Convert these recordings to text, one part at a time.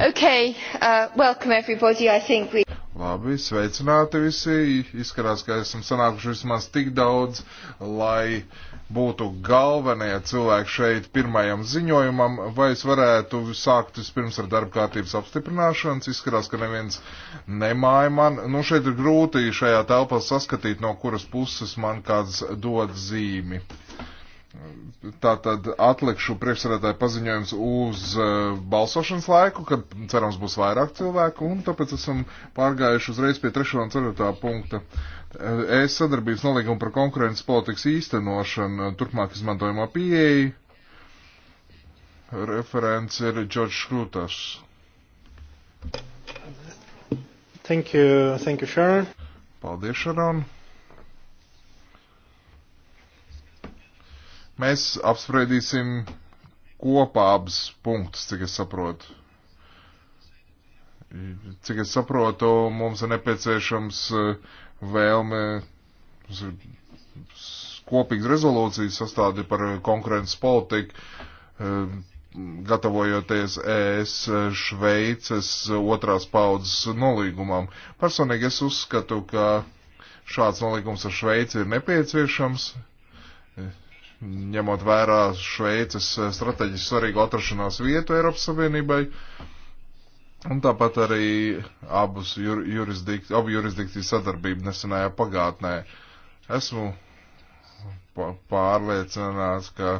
Okay, uh, welcome everybody, I think we... Labi, sveicināti visi. Izskatās, ka esam sanākuši vismaz tik daudz, lai būtu galvenie cilvēki šeit pirmajam ziņojumam, vai es varētu sākt vispirms ar darba kārtības apstiprināšanas. Izskatās, ka neviens nemāja man. Nu, šeit ir grūti šajā telpā saskatīt, no kuras puses man kāds dod zīmi. Uh, Tātad atlikšu priekšsēdētāju paziņojums uz uh, balsošanas laiku, kad cerams būs vairāk cilvēku, un tāpēc esam pārgājuši uzreiz pie 3. un 4. punkta. Uh, ES sadarbības nolīguma par konkurences politikas īstenošanu, turpmāk izmantojumā pieeja. Referents ir Džordžs Krūtas. Thank you, thank you, Sharon. Paldies, Sharon. Mēs apspriedīsim kopā abas punktus, cik es saprotu. Cik es saprotu, mums ir nepieciešams eh, vēlme kopīgas rezolūcijas sastādi par konkurences politiku, eh, gatavojoties ES Šveices otrās paudzes nolīgumam. Personīgi es uzskatu, ka šāds nolīgums ar Šveici ir nepieciešams ņemot vērā Šveices eh, strateģiski svarīgu atrašanās vietu Eiropas Savienībai. Un tāpat arī abus jur, jurisdik, abu jurisdikciju sadarbību nesenajā pagātnē. Esmu pārliecināts, ka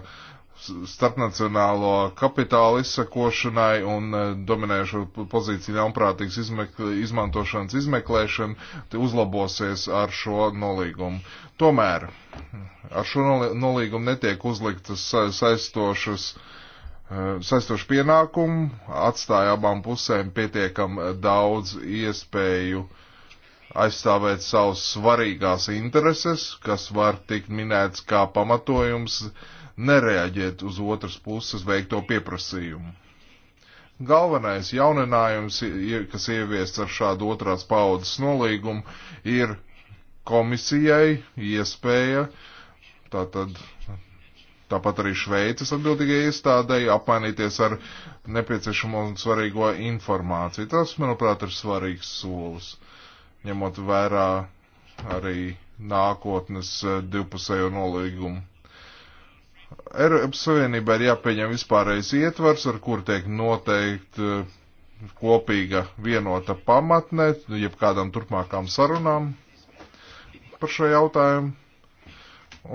starpnacionālo kapitālu izsakošanai un e, dominējošo pozīciju ļaunprātīgas izmekl izmantošanas izmeklēšana uzlabosies ar šo nolīgumu. Tomēr ar šo nolīgumu netiek uzliktas sa saistošas e, saistošu pienākumu, atstāja abām pusēm pietiekam e, daudz iespēju uh, aizstāvēt savas svarīgās intereses, kas var tikt minēts kā pamatojums uh, nereaģēt uz otras puses veikto pieprasījumu. Galvenais jauninājums, kas ieviests ar šādu otrās paudzes nolīgumu, ir komisijai iespēja, tātad tāpat arī Šveices atbildīgajai iestādēji apmainīties ar nepieciešamo un svarīgo informāciju. Tas, manuprāt, ir svarīgs solis, ņemot vērā arī nākotnes eh, divpusējo nolīgumu Eiropas Savienībā ir jāpieņem vispārējais ietvars, ar kur tiek noteikti eh, kopīga vienota pamatne, jeb kādām turpmākām sarunām par šo jautājumu.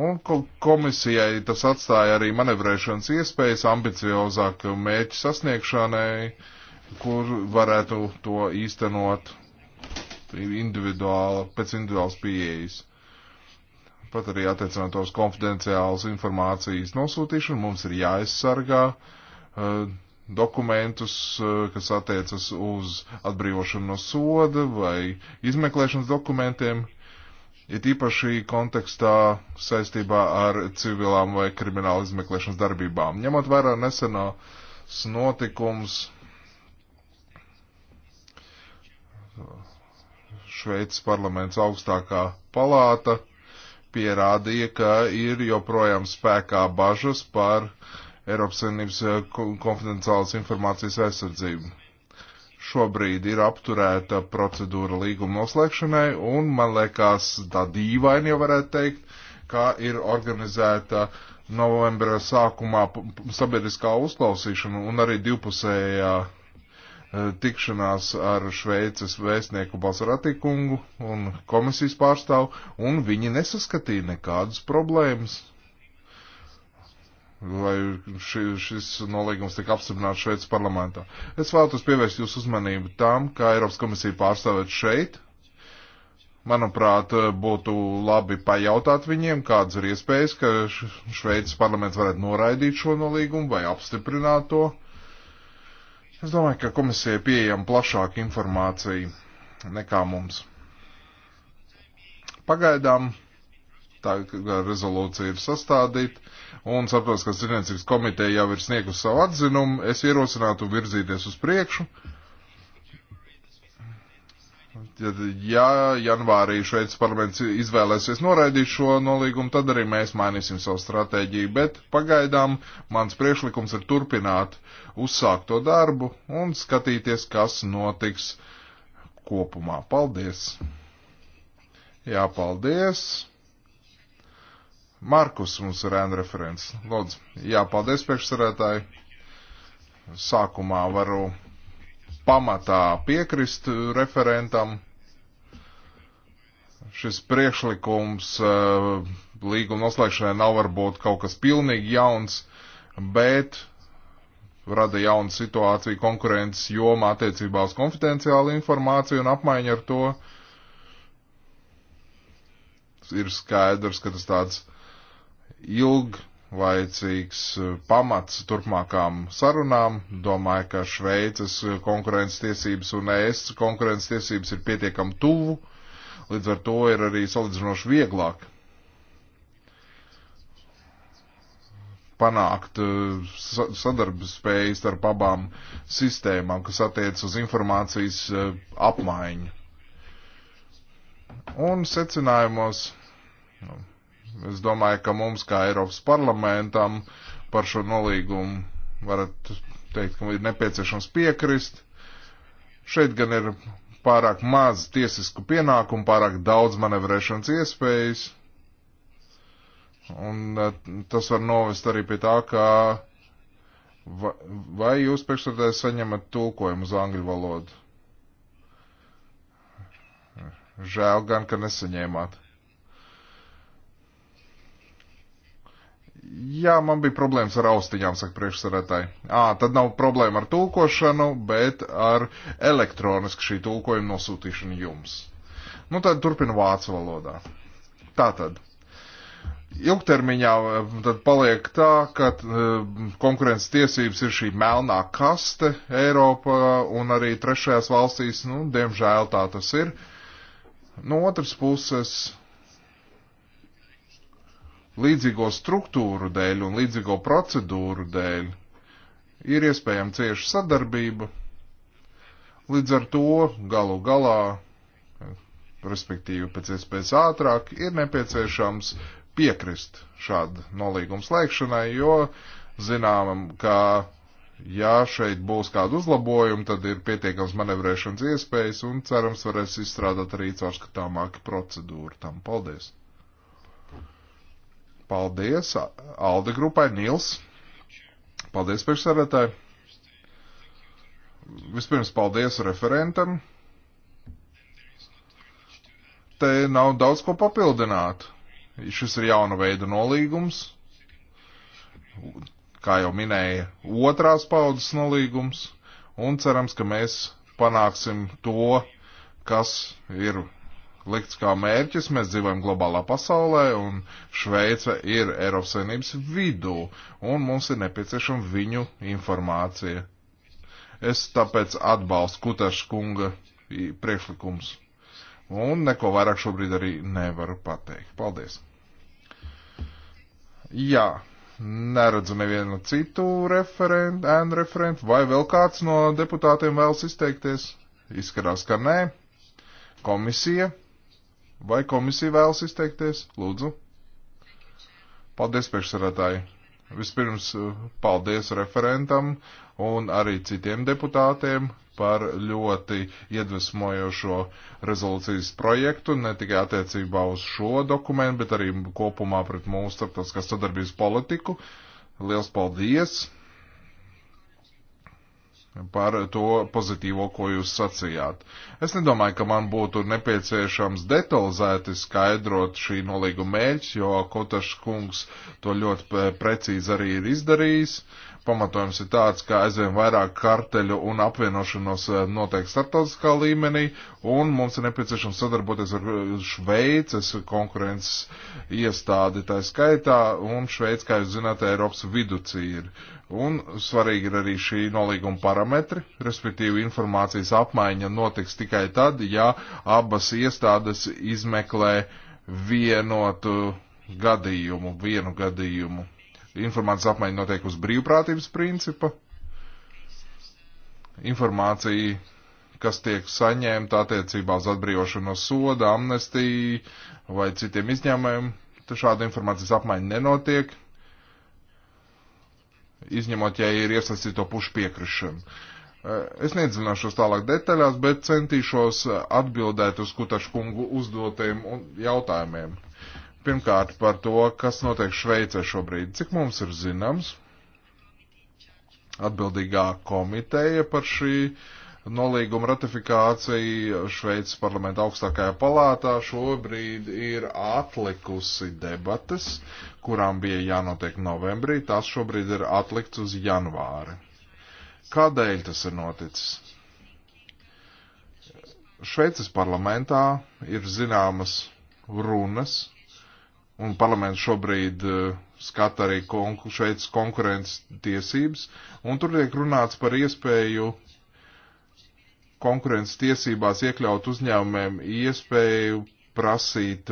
Un komisijai tas atstāja arī manevrēšanas iespējas ambiciozāku mērķu sasniegšanai, kur varētu to īstenot individuāli, pēc individuālas pieejas pat arī attiecinot uz konfidenciālas informācijas nosūtīšanu, mums ir jāaizsargā uh, dokumentus, uh, kas attiecas uz atbrīvošanu no soda vai izmeklēšanas dokumentiem, it īpaši kontekstā saistībā ar civilām vai kriminālu izmeklēšanas darbībām. Ņemot vērā nesenos notikums Šveices parlaments augstākā palāta pierādīja, ka ir joprojām spēkā bažas par Eiropas Savienības eh, konfidenciālas informācijas aizsardzību. Šobrīd ir apturēta procedūra līguma noslēgšanai, un man liekas, tā dīvaini jau varētu teikt, kā ir organizēta novembra sākumā sabiedriskā uzklausīšana un arī divpusējā uh, Eh, tikšanās ar Šveices vēstnieku Basaratikungu un komisijas pārstāvu, un viņi nesaskatīja nekādas problēmas. Vai ši, šis nolīgums tika apstiprināts Šveices parlamentā? Es vēlos pievērst jūsu uzmanību tam, kā Eiropas komisija pārstāvēt šeit. Manuprāt, būtu labi pajautāt viņiem, kādas ir iespējas, ka Šveices parlaments varētu noraidīt šo nolīgumu vai apstiprināt to. Uh, Es domāju, ka komisijai pieejama plašāka informācija nekā mums. Pagaidām tā rezolūcija ir sastādīta un saprotu, ka Zinātnības komiteja jau ir sniegusi savu atzinumu. Es ierosinātu virzīties uz priekšu. Uh, Tad, ja janvārī Šveices parlaments izvēlēsies noraidīt šo nolīgumu, tad arī mēs mainīsim savu stratēģiju. Bet pagaidām mans priekšlikums ir turpināt uzsākt to darbu un skatīties, kas notiks kopumā. Paldies! Jā, paldies! Markus mums ir ēna referents. Lodz, jā, paldies priekšsarētāji! Sākumā varu pamatā piekrist referentam. Šis priekšlikums eh, līguma noslēgšanai nav varbūt kaut kas pilnīgi jauns, bet rada jaunu situāciju konkurences jomā attiecībā uz konfidenciālu informāciju un apmaiņu ar to. Ir skaidrs, ka tas tāds ilgs laicīgs eh, pamats turpmākām sarunām. Domāju, ka Šveices eh, konkurences tiesības un ES konkurences tiesības ir pietiekami tuvu, līdz ar to ir arī salīdzinoši vieglāk panākt eh, sadarbspējas starp abām sistēmām, kas attiec uz informācijas apmaiņu. Un secinājumos nu, Es domāju, ka mums, kā Eiropas parlamentam, par šo nolīgumu varat teikt, ka ir nepieciešams piekrist. Šeit gan ir pārāk maz tiesisku pienākumu, pārāk daudz manevrēšanas iespējas. Un eh, tas var novest arī pie tā, ka vai jūs priekšstādājs saņemat tulkojumu uz angļu valodu? Žēl gan, ka nesaņēmāt. Jā, man bija problēmas ar austiņām, saka priekšsarētāji. Ā, tad nav problēma ar tulkošanu, bet ar elektronisku šī tulkojuma nosūtīšanu jums. Nu, tad turpina vācu valodā. Tātad. Ilgtermiņā eh, tad paliek tā, ka uh, konkurences tiesības ir šī melnā kaste Eiropā un arī trešajās valstīs, nu, diemžēl tā tas ir. No otras puses, līdzīgo struktūru dēļ un līdzīgo procedūru dēļ ir iespējama cieša sadarbība. Līdz ar to galu galā, respektīvi pēc iespējas ātrāk, ir nepieciešams piekrist šādu nolīgumu slēgšanai, jo zinām, ka ja šeit būs kāda uzlabojuma, tad ir pietiekams manevrēšanas iespējas un cerams varēs izstrādāt arī caurskatāmāku procedūru tam. Paldies! Paldies Alde grupai, Nils. Paldies priekšsēdētāji. Vispirms paldies referentam. Te nav daudz ko papildināt. Šis ir jauna veida nolīgums. Kā jau minēja, otrās paudzes nolīgums. Un cerams, ka mēs panāksim to, kas ir likts kā mērķis, mēs dzīvojam globālā pasaulē, un Šveica ir Eiropas Savienības vidū, un mums ir nepieciešama viņu informācija. Es tāpēc atbalstu Kutaša kunga priekšlikums, un neko vairāk šobrīd arī nevaru pateikt. Paldies! Jā, neredzu nevienu citu referentu, ēnu referentu, vai vēl kāds no deputātiem vēlas izteikties? Izskatās, ka nē. Komisija. Vai komisija vēlas izteikties? Lūdzu. Paldies, priekšsarētāji. Vispirms eh, paldies referentam un arī citiem deputātiem par ļoti iedvesmojošo rezolūcijas projektu, ne tikai attiecībā uz šo dokumentu, bet arī kopumā pret mūsu starptautiskās sadarbības politiku. Liels paldies! par to pozitīvo, ko jūs sacījāt. Es nedomāju, ka man būtu nepieciešams detalizēti skaidrot šī nolīguma mērķis, jo Kotašs kungs to ļoti eh, precīzi arī ir izdarījis pamatojums ir tāds, ka aizvien vairāk karteļu un apvienošanos eh, notiek startautiskā līmenī, un mums ir nepieciešams sadarboties ar Šveices konkurences iestādi tā skaitā, un Šveic, kā jūs zināt, Eiropas viducīri. Un svarīgi ir arī šī nolīguma parametri, respektīvi informācijas apmaiņa notiks tikai tad, ja abas iestādes izmeklē vienotu gadījumu, vienu gadījumu Informācijas apmaiņa notiek uz brīvprātības principa. Informācija, kas tiek saņemta attiecībā uz atbrīvošanu no soda, amnestiju vai citiem izņēmumiem, šāda informācijas apmaiņa nenotiek, izņemot, ja ir iesaistīto pušu piekrišana. Eh, es nedzināšos tālāk detaļās, bet centīšos atbildēt uz Kutašu kungu uzdotiem jautājumiem. Pirmkārt par to, kas notiek Šveicē šobrīd. Cik mums ir zināms, atbildīgā komiteja par šī nolīguma ratifikāciju Šveicas parlamenta augstākajā palātā šobrīd ir atlikusi debates, kurām bija jānotiek novembrī, tās šobrīd ir atlikts uz janvāri. Kādēļ tas ir noticis? Šveicas parlamentā ir zināmas runas un parlaments šobrīd uh, skata arī konku, Šveices konkurences tiesības, un tur tiek runāts par iespēju konkurences tiesībās iekļaut uzņēmumiem iespēju prasīt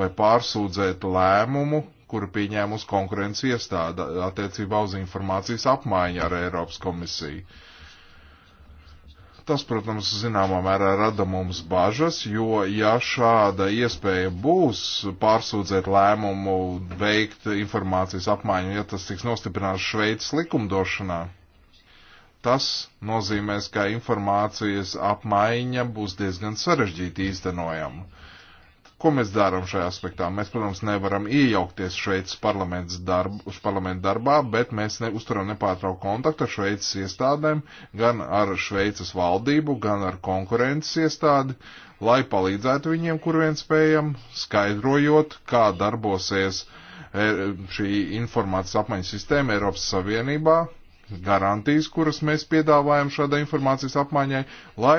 vai pārsūdzēt lēmumu, kuru pieņēmusi konkurences iestāde attiecībā uz informācijas apmaiņu ar Eiropas komisiju. Uh, Tas, protams, zināmā mērā rada mums bažas, jo ja šāda iespēja būs pārsūdzēt lēmumu, veikt informācijas apmaiņu, ja tas tiks nostiprināts Šveicas likumdošanā, tas nozīmēs, ka informācijas apmaiņa būs diezgan sarežģīti īstenojama. Ko mēs darām šajā aspektā? Mēs, protams, nevaram iejaukties Šveices darbu, parlamentu darbā, bet mēs ne, uzturam nepārtraukt kontaktu ar Šveices iestādēm, gan ar Šveices valdību, gan ar konkurences iestādi, lai palīdzētu viņiem, kur vien spējam, skaidrojot, kā darbosies e, šī informācijas apmaiņas sistēma Eiropas Savienībā, garantijas, kuras mēs piedāvājam šādai informācijas apmaiņai, lai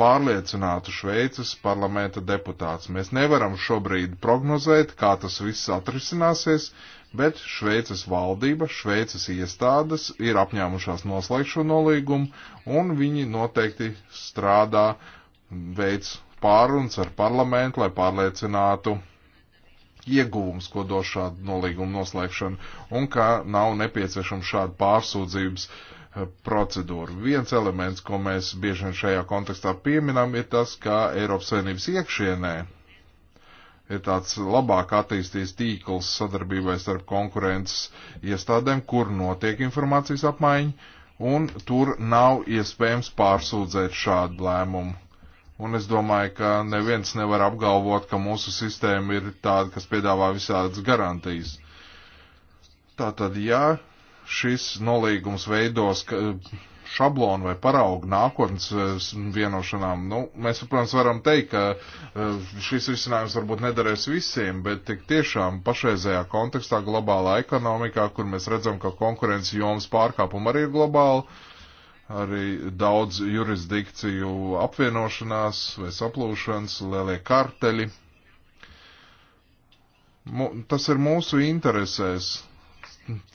pārliecinātu Šveices parlamenta deputāts. Mēs nevaram šobrīd prognozēt, kā tas viss atrisināsies, bet Šveices valdība, Šveices iestādes ir apņēmušās noslēgt šo nolīgumu, un viņi noteikti strādā, veids pārunas ar parlamentu, lai pārliecinātu ieguvums, ko dos šāda nolīguma noslēgšana, un ka nav nepieciešams šāda pārsūdzības uh, Eh, procedūru. Viens elements, ko mēs bieži vien šajā kontekstā pieminam, ir tas, ka Eiropas Savienības iekšienē ir tāds labāk attīstīts tīkls sadarbībai starp konkurences iestādēm, kur notiek informācijas apmaiņa, un tur nav iespējams pārsūdzēt šādu lēmumu. Un es domāju, ka neviens nevar apgalvot, ka mūsu sistēma ir tāda, kas piedāvā visādas garantijas. Tātad, ja šis nolīgums veidos šablonu vai paraugu nākotnes eh, vienošanām, nu, mēs, protams, varam teikt, ka eh, šis risinājums varbūt nedarēs visiem, bet tik tiešām pašreizējā kontekstā globālā ekonomikā, kur mēs redzam, ka konkurences jomas pārkāpuma arī ir globāla, arī daudz jurisdikciju apvienošanās vai saplūšanas, lielie karteļi. Tas ir mūsu interesēs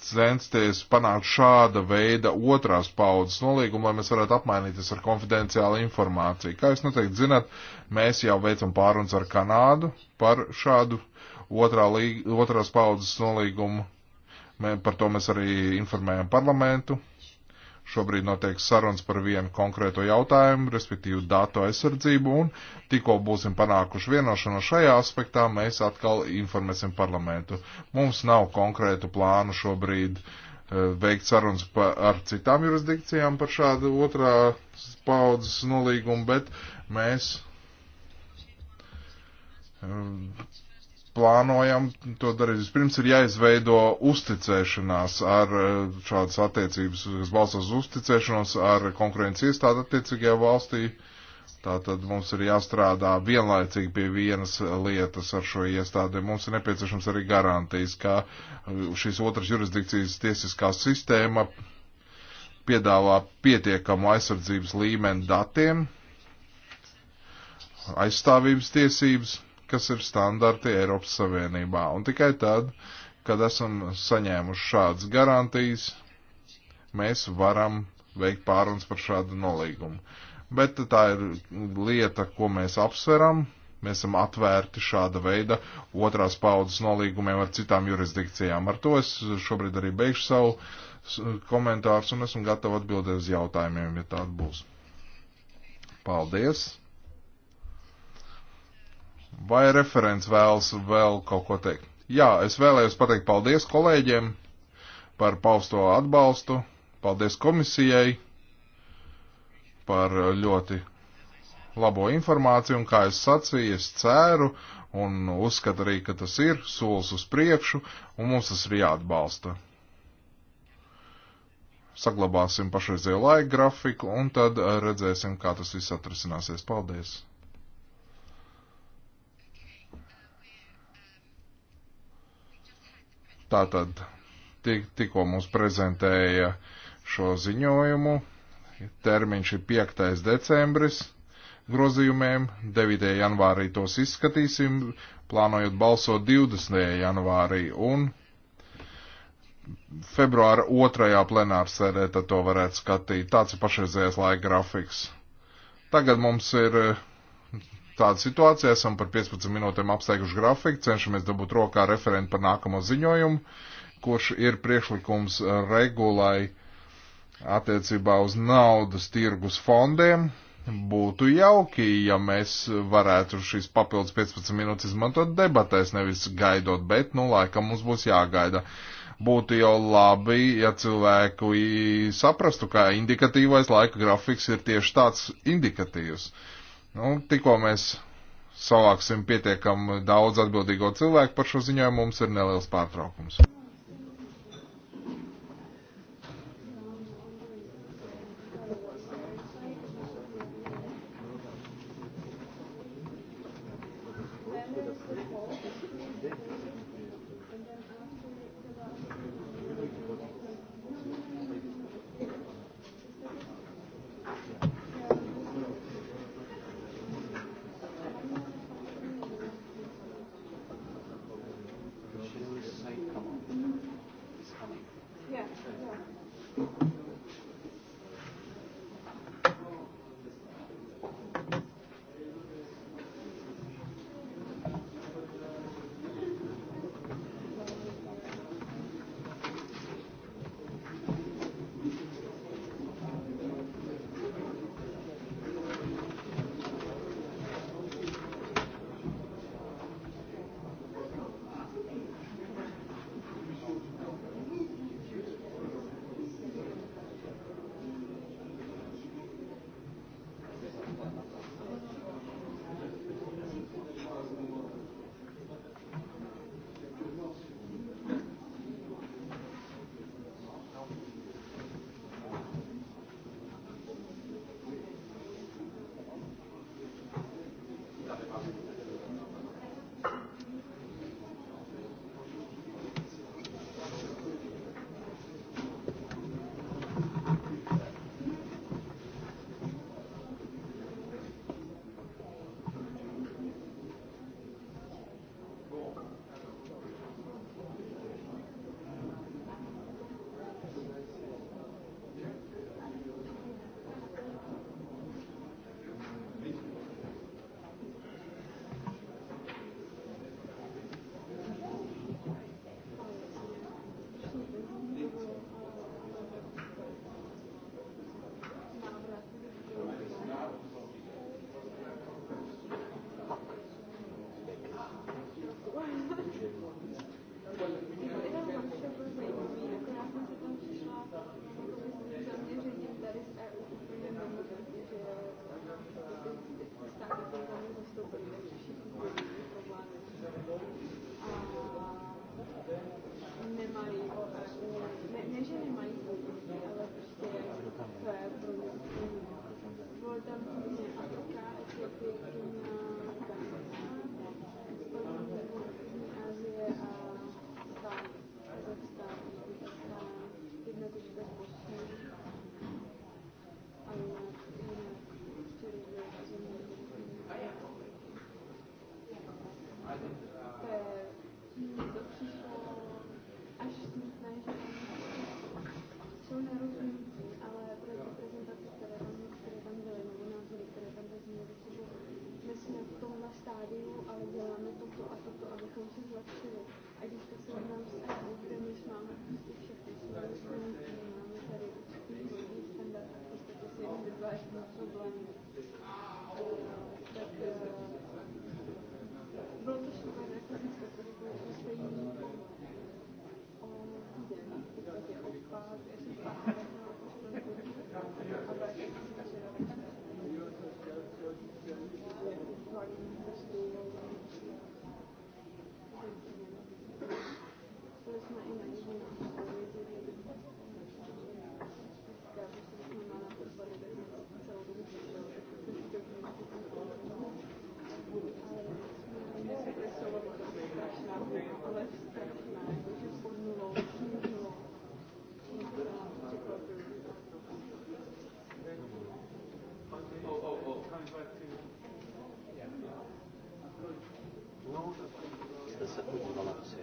censties panākt šāda veida otrās paudzes nolīgumu, lai mēs varētu apmainīties ar konfidenciālu informāciju. Kā jūs noteikti zināt, mēs jau veicam pārunas ar Kanādu par šādu otrā līg, otrās paudzes nolīgumu. Mē, par to mēs arī informējam parlamentu. Šobrīd notiek sarunas par vienu konkrēto jautājumu, respektīvi datu aizsardzību, un tikko būsim panākuši vienošanos šajā aspektā, mēs atkal informēsim parlamentu. Mums nav konkrētu plānu šobrīd uh, veikt sarunas pa, ar citām jurisdikcijām par šādu otrā paudzes nolīgumu, bet mēs uh, plānojam to darīt. Vispirms ir jāizveido uzticēšanās ar eh, šādas attiecības, kas balstās uzticēšanos ar konkurences iestādi attiecīgajā valstī. Tātad mums ir jāstrādā vienlaicīgi pie vienas lietas ar šo iestādi. Mums ir nepieciešams arī garantijas, ka eh, šīs otras jurisdikcijas tiesiskā sistēma piedāvā pietiekamu aizsardzības līmeni datiem, aizstāvības tiesības kas ir standarti Eiropas Savienībā. Un tikai tad, kad esam saņēmuši šādas garantijas, mēs varam veikt pārunas par šādu nolīgumu. Bet tā ir lieta, ko mēs apsveram. Mēs esam atvērti šāda veida otrās paudzes nolīgumiem ar citām jurisdikcijām. Ar to es šobrīd arī beigšu savu komentārus un esmu gatava atbildēt uz jautājumiem, ja tāda būs. Paldies! Vai referents vēlas vēl kaut ko teikt? Jā, es vēlējos pateikt paldies kolēģiem par pausto atbalstu, paldies komisijai par ļoti labo informāciju, un kā es sacīju, es ceru un uzskatu arī, ka tas ir solis uz priekšu, un mums tas ir jāatbalsta. Saglabāsim pašreizējo laika grafiku, un tad redzēsim, kā tas viss atrisināsies. Paldies! Tātad tik, tikko mums prezentēja šo ziņojumu. Termiņš ir 5. decembris grozījumiem. 9. janvārī tos izskatīsim, plānojot balsot 20. janvārī un februāra 2. plenārsēdē, tad to varētu skatīt. Tāds ir pašreizējais laika grafiks. Tagad mums ir Tāda situācija esam par 15 minūtēm apsteiguši grafiku, cenšamies dabūt rokā referentu par nākamo ziņojumu, kurš ir priekšlikums regulai attiecībā uz naudas tirgus fondiem. Būtu jauki, ja mēs varētu šīs papildus 15 minūtes izmantot debatēs, nevis gaidot, bet, nu, laikam mums būs jāgaida būtu jau labi, ja cilvēku saprastu, ka indikatīvais laika grafiks ir tieši tāds indikatīvs. Nu, tikko mēs savāksim pietiekam daudz atbildīgo cilvēku par šo ziņojumu, mums ir neliels pārtraukums. No, that's, that's a good balance.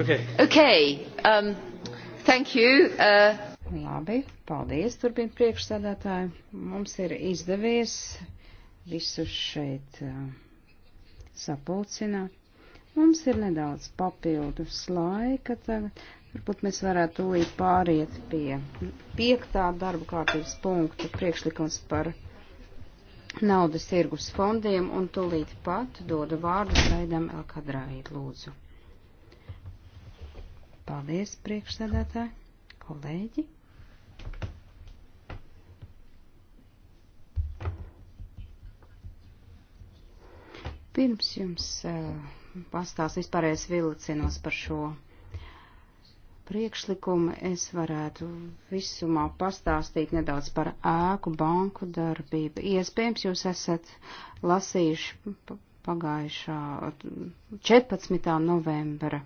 Okay. Okay. Um, thank you. Uh... Labi, paldies, turpina priekšsēdētāji. Mums ir izdevies visus šeit uh, sapulcināt. Mums ir nedaudz papildus laika tagad. Varbūt mēs varētu tūlīt pāriet pie piektā darba kārtības punkta priekšlikums par naudas tirgus fondiem un tūlīt pat dodu vārdu Saidam Elkadrājīt lūdzu. Paldies, priekšsēdētāji, kolēģi. Pirms jums uh, eh, pastāstīs vispārējais vilcienos par šo priekšlikumu, es varētu visumā pastāstīt nedaudz par ēku banku darbību. Iespējams, jūs esat lasījuši pagājušā 14. novembra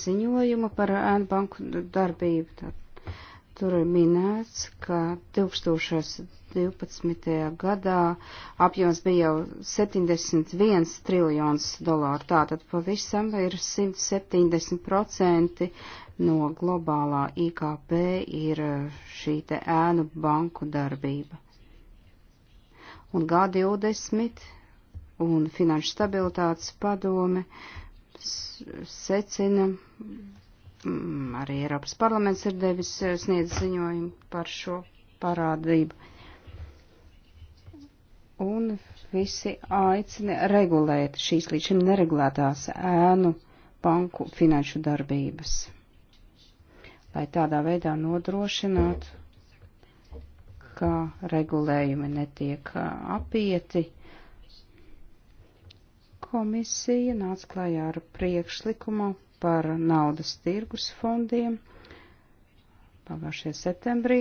ziņojumu par ēnu banku darbību. Tad, tur ir minēts, ka 2012. gadā apjoms bija jau 71 triljons dolāru. Tātad pavisam ir 170% no globālā IKP ir šī te ēnu banku darbība. Un G20 un Finanšu stabilitātes padome uh, secina, mm, arī Eiropas parlaments ir devis eh, sniedz ziņojumu par šo parādību. Un visi aicina regulēt šīs līdz šim neregulētās ēnu banku finanšu darbības, lai tādā veidā nodrošinātu, ka regulējumi netiek eh, apieti Komisija nāca klajā ar priekšlikumu par naudas tirgus fondiem pagājušajā septembrī.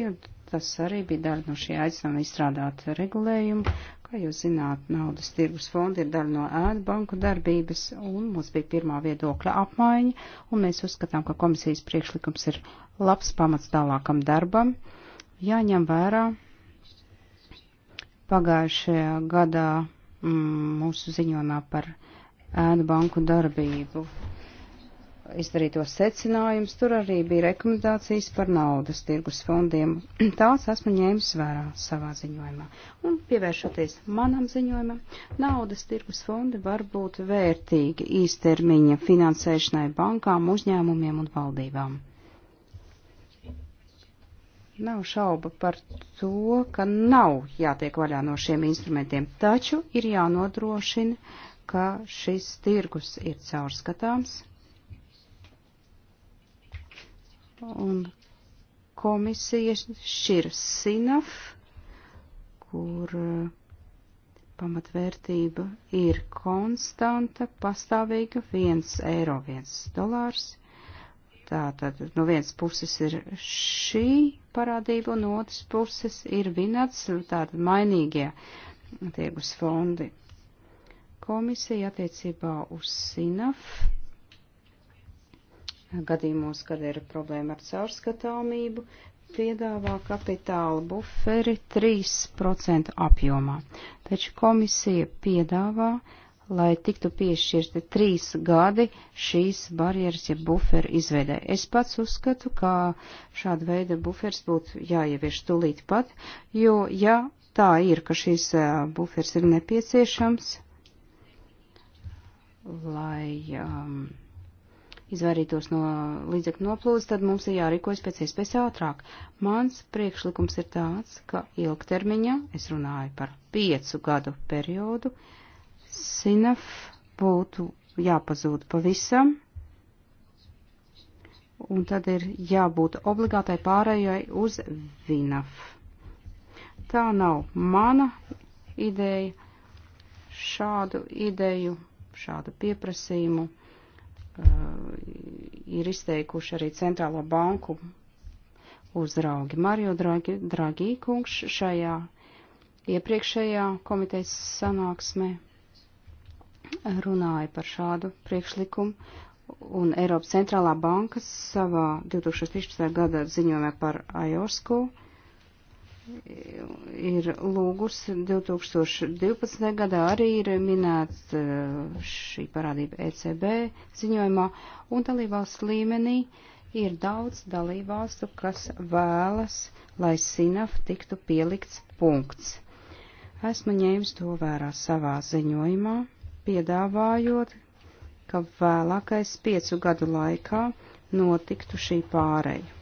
Tas arī bija daļa no šī aicinājuma izstrādāt regulējumu. Kā jūs zināt, naudas tirgus fondi ir daļa no ēdu banku darbības, un mums bija pirmā viedokļa apmaiņa, un mēs uzskatām, ka komisijas priekšlikums ir labs pamats tālākam darbam. Jāņem vērā pagājušajā gadā mūsu ziņojumā par ēnu banku darbību izdarītos secinājumus, tur arī bija rekomendācijas par naudas tirgus fondiem. Tās esmu ņēmis vērā savā ziņojumā. Un pievēršoties manam ziņojumam, naudas tirgus fondi var būt vērtīgi īstermiņa finansēšanai bankām, uzņēmumiem un valdībām. Nav šauba par to, ka nav jātiek vaļā no šiem instrumentiem, taču ir jānodrošina, ka šis tirgus ir caurskatāms un komisija šķir SINAF, kur uh, pamatvērtība ir konstanta, pastāvīga, viens eiro, viens dolārs. Tātad no vienas puses ir šī parādība, un no otras puses ir vinats, tātad mainīgie tiegus fondi. Komisija attiecībā uz SINAF gadījumos, kad ir problēma ar caurskatāmību, piedāvā kapitāla buferi 3% apjomā, taču komisija piedāvā lai tiktu piešķirti trīs gadi šīs barjeras, ja buferu izveidē. Es pats uzskatu, ka šāda veida bufers būtu jāievieš tūlīt pat, jo ja tā ir, ka šīs bufers ir nepieciešams, lai um, izvairītos no līdzekļu noplūdes, tad mums ir jārīkojas pēc iespējas ātrāk. Mans priekšlikums ir tāds, ka ilgtermiņā, es runāju par piecu gadu periodu, uh, SINAF būtu jāpazūd pavisam, un tad ir jābūt obligātai pārējai uz VINAF. Tā nav mana ideja. Šādu ideju, šādu pieprasījumu uh, ir izteikuši arī Centrālo banku uzraugi. Mario Dragi, Dragī kungs šajā iepriekšējā komitejas sanāksmē runāja par šādu priekšlikumu, un Eiropas centrālā banka savā 2013. gada ziņojumā par AOSKU ir lūgusi 2012. gadā arī ir minēts eh, šī parādība ECB ziņojumā, un dalībvalsts līmenī ir daudz dalībvalstu, kas vēlas, lai SINAF tiktu pielikts punkts. Esmu ņēmis to vērā savā ziņojumā piedāvājot, ka vēlākais piecu gadu laikā notiktu šī pāreja.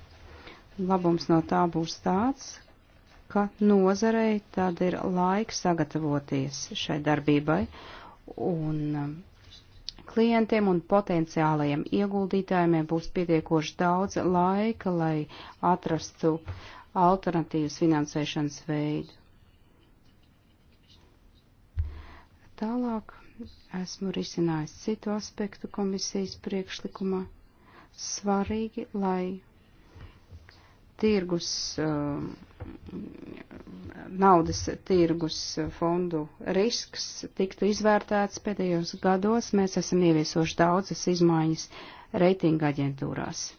Labums no tā būs tāds, ka nozarei tad ir laiks sagatavoties šai darbībai un um, klientiem un potenciālajiem ieguldītājiem būs pietiekoši daudz laika, lai atrastu alternatīvas finansēšanas veidu. Tālāk esmu risinājis citu aspektu komisijas priekšlikumā. Svarīgi, lai tirgus, um, naudas tirgus fondu risks tiktu izvērtēts pēdējos gados. Mēs esam ieviesoši daudzas izmaiņas reitinga aģentūrās.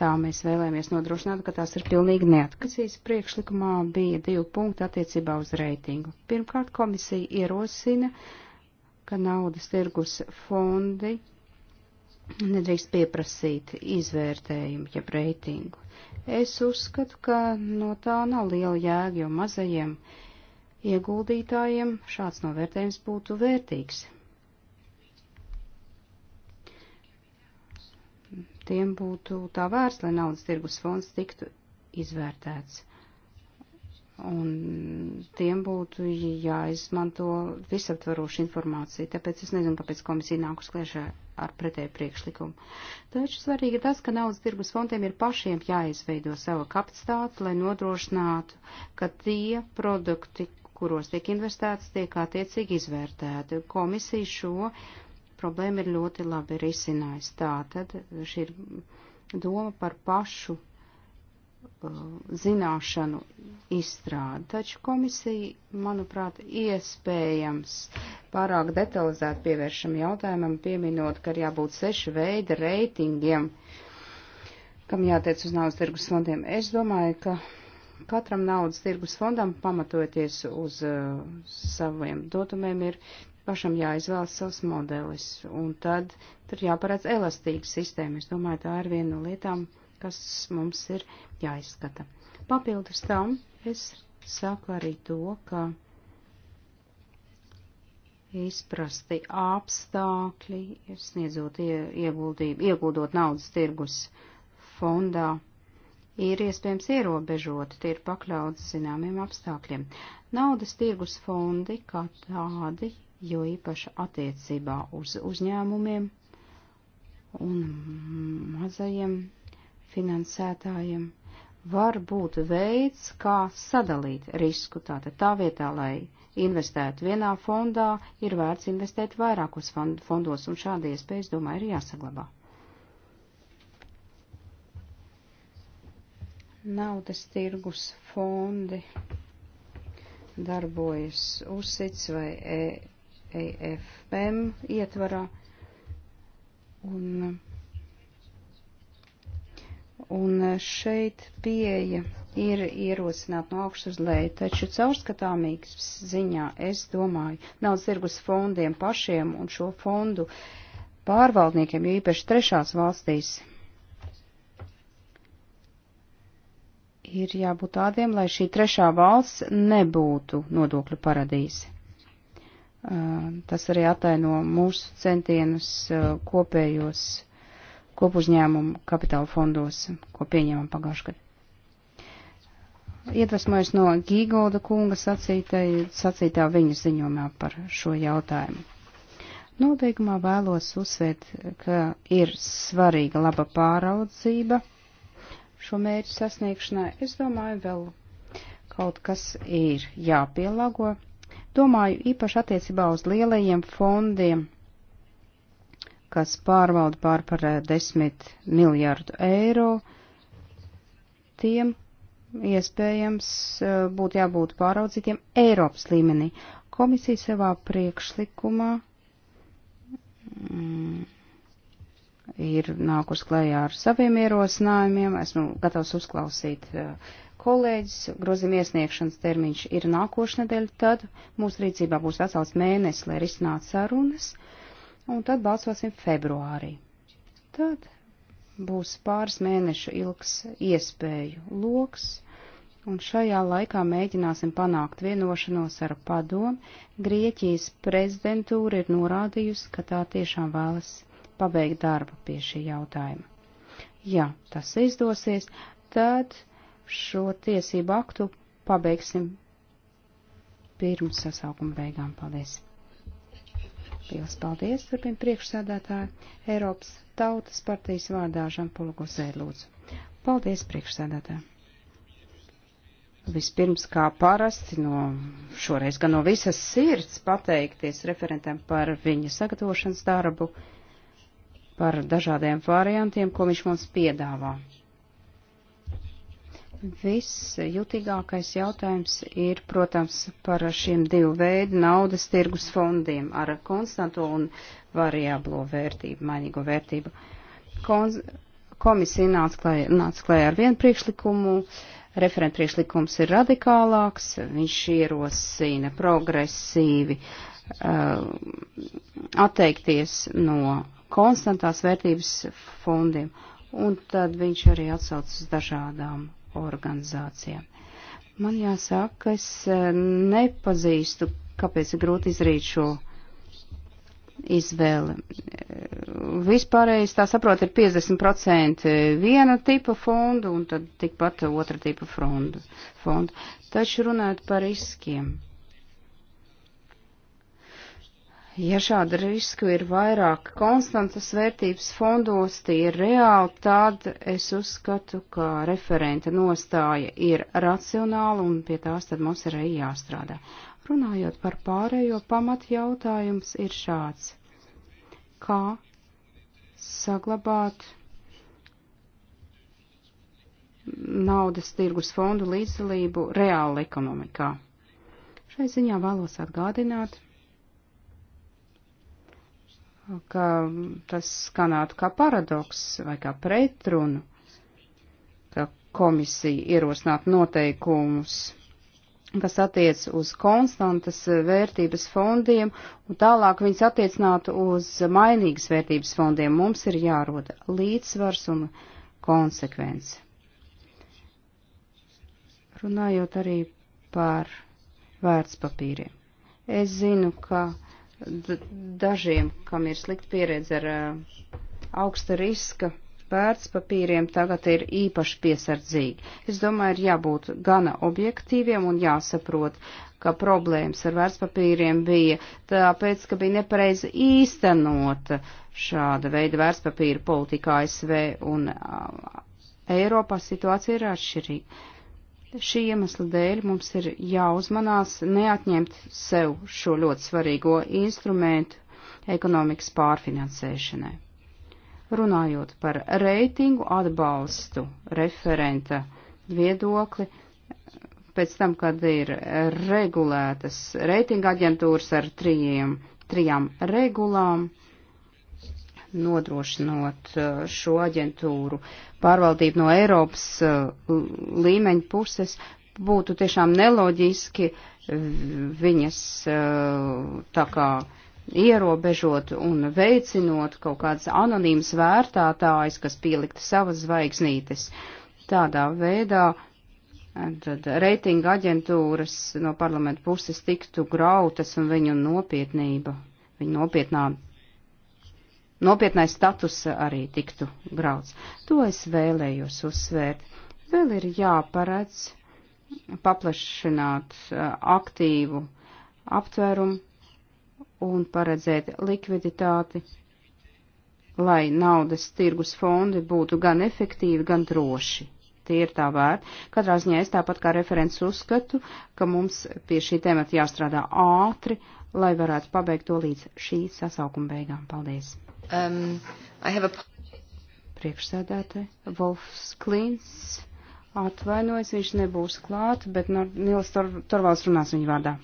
Tā mēs vēlējāmies nodrošināt, ka tās ir pilnīgi neatkarīgas. Priekšlikumā bija divi punkti attiecībā uz reitingu. Pirmkārt, komisija ierosina, ka naudas tirgus fondi nedrīkst pieprasīt izvērtējumu, jeb reitingu. Es uzskatu, ka no tā nav liela jēga, jo mazajiem ieguldītājiem šāds novērtējums būtu vērtīgs. tiem būtu tā vērts, lai naudas tirgus fonds tiktu izvērtēts. Un tiem būtu jāizmanto visaptvaroša informācija, tāpēc es nezinu, kāpēc komisija nāk uz kliešā ar pretēju priekšlikumu. Taču svarīgi ir tas, ka naudas tirgus fondiem ir pašiem jāizveido sava kapacitāte, lai nodrošinātu, ka tie produkti, kuros tiek investēts, tiek attiecīgi izvērtēti. Komisija šo problēmu ir ļoti labi risinājis. Tā tad šī ir doma par pašu uh, zināšanu izstrādi, taču komisija, manuprāt, iespējams pārāk detalizēti pievēršam jautājumam, pieminot, ka ir jābūt seši veidi reitingiem, kam jātiec uz naudas tirgus fondiem. Es domāju, ka katram naudas tirgus fondam, pamatoties uz uh, saviem dotumiem, ir pašam jāizvēlas savs modelis, un tad tur jāparāds elastīga sistēma. Es domāju, tā ir viena no lietām, kas mums ir jāizskata. Papildus tam es saku arī to, ka izprasti apstākļi, sniedzot ieguldību, ieguldot naudas tirgus fondā, ir iespējams ierobežoti, tie ir pakļauts zināmiem apstākļiem. Naudas tirgus fondi kā tādi jo īpaši attiecībā uz uzņēmumiem un mazajiem finansētājiem var būt veids, kā sadalīt risku. Tātad tā vietā, lai investētu vienā fondā, ir vērts investēt vairākos fondos, un šāda iespēja, es domāju, ir jāsaglabā. Naudas tirgus fondi darbojas USIC vai e AFPM e ietvarā. Un, un šeit pieeja ir ierosināt no augšas uz leju, taču caurskatāmīgas ziņā, es domāju, naudas tirgus fondiem pašiem un šo fondu pārvaldniekiem, jo īpaši trešās valstīs, ir jābūt tādiem, lai šī trešā valsts nebūtu nodokļu paradīze. Eh, tas arī ataino mūsu centienus eh, kopējos kopuzņēmumu kapitāla fondos, ko pieņēmām pagājušajā gadā. Iedvesmojas no Gīgolda kunga sacītai, sacītā viņa ziņojumā par šo jautājumu. Nobeigumā vēlos uzsvērt, ka ir svarīga laba pāraudzība šo mērķu sasniegšanai. Es domāju, vēl kaut kas ir jāpielāgo Domāju īpaši attiecībā uz lielajiem fondiem, kas pārvalda pār par eh, desmit miljārdu eiro. Tiem iespējams eh, būtu jābūt pāraudzītiem Eiropas līmenī. Komisija savā priekšlikumā mm, ir nākus klējā ar saviem ierosinājumiem. Esmu gatavs uzklausīt eh, kolēģis, grozījuma iesniegšanas termiņš ir nākošnedēļ, tad mūsu rīcībā būs vesels mēnesis, lai risinātu sarunas, un tad balsosim februārī. Tad būs pāris mēnešu ilgs iespēju loks, un šajā laikā mēģināsim panākt vienošanos ar padomu. Grieķijas prezidentūra ir norādījusi, ka tā tiešām vēlas pabeigt darbu pie šī jautājuma. Ja tas izdosies, tad šo tiesību aktu pabeigsim pirms sasaukuma beigām. Paldies! Liels paldies, turpina priekšsēdētāji, Eiropas Tautas partijas vārdā Žanpulgu Zēlūdzu. Paldies, priekšsēdētāji! Vispirms, kā parasti, no šoreiz gan no visas sirds pateikties referentam par viņa sagatavošanas darbu, par dažādiem variantiem, ko viņš mums piedāvā. Viss jutīgākais jautājums ir, protams, par šiem divu veidu naudas tirgus fondiem ar konstanto un variablo vērtību, mainīgo vērtību. Konz komisija nāca klājā, nāca klājā ar vienu priekšlikumu, referenta priekšlikums ir radikālāks, viņš ierosina progresīvi uh, atteikties no konstantās vērtības fondiem, un tad viņš arī atsaucas dažādām organizācijām. Man jāsaka, ka es e, nepazīstu, kāpēc ir grūti izrīt šo izvēli. E, vispārējais, tā saprot, ir 50% viena tipa fondu un tad tikpat otra tipa fondu. fondu. Taču runājot par riskiem Ja šāda riska ir vairāk konstantas vērtības fondos, tie ir reāli, tad es uzskatu, ka referenta nostāja ir racionāla un pie tās tad mums ir arī jāstrādā. Runājot par pārējo pamatu jautājums ir šāds. Kā saglabāt naudas tirgus fondu līdzdalību reāli ekonomikā? Šai ziņā vēlos atgādināt ka tas skanātu kā paradoks vai kā pretrunu, ka komisija ierosinātu noteikumus, kas attiec uz konstantas vērtības fondiem, un tālāk viņas attiecinātu uz mainīgas vērtības fondiem. Mums ir jāroda līdzsvars un konsekvence. Runājot arī par vērtspapīriem. Es zinu, ka dažiem, kam ir slikta pieredze ar augsta riska vērtspapīriem, tagad ir īpaši piesardzīgi. Es domāju, ir jābūt gana objektīviem un jāsaprot, ka problēmas ar vērtspapīriem bija tāpēc, ka bija nepareizi īstenota šāda veida vērtspapīra politika ASV un Eiropā situācija ir atšķirīga. Šī iemesla dēļ mums ir jāuzmanās neatņemt sev šo ļoti svarīgo instrumentu ekonomikas pārfinansēšanai. Runājot par reitingu atbalstu referenta viedokli, pēc tam, kad ir regulētas reitinga aģentūras ar trījiem, trijām regulām, uh, nodrošinot uh, šo aģentūru pārvaldību no Eiropas uh, līmeņa puses, būtu tiešām neloģiski viņas uh, tā kā ierobežot un veicinot kaut kādas anonīmas vērtātājas, kas pielikta savas zvaigznītes. Tādā veidā eh, tad reitinga aģentūras no parlamenta puses tiktu grautas un viņu nopietnība, viņu nopietnā nopietnais status arī tiktu grauds. To es vēlējos uzsvērt. Vēl ir jāparedz paplašināt eh, aktīvu aptvērumu un paredzēt likviditāti, lai naudas tirgus fondi būtu gan efektīvi, gan droši. Tie ir tā vērti. Katrā ziņā es tāpat kā referents uzskatu, ka mums pie šī temata jāstrādā ātri, lai varētu pabeigt to līdz šī sasaukuma beigām. Paldies! Um, a... Priekšsēdētāji, Volfs Klīns atvainojas, viņš nebūs klāt, bet Nils Tor Torvalds runās viņa vārdā.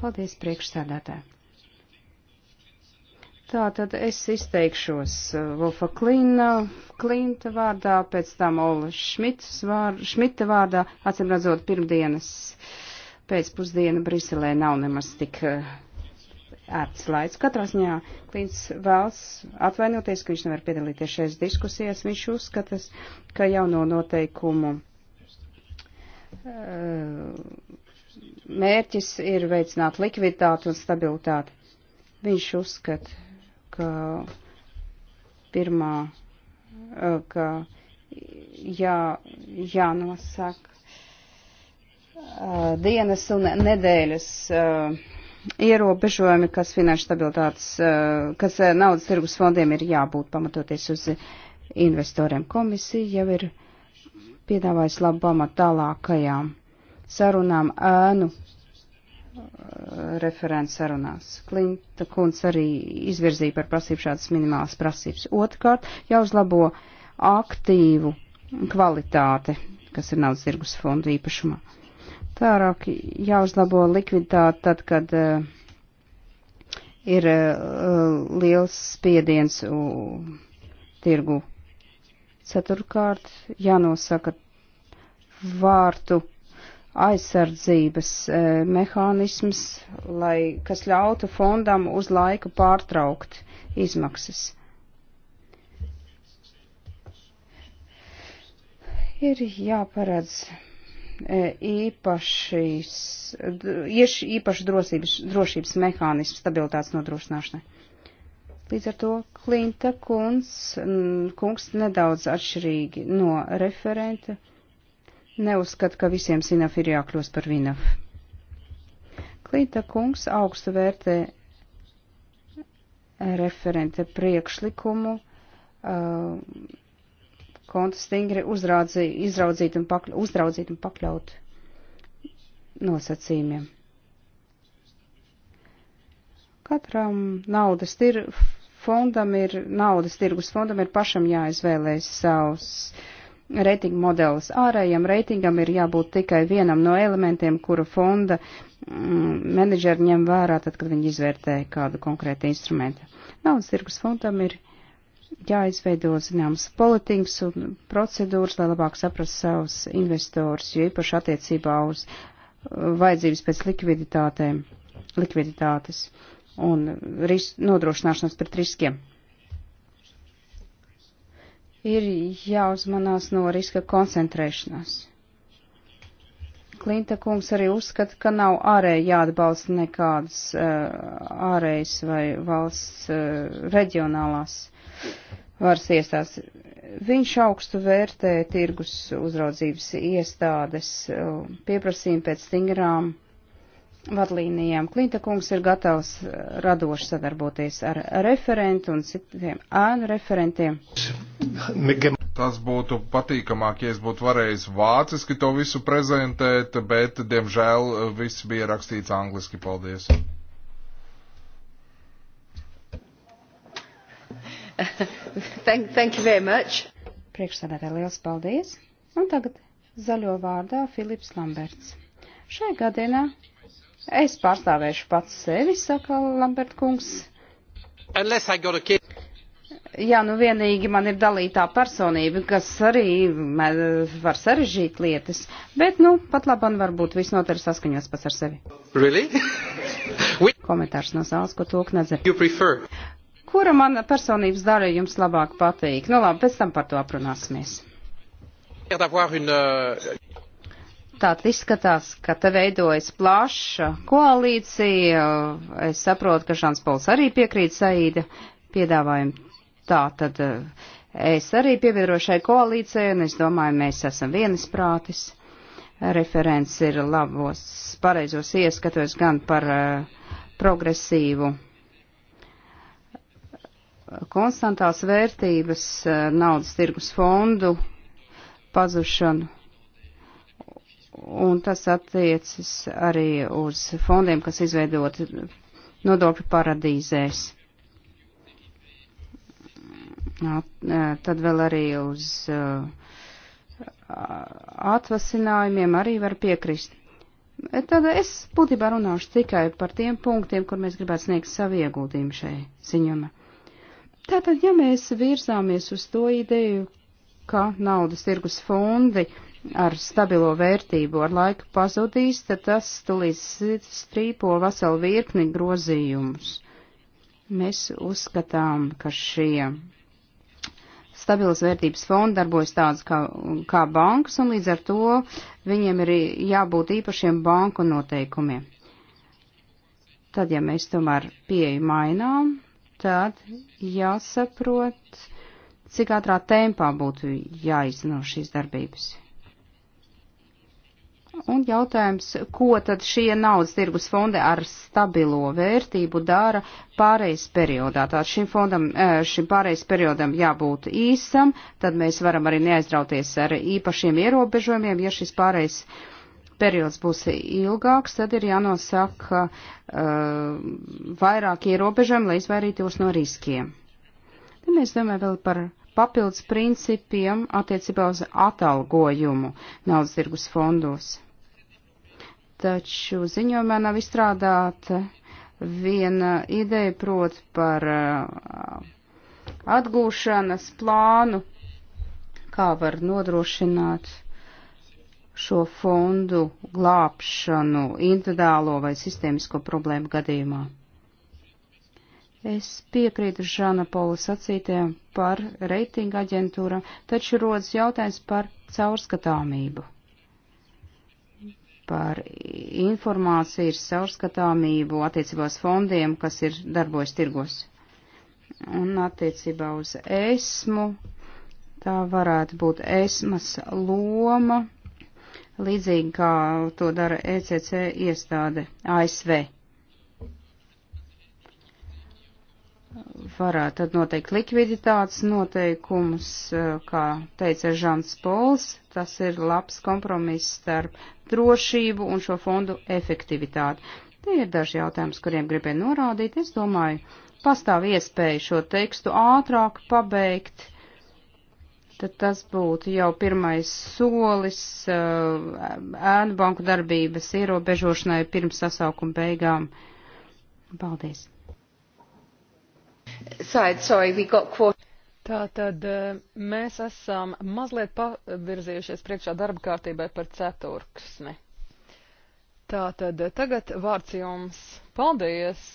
Paldies, priekšsēdētāji. Tā tad es izteikšos Volfa uh, Klina, Klinta vārdā, pēc tam Ola vār, Šmita vārdā, acīm redzot, pirmdienas pēcpusdiena Briselē nav nemaz tik uh, ērts laiks. Katrā ziņā Klīns vēlas atvainoties, ka viņš nevar piedalīties šajās diskusijās. Viņš uzskatas, ka jauno noteikumu eh, mērķis ir veicināt likviditāti un stabilitāti. Viņš uzskata, ka pirmā, eh, ka jā, jānosaka eh, dienas un nedēļas uh, ierobežojumi, kas finanšu stabilitātes, eh, kas eh, naudas tirgus fondiem ir jābūt pamatoties uz investoriem. Komisija jau ir piedāvājusi labu pamatu tālākajām sarunām ēnu eh, referents sarunās. Klinta kunds arī izvirzīja par prasību šādas minimālas prasības. Otrkārt, jāuzlabo aktīvu kvalitāte, kas ir naudas tirgus fondu īpašumā. Tārāk jāuzlabo likviditāte tad, kad uh, ir uh, liels spiediens uh, tirgu. Ceturkārt, jānosaka vārtu aizsardzības uh, mehānisms, lai, kas ļautu fondam uz laiku pārtraukt izmaksas. Ir jāparedz E, īpašīs, ieš, īpaši drosības, drošības mehānismu stabilitātes nodrošināšanai. Līdz ar to Klinta kungs, kungs nedaudz atšķirīgi no referenta neuzskata, ka visiem sinaf ir jākļūst par vinaf. Klinta kungs augstu vērtē referenta priekšlikumu uh, kontu stingri uzrādzi, izraudzīt un pakļ, uzraudzīt un pakļaut nosacījumiem. Katram naudas tir, fondam ir, naudas tirgus fondam ir pašam jāizvēlēs savs reitinga modelis. Ārējam reitingam ir jābūt tikai vienam no elementiem, kuru fonda mm, menedžeri ņem vērā, tad, kad viņi izvērtē kādu konkrētu instrumentu. Naudas tirgus fondam ir jāizveido zināmas politikas un procedūras, lai labāk saprastu savus investors, jo īpaši attiecībā uz uh, vajadzības pēc likviditātēm, likviditātes un ris, nodrošināšanas pret riskiem. Ir jāuzmanās no riska koncentrēšanās. Klinta kungs arī uzskata, ka nav ārēji jāatbalsta nekādas uh, ārējas vai valsts uh, reģionālās uh, varas iestās. Viņš augstu vērtē tirgus uzraudzības iestādes um, pieprasījumu pēc stingrām vadlīnijām. Klinta kungs ir gatavs uh, radoši sadarboties ar referentu un citiem ēnu referentiem. Tas būtu patīkamāk, ja es būtu varējis vāciski to visu prezentēt, bet, diemžēl, viss bija rakstīts angliski. Paldies! thank, thank you very much. Priekšsēdētāji, liels paldies. Un tagad zaļo vārdā Filips Lamberts. Šai gadienā es pārstāvēšu pats sevi, saka Lambert kungs. Jā, nu vienīgi man ir dalītā personība, kas arī var sarežģīt lietas, bet, nu, pat labam varbūt visnotaļ saskaņos pats ar sevi. Really? We... Komentārs no zāles, ko tūk nedzir. Kura mana personības daļa jums labāk patīk? Nu labi, pēc tam par to aprunāsimies. Euh, Tātad izskatās, ka te veidojas plaša koalīcija. Es saprotu, ka Žans Pols arī piekrīt Saīda piedāvājumu. Tātad eh, es arī pievienošai koalīcijai, un es domāju, mēs esam vienisprātis. Referents ir labos, pareizos ieskatos gan par eh, progresīvu konstantās vērtības eh, naudas tirgus fondu pazušanu. Un tas attiecas arī uz fondiem, kas izveidoti nodokļu paradīzēs. Eh, tad vēl arī uz eh, atvasinājumiem arī var piekrist. Tad es būtībā runāšu tikai par tiem punktiem, kur mēs gribētu sniegt savu ieguldījumu šai ziņumā. Tātad, ja mēs virzāmies uz to ideju, ka naudas tirgus fondi ar stabilo vērtību ar laiku pazudīs, tad tas tulīt strīpo veselu virkni grozījumus. Mēs uzskatām, ka šie stabilas vērtības fondi darbojas tādas kā, kā bankas, un līdz ar to viņiem ir jābūt īpašiem banku noteikumiem. Tad, ja mēs tomēr pieeju mainām, tad jāsaprot, cik ātrā tempā būtu jāizno šīs darbības. Un jautājums, ko tad šie naudas tirgus fondi ar stabilo vērtību dara pārejas periodā? Tātad šim fondam, e, šim pārejas periodam jābūt īsam, tad mēs varam arī neaizdrauties ar īpašiem ierobežojumiem, ja šis pārejas periods periods būs ilgāks, tad ir jānosaka uh, vairāk ierobežojumi, lai izvairītos no riskiem. Tad mēs domājam vēl par papildus principiem attiecībā uz atalgojumu naudas tirgus fondos. Taču ziņojumā nav izstrādāta viena ideja prot par uh, atgūšanas plānu, kā var nodrošināt uh, šo fondu glābšanu individuālo vai sistēmisko problēmu gadījumā. Es piekrītu Žana Paula sacītēm par reitinga aģentūra, taču rodas jautājums par caurskatāmību. Par informācijas caurskatāmību attiecībās fondiem, kas ir darbojas tirgos. Un attiecībā uz esmu, tā varētu būt esmas loma līdzīgi kā to dara ECC iestāde ASV. Varētu tad noteikt likviditātes noteikumus, eh, kā teica Žants Pols, tas ir labs kompromiss starp drošību un šo fondu efektivitāti. Tie ir daži jautājumi, kuriem gribēju norādīt. Es domāju, pastāv iespēja šo tekstu ātrāk pabeigt tad tas būtu jau pirmais solis uh, ēnu banku darbības ierobežošanai pirms sasaukuma beigām. Paldies! Tā tad uh, mēs esam mazliet pavirzījušies priekšā darba kārtībai par ceturksni. Tā tad tagad vārds jums. Paldies!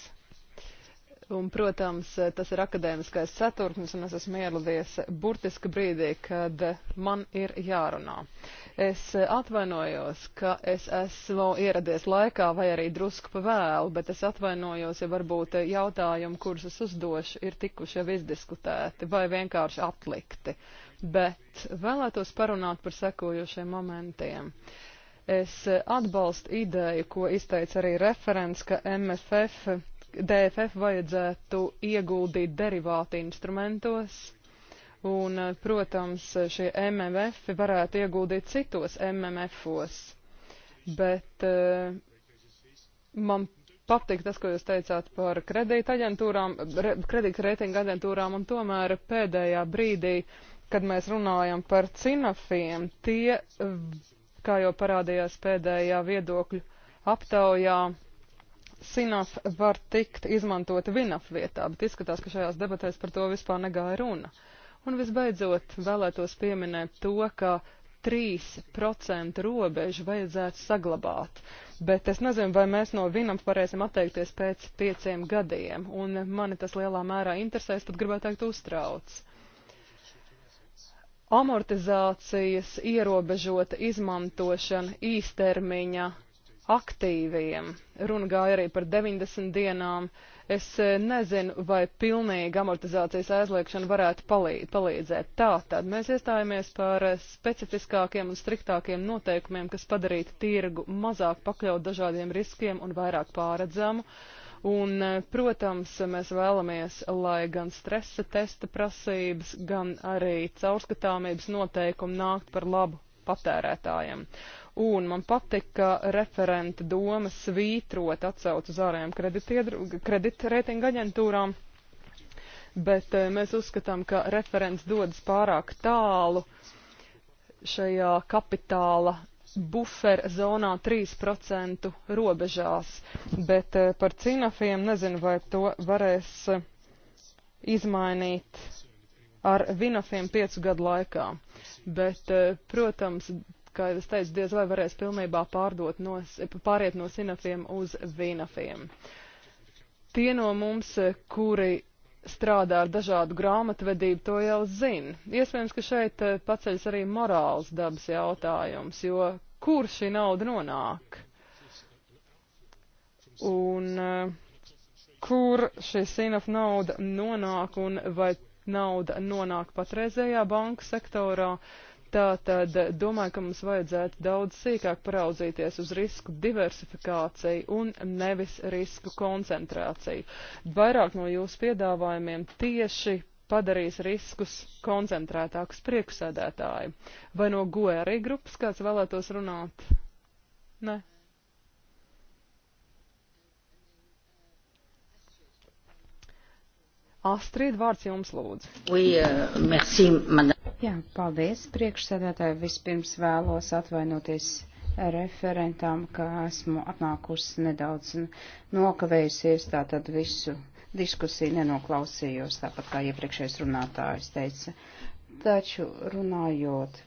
Un, protams, tas ir akadēmiskais ceturknis, un es esmu ieradies burtiski brīdī, kad man ir jārunā. Es atvainojos, ka es esmu ieradies laikā vai arī drusku pa vēlu, bet es atvainojos, ja varbūt jautājumi, kurus es uzdošu, ir tikuši jau izdiskutēti vai vienkārši atlikti. Bet vēlētos parunāt par sekojošiem momentiem. Es atbalstu ideju, ko izteica arī referents, ka MFF DFF vajadzētu ieguldīt derivāti instrumentos, un, eh, protams, šie MMF varētu ieguldīt citos MMF-os, bet eh, man patīk tas, ko jūs teicāt par kredīta aģentūrām, re, kredīta reitinga aģentūrām, un tomēr pēdējā brīdī, kad mēs runājam par cinafiem, tie, eh, kā jau parādījās pēdējā viedokļu aptaujā, sinaf var tikt izmantota vinaf vietā, bet izskatās, ka šajās debatēs par to vispār negāja runa. Un visbeidzot vēlētos pieminēt to, ka 3% robežu vajadzētu saglabāt. Bet es nezinu, vai mēs no vienam varēsim atteikties pēc pieciem gadiem, un mani tas lielā mērā interesēs, pat gribētu teikt uztrauc. Amortizācijas ierobežota izmantošana īstermiņa aktīviem. Runa gāja arī par 90 dienām. Es eh, nezinu, vai pilnīga amortizācijas aizliekšana varētu palīdzēt. Tātad mēs iestājāmies par eh, specifiskākiem un striktākiem noteikumiem, kas padarītu tirgu mazāk pakļaut dažādiem riskiem un vairāk pāredzamu. Un, eh, protams, mēs vēlamies, lai gan stresa testa prasības, gan arī caurskatāmības noteikumi nākt par labu patērētājiem un man patika referenta doma svītrot atsauc uz ārējām kreditreitinga aģentūrām, bet eh, mēs uzskatām, ka referents dodas pārāk tālu šajā kapitāla buferu zonā 3% robežās, bet eh, par cīnafiem nezinu, vai to varēs eh, izmainīt ar vinofiem piecu gadu laikā. Bet, protams, kā jau es teicu, diez vai varēs pilnībā pārdot no, pāriet no sinafiem uz vinafiem. Tie no mums, kuri strādā ar dažādu grāmatvedību, to jau zina. Iespējams, ka šeit eh, paceļas arī morāls dabas jautājums, jo kur šī nauda nonāk? Un eh, kur šī sinaf nauda nonāk un vai nauda nonāk patreizējā banku sektorā? Tātad domāju, ka mums vajadzētu daudz sīkāk paraudzīties uz risku diversifikāciju un nevis risku koncentrāciju. Vairāk no jūsu piedāvājumiem tieši padarīs riskus koncentrētākus priekšsēdētāji. Vai no GOE arī grupas kāds vēlētos runāt? Nē. Astrid, vārds jums lūdzu. Oui, uh, merci, madame. Jā, paldies priekšsēdētāji. Vispirms vēlos atvainoties referentām, ka esmu atnākusi nedaudz nokavējusies, tātad visu diskusiju nenoklausījos, tāpat kā iepriekšējais runātājs teica. Taču runājot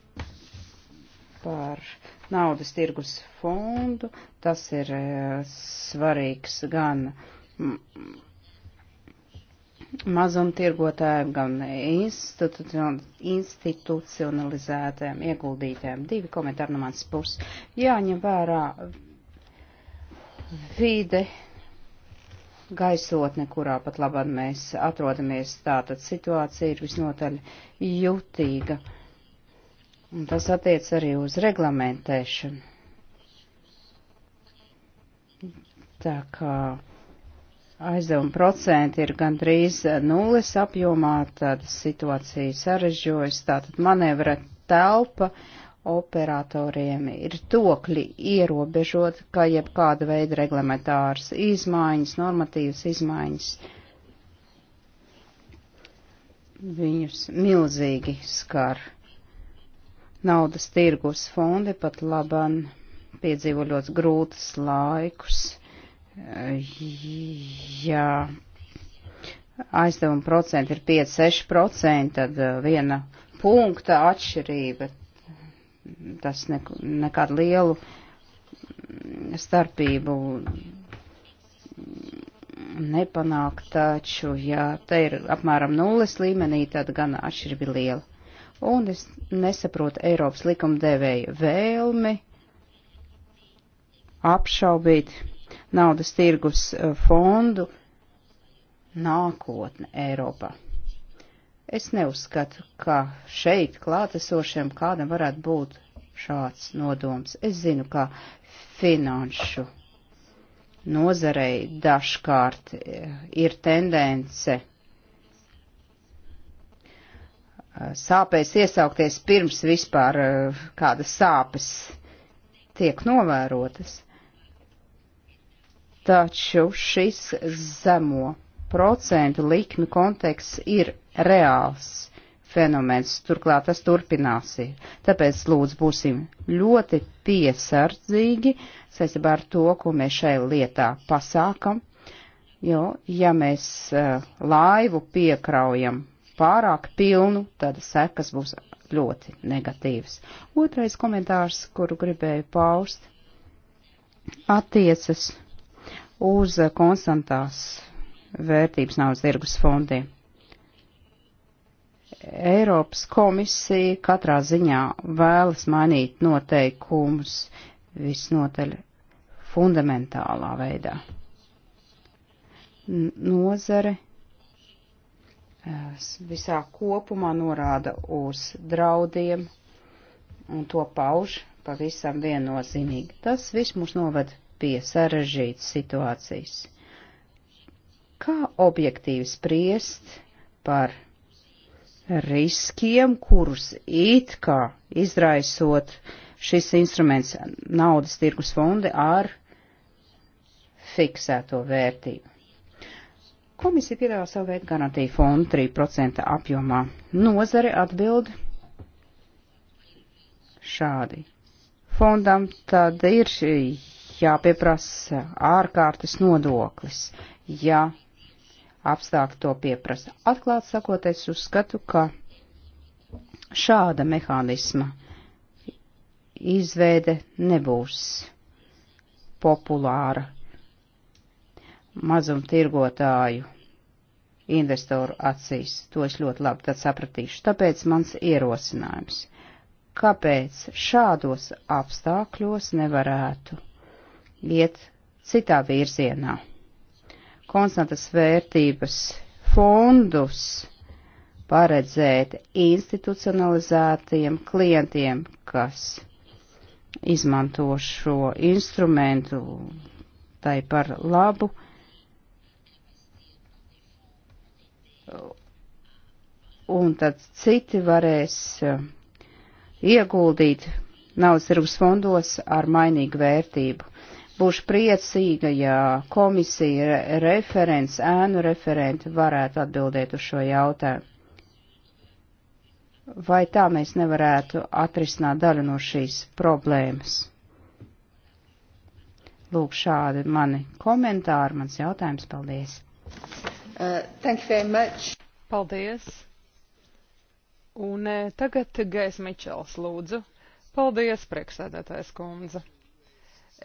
par naudas tirgus fondu, tas ir eh, svarīgs gan mazumtirgotājiem, gan institucionalizētiem ieguldītājiem. Divi komentāri no manas puses. Jāņem vērā vide, gaisotne, kurā pat labāk mēs atrodamies. Tātad situācija ir visnotaļ jutīga. Un tas attiec arī uz reglamentēšanu. Tā kā aizdevuma procenti ir gandrīz nulles apjomā, tad situācija sarežģojas, tātad manevra telpa operatoriem ir tokļi ierobežot, ka jebkāda veida reglamentāras izmaiņas, normatīvas izmaiņas viņus milzīgi skar. Naudas tirgus fondi pat laban piedzīvo ļoti grūtas laikus ja aizdevuma procenti ir 5-6%, tad eh, viena punkta atšķirība, tas ne, nekādu lielu mm, starpību nepanāk, taču, ja te ir apmēram nulles līmenī, tad gan atšķirība ir liela. Un es nesaprotu Eiropas likumdevēju vēlmi apšaubīt naudas tirgus eh, fondu nākotne Eiropā. Es neuzskatu, ka šeit klātesošiem kādam varētu būt šāds nodoms. Es zinu, ka finanšu nozarei dažkārt eh, ir tendence eh, sāpēs iesaukties pirms vispār kādas sāpes tiek novērotas taču šis zemo procentu likmi konteksts ir reāls fenomens, turklāt tas turpināsies. Tāpēc, lūdzu, būsim ļoti piesardzīgi saistībā ar to, ko mēs šai lietā pasākam, jo, ja mēs uh, laivu piekraujam pārāk pilnu, tad sekas būs ļoti negatīvas. Otrais komentārs, kuru gribēju paust, attiecas uz konstantās vērtības naudas tirgus fondiem. Eiropas komisija katrā ziņā vēlas mainīt noteikumus visnotaļ fundamentālā veidā. Nozare visā kopumā norāda uz draudiem un to pauž pavisam viennozīmīgi. Tas viss mūs noved pie sarežģītas situācijas. Kā objektīvi spriest par riskiem, kurus it kā izraisot šis instruments naudas tirgus fondi ar fiksēto vērtību? Komisija piedāvā savu veidu garantiju fondu 3% apjomā. Nozare atbild šādi. Fondam tad ir jāpieprasa ārkārtas nodoklis, ja apstākļi to pieprasa. Atklāt sakot, es uzskatu, ka šāda mehānisma izveide nebūs populāra mazumtirgotāju investoru acīs. To es ļoti labi tad sapratīšu. Tāpēc mans ierosinājums. Kāpēc šādos apstākļos nevarētu iet citā virzienā. Konstantas vērtības fondus paredzēt institucionalizētiem klientiem, kas izmanto šo instrumentu tai par labu. Un tad citi varēs uh, ieguldīt naudas tirgus fondos ar mainīgu vērtību. Būšu priecīga, ja komisija, referents, ēnu referenti varētu atbildēt uz šo jautājumu. Vai tā mēs nevarētu atrisināt daļu no šīs problēmas? Lūk, šādi mani komentāri, mans jautājums. Paldies! Uh, thank you very much. Paldies! Un eh, tagad Gais Mičels lūdzu. Paldies, prieksēdētājs kundze!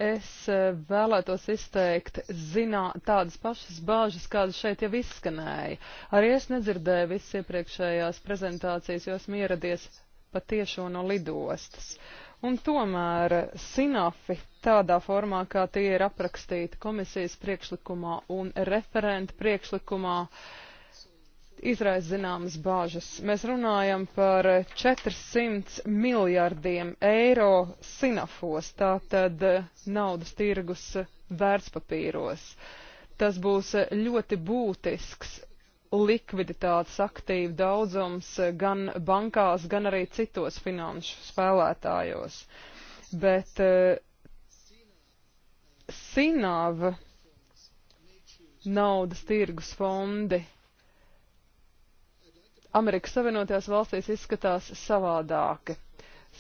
Es e, vēlētos izteikt zinā, tādas pašas bāžas, kādas šeit jau izskanēja. Arī es nedzirdēju visas iepriekšējās prezentācijas, jo esmu ieradies patiešo no lidostas. Un tomēr sinafi tādā formā, kā tie ir aprakstīti komisijas priekšlikumā un referenta priekšlikumā, uh, izraisa zināmas bāžas. Mēs runājam par 400 miljardiem eiro sinafos, tātad naudas tirgus vērtspapīros. Tas būs ļoti būtisks likviditātes aktīvu daudzums gan bankās, gan arī citos finanšu spēlētājos. Bet eh, SINAV naudas tirgus fondi Amerikas Savienotajās valstīs izskatās savādāki.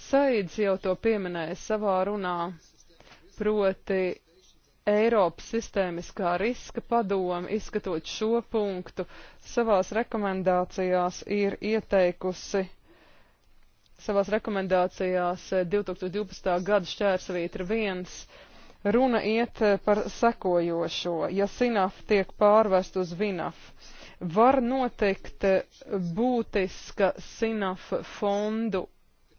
Saids jau to pieminēja savā runā, proti Eiropas sistēmiskā riska padoma, izskatot šo punktu, savās rekomendācijās ir ieteikusi savās rekomendācijās eh, 2012. gada šķērsvītra 1 Runa iet eh, par sekojošo, ja SINAF tiek pārvest uz VINAF. Var notikt eh, būtiska SINAF fondu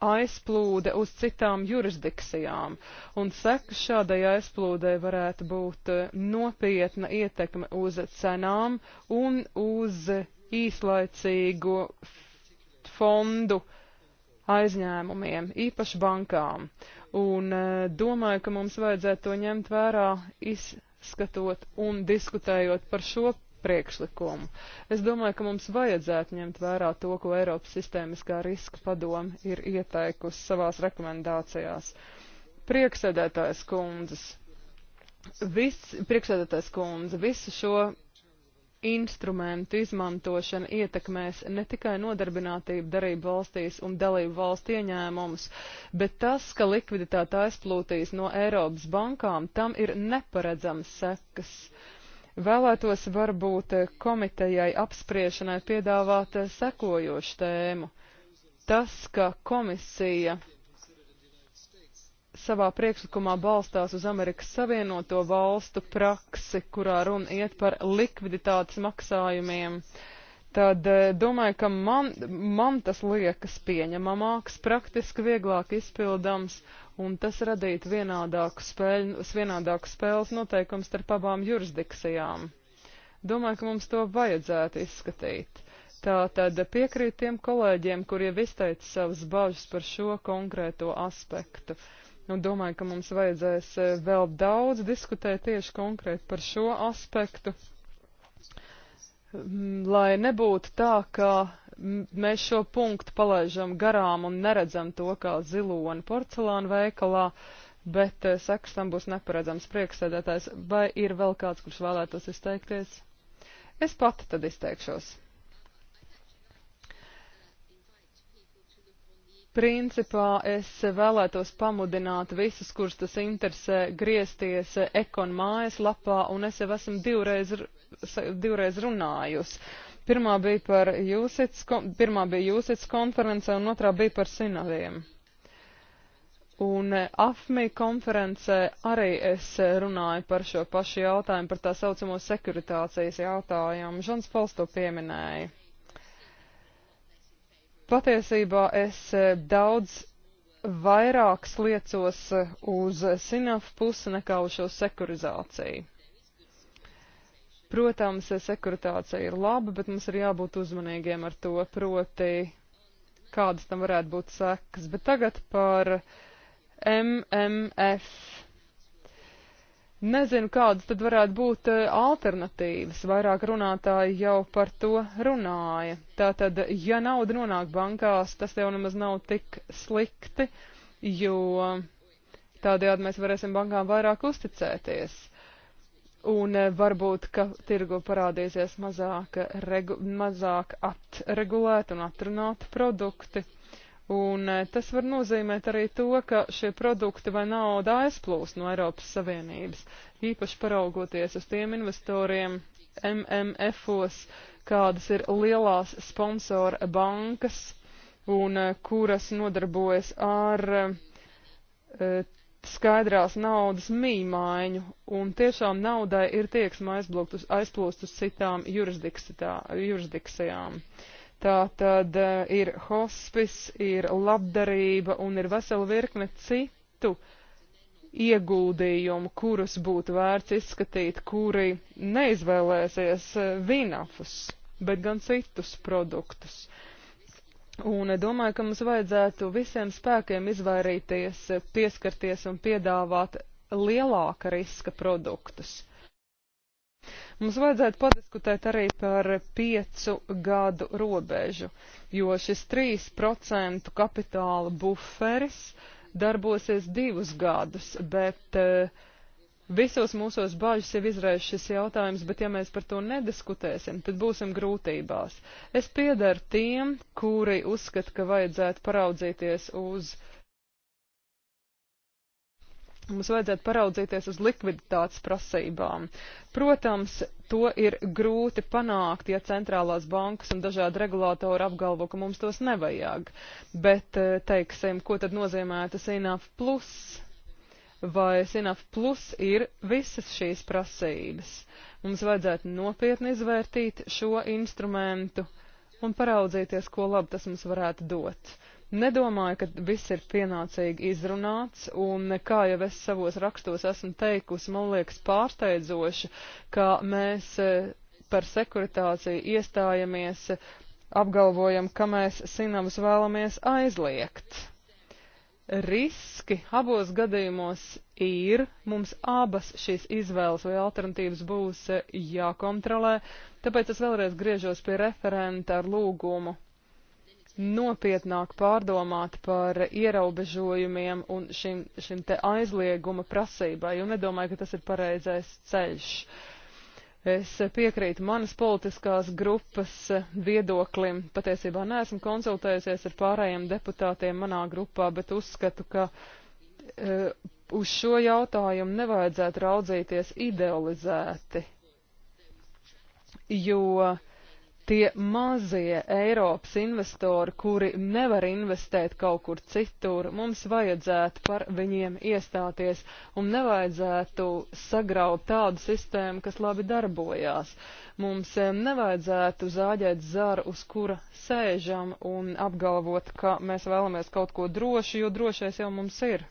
aizplūde uz citām jurisdikcijām, un sekas šādai aizplūdei varētu būt eh, nopietna ietekme uz cenām un uz īslaicīgo fondu aizņēmumiem, īpaši bankām. Un eh, domāju, ka mums vajadzētu to ņemt vērā, izskatot un diskutējot par šo priekšlikumu. Es domāju, ka mums vajadzētu ņemt vērā to, ko Eiropas sistēmiskā riska padoma ir ieteikusi savās rekomendācijās. Prieksēdētājs kundzes. Viss, priekšsēdētājs kundze, visu šo instrumentu izmantošana ietekmēs ne tikai nodarbinātību darību valstīs un dalību valstu ieņēmumus, bet tas, ka likviditāte aizplūtīs no Eiropas bankām, tam ir neparedzams sekas. Vēlētos varbūt komitejai apspriešanai piedāvāt sekojošu tēmu. Tas, ka komisija savā priekšlikumā balstās uz Amerikas Savienoto valstu praksi, kurā runa iet par likviditātes maksājumiem, tad eh, domāju, ka man, man tas liekas pieņemamāks, praktiski vieglāk izpildams, un tas radītu vienādāku, spēļ, vienādāku spēles noteikumu starp abām jurisdikcijām. Domāju, ka mums to vajadzētu izskatīt. Tātad piekrīt tiem kolēģiem, kuriem izteica savas bažas par šo konkrēto aspektu. Uh, Nu, domāju, ka mums vajadzēs eh, vēl daudz diskutēt tieši konkrēti par šo aspektu, mm, lai nebūtu tā, ka mēs šo punktu palaižam garām un neredzam to kā ziloni porcelāna veikalā, bet eh, seks tam būs neparedzams prieksēdētājs. Vai ir vēl kāds, kurš vēlētos izteikties? Es pati tad izteikšos. Principā es vēlētos pamudināt visus, kurus tas interesē, griezties ekonu mājas lapā, un es jau esmu divreiz, divreiz runājusi. Pirmā bija, par jūsits, pirmā bija jūsits konference, un otrā bija par sinaviem. Un AFMI konferencē arī es runāju par šo pašu jautājumu, par tā saucamo sekuritācijas jautājumu. Žans Pols to pieminēja. Patiesībā es e, daudz vairāk sliecos e, uz SINAF pusi nekā uz šo sekurizāciju. Protams, e, sekuritācija ir laba, bet mums ir jābūt uzmanīgiem ar to, proti, kādas tam varētu būt sekas. Bet tagad par MMF Nezinu, kādas tad varētu būt eh, alternatīvas. Vairāk runātāji jau par to runāja. Tātad, ja nauda nonāk bankās, tas jau nemaz nav tik slikti, jo tādējādi mēs varēsim bankām vairāk uzticēties un eh, varbūt, ka tirgu parādīsies mazāk, regu, mazāk atregulēti un atrunāti produkti. Un e, tas var nozīmēt arī to, ka šie produkti vai nauda aizplūst no Eiropas Savienības, īpaši paraugoties uz tiem investoriem MMF-os, kādas ir lielās sponsora bankas un e, kuras nodarbojas ar e, skaidrās naudas mīmaiņu, un tiešām naudai ir tieksme aizplūst uz citām jurisdikcijām. Tā tad eh, ir hospis, ir labdarība un ir vesela virkne citu ieguldījumu, kurus būtu vērts izskatīt, kuri neizvēlēsies eh, vinafus, bet gan citus produktus. Un domāju, ka mums vajadzētu visiem spēkiem izvairīties, pieskarties un piedāvāt lielāka riska produktus. Mums vajadzētu padiskutēt arī par piecu gadu robežu, jo šis 3% kapitāla buferis darbosies divus gadus, bet uh, Visos mūsos bāžas jau izraisa šis jautājums, bet ja mēs par to nediskutēsim, tad būsim grūtībās. Es piedaru tiem, kuri uzskata, ka vajadzētu paraudzīties uz Mums vajadzētu paraudzīties uz likviditātes prasībām. Protams, to ir grūti panākt, ja centrālās bankas un dažādi regulātori apgalvo, ka mums tos nevajag. Bet, eh, teiksim, ko tad nozīmē tas INAF plus? Vai INAF plus ir visas šīs prasības? Mums vajadzētu nopietni izvērtīt šo instrumentu un paraudzīties, ko labi tas mums varētu dot. Nedomāju, ka viss ir pienācīgi izrunāts, un kā jau es savos rakstos esmu teikusi, man liekas pārsteidzoši, ka mēs e, par sekuritāciju iestājamies, e, apgalvojam, ka mēs sinavus vēlamies aizliegt. Riski abos gadījumos ir, mums abas šīs izvēles vai alternatīvas būs e, jākontrolē, tāpēc es vēlreiz griežos pie referenta ar lūgumu nopietnāk pārdomāt par ierobežojumiem un šim, šim te aizlieguma prasībai, un nedomāju, ka tas ir pareizais ceļš. Es piekrītu manas politiskās grupas viedoklim. Patiesībā neesmu konsultējusies ar pārējiem deputātiem manā grupā, bet uzskatu, ka e, uz šo jautājumu nevajadzētu raudzīties idealizēti, jo uh, tie mazie Eiropas investori, kuri nevar investēt kaut kur citur, mums vajadzētu par viņiem iestāties un nevajadzētu sagraut tādu sistēmu, kas labi darbojās. Mums eh, nevajadzētu zāģēt zāru, uz kura sēžam un apgalvot, ka mēs vēlamies kaut ko droši, jo drošais jau mums ir.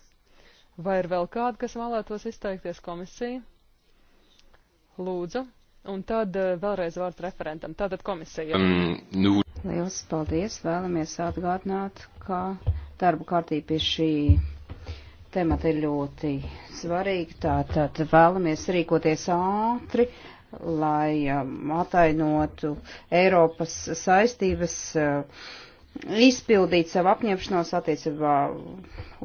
Vai ir vēl kādi, kas vēlētos izteikties komisiju? Lūdzu. Un tad eh, vēlreiz vārds referentam, tātad komisija. Um, nu. Liels paldies, vēlamies atgādināt, ka darba kārtība pie šī temata ir ļoti svarīga, tātad vēlamies rīkoties ātri, lai um, atainotu Eiropas saistības. Uh, izpildīt savu apņemšanos attiecībā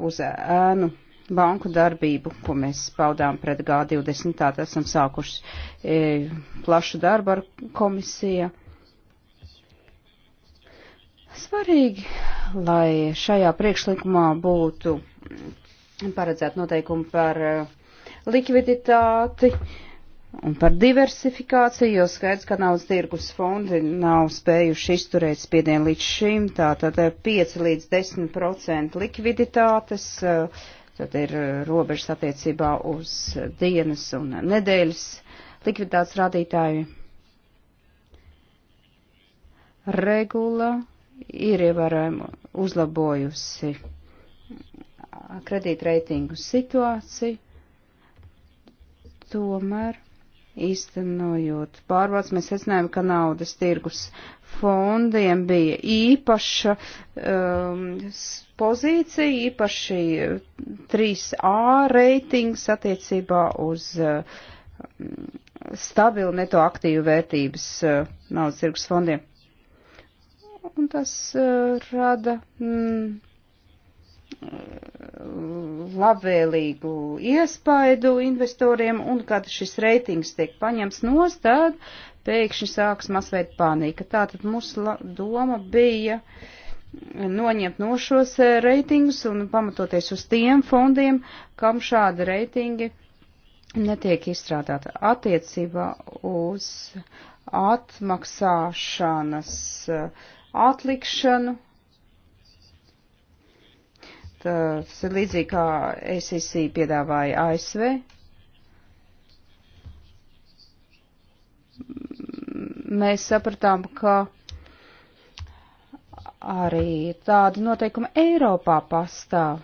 uz ēnu banku darbību, ko mēs paudām pret G20. Tātad esam sākuši e, plašu darbu ar komisiju. Svarīgi, lai šajā priekšlikumā būtu paredzēt noteikumi par e, likviditāti un par diversifikāciju, jo skaidrs, ka naudas tirgus fondi nav spējuši izturēt spiedienu līdz šim, tātad 5 līdz 10% likviditātes. Uh, Tad ir uh, robežas attiecībā uz dienas un nedēļas likviditātes rādītāju. Regula ir ievērojami uzlabojusi uh, kredītreitingu situāciju, tomēr Īstenojot pārvaldes, mēs secinājām, ka naudas tirgus fondiem bija īpaša um, pozīcija, īpaši 3A reitings attiecībā uz uh, stabilu neto aktīvu vērtības uh, naudas tirgus fondiem. Un tas uh, rada. Mm, labvēlīgu iespaidu investoriem, un kad šis reitings tiek paņemts nost, tad pēkšņi sāks masveida panika. Tātad mūsu doma bija noņemt no šos eh, reitingus un pamatoties uz tiem fondiem, kam šādi reitingi netiek izstrādāta attiecībā uz atmaksāšanas eh, atlikšanu Uh, tas ir līdzīgi kā SEC piedāvāja ASV. Mēs sapratām, ka arī tādi noteikumi Eiropā pastāv.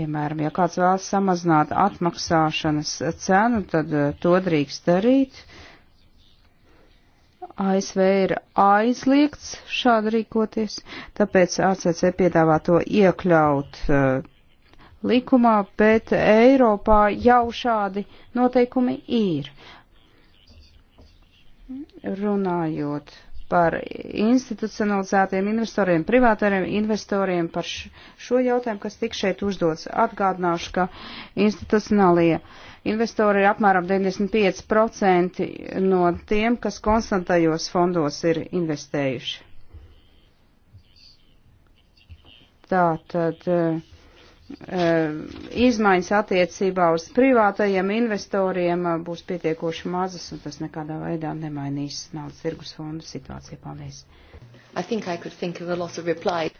Piemēram, ja kāds vēlas samazināt atmaksāšanas cenu, tad uh, to drīkst darīt. Uh, ASV ir aizliegts šādi rīkoties, tāpēc ACC piedāvā to iekļaut uh, likumā, bet Eiropā jau šādi noteikumi ir. Runājot par institucionalizētiem investoriem, privātiem investoriem, par šo jautājumu, kas tik šeit uzdots. Atgādināšu, ka institucionālie investori ir apmēram 95% no tiem, kas konstantajos fondos ir investējuši. Tā tad. Uh, eh, Eh, izmaiņas attiecībā uz privātajiem investoriem eh, būs pietiekoši mazas, un tas nekādā veidā nemainīs naudas tirgus fondu situāciju. Paldies! I think I could think of a lot of replies.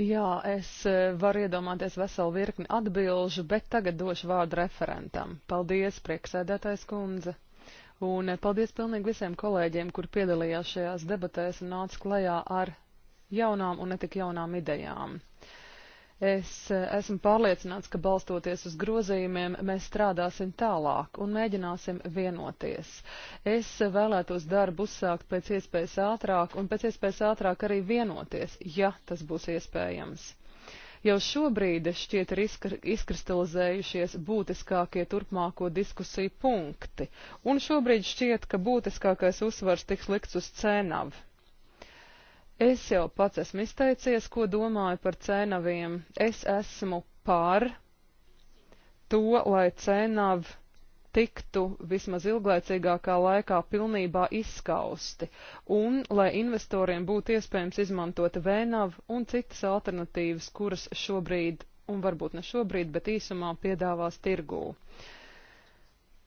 Jā, es eh, varu iedomāties veselu virkni atbilžu, bet tagad došu vārdu referentam. Paldies, prieksēdētājs kundze! Un paldies pilnīgi visiem kolēģiem, kur piedalījās šajās debatēs un nāca klajā ar jaunām un netik jaunām idejām. Es eh, esmu pārliecināts, ka balstoties uz grozījumiem mēs strādāsim tālāk un mēģināsim vienoties. Es vēlētos darbu uzsākt pēc iespējas ātrāk un pēc iespējas ātrāk arī vienoties, ja tas būs iespējams. Jau šobrīd šķiet ir izkristalizējušies būtiskākie turpmāko diskusiju punkti, un šobrīd šķiet, ka būtiskākais uzsvars tiks likts uz cēnavu Es jau pats esmu izteicies, ko domāju par cēnaviem. Es esmu par to, lai cēnavi tiktu vismaz ilglaicīgākā laikā pilnībā izskausti, un lai investoriem būtu iespējams izmantot vēnavu un citas alternatīvas, kuras šobrīd, un varbūt ne šobrīd, bet īsumā piedāvās tirgū.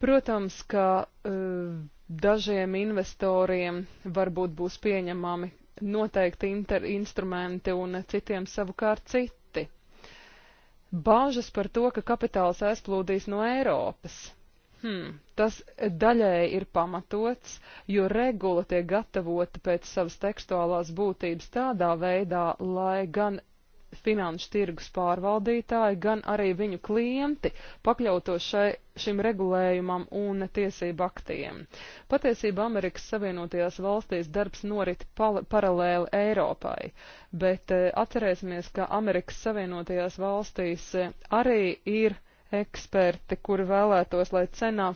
Protams, ka uh, dažiem investoriem varbūt būs pieņemami noteikti inter, instrumenti un citiem savukārt citi. Bāžas par to, ka kapitāls aizplūdīs no Eiropas. Hmm, tas daļēji ir pamatots, jo regula tiek gatavota pēc savas tekstuālās būtības tādā veidā, lai gan finanšu tirgus pārvaldītāji, gan arī viņu klienti pakļautos šai, šim regulējumam un tiesību aktiem. Patiesībā Amerikas Savienotajās valstīs darbs norit paralēli Eiropai, bet eh, atcerēsimies, ka Amerikas Savienotajās valstīs eh, arī ir eksperti, kuri vēlētos, lai cenā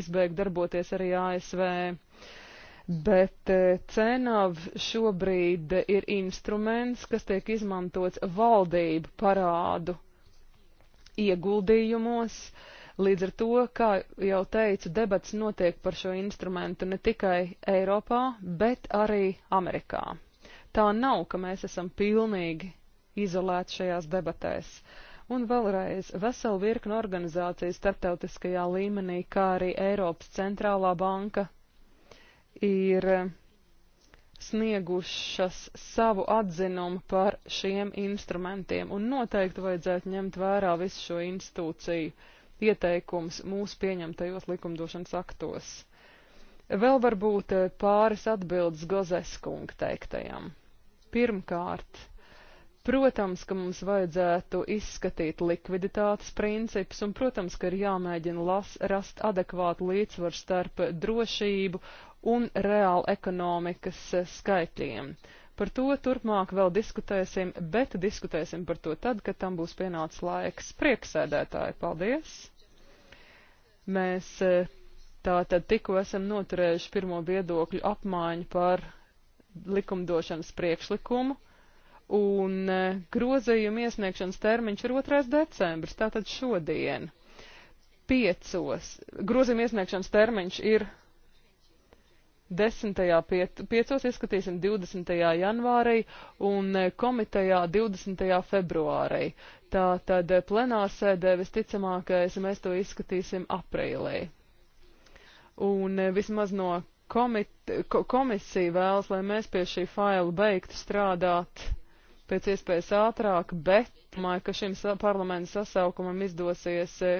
izbeigtu darboties arī ASV bet eh, cenav šobrīd ir instruments, kas tiek izmantots valdību parādu ieguldījumos. Līdz ar to, kā jau teicu, debats notiek par šo instrumentu ne tikai Eiropā, bet arī Amerikā. Tā nav, ka mēs esam pilnīgi izolēti šajās debatēs. Un vēlreiz veselu virknu organizāciju starptautiskajā līmenī, kā arī Eiropas centrālā banka, ir sniegušas savu atzinumu par šiem instrumentiem, un noteikti vajadzētu ņemt vērā visu šo institūciju ieteikums mūsu pieņemtajos likumdošanas aktos. Vēl varbūt eh, pāris atbildes Gozeskunga teiktajam. Pirmkārt, Protams, ka mums vajadzētu izskatīt likviditātes principus, un, protams, ka ir jāmēģina las, rast adekvātu līdzsvaru starp drošību un reāli ekonomikas eh, skaitļiem. Par to turpmāk vēl diskutēsim, bet diskutēsim par to tad, kad tam būs pienācis laiks. Prieksēdētāji, paldies! Mēs eh, tātad tikko esam noturējuši pirmo viedokļu apmaiņu par likumdošanas priekšlikumu un e, grozījuma iesniegšanas termiņš ir 2. decembris, tātad šodien. Piecos. Grozījuma iesniegšanas termiņš ir 10. Piet, piecos izskatīsim 20. janvārī un e, komitejā 20. februārī. Tātad e, plenārsēdē visticamākais mēs to izskatīsim aprīlī. Un vismaz no komit, ko, komisija vēlas, lai mēs pie šī faila beigtu strādāt pēc iespējas ātrāk, bet domāju, ka šim parlamentu sasaukumam izdosies e,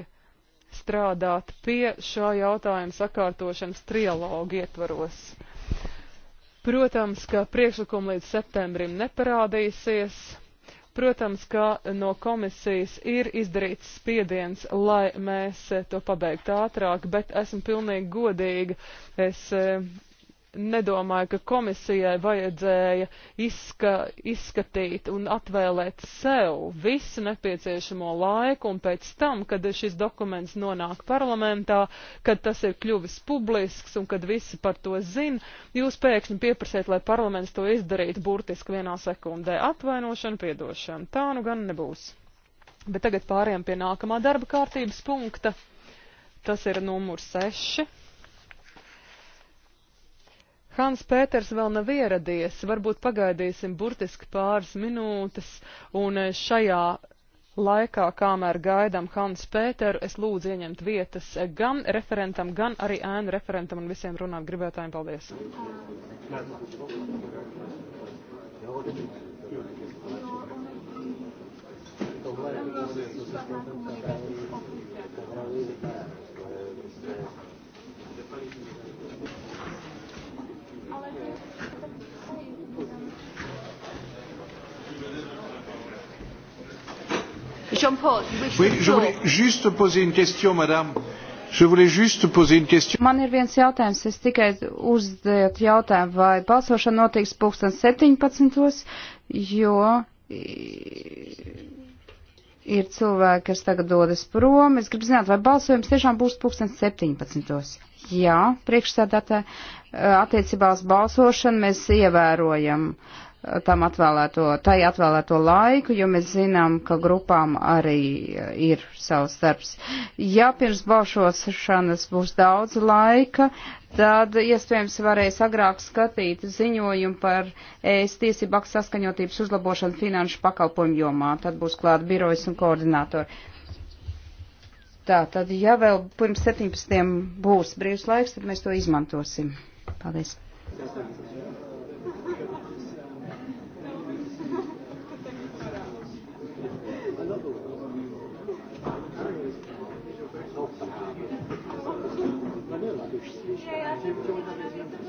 strādāt pie šā jautājuma sakārtošanas trialogu ietvaros. Protams, ka priekšlikumi līdz septembrim neparādīsies. Protams, ka no komisijas ir izdarīts spiediens, lai mēs e, to pabeigtu ātrāk, bet esmu pilnīgi godīga. Es e, nedomāju, ka komisijai vajadzēja izska, izskatīt un atvēlēt sev visu nepieciešamo laiku, un pēc tam, kad šis dokuments nonāk parlamentā, kad tas ir kļuvis publisks un kad visi par to zina, jūs pēkšņi pieprasiet, lai parlaments to izdarītu burtiski vienā sekundē. Atvainošana, piedošana. Tā nu gan nebūs. Bet tagad pāriem pie nākamā darba kārtības punkta. Tas ir numurs 6. Hans Pēters vēl nav ieradies, varbūt pagaidīsim burtiski pāris minūtes, un eh, šajā laikā, kamēr gaidām Hans Pēteru, es lūdzu ieņemt vietas gan referentam, gan arī ēnu referentam un visiem runāt gribētājiem. Paldies! Thank you. Oui, je voulais juste poser une question, madame. Je voulais juste poser une question. Man ir viens jautājums. Es tikai uzdevu jautājumu, vai balsošana notiks pulksten 17. jo ir cilvēki, kas tagad dodas prom. Es gribu zināt, vai balsojums tiešām būs pulksten 17. Jā, priekšsēdētāji, Eh, attiecībā uz balsošanu mēs ievērojam eh, tam atvēlēto, tai atvēlēto laiku, jo mēs zinām, ka grupām arī eh, ir savs darbs. Ja pirms balsošanas būs daudz laika, tad iespējams varēs agrāk skatīt ziņojumu par ES tiesību aktu saskaņotības uzlabošanu finanšu pakalpojumu jomā. Tad būs klāt birojas un koordinātori. Tā tad, ja vēl pirms 17. būs brīvs laiks, tad mēs to izmantosim. Paldies! Vanilla. Yeah, I think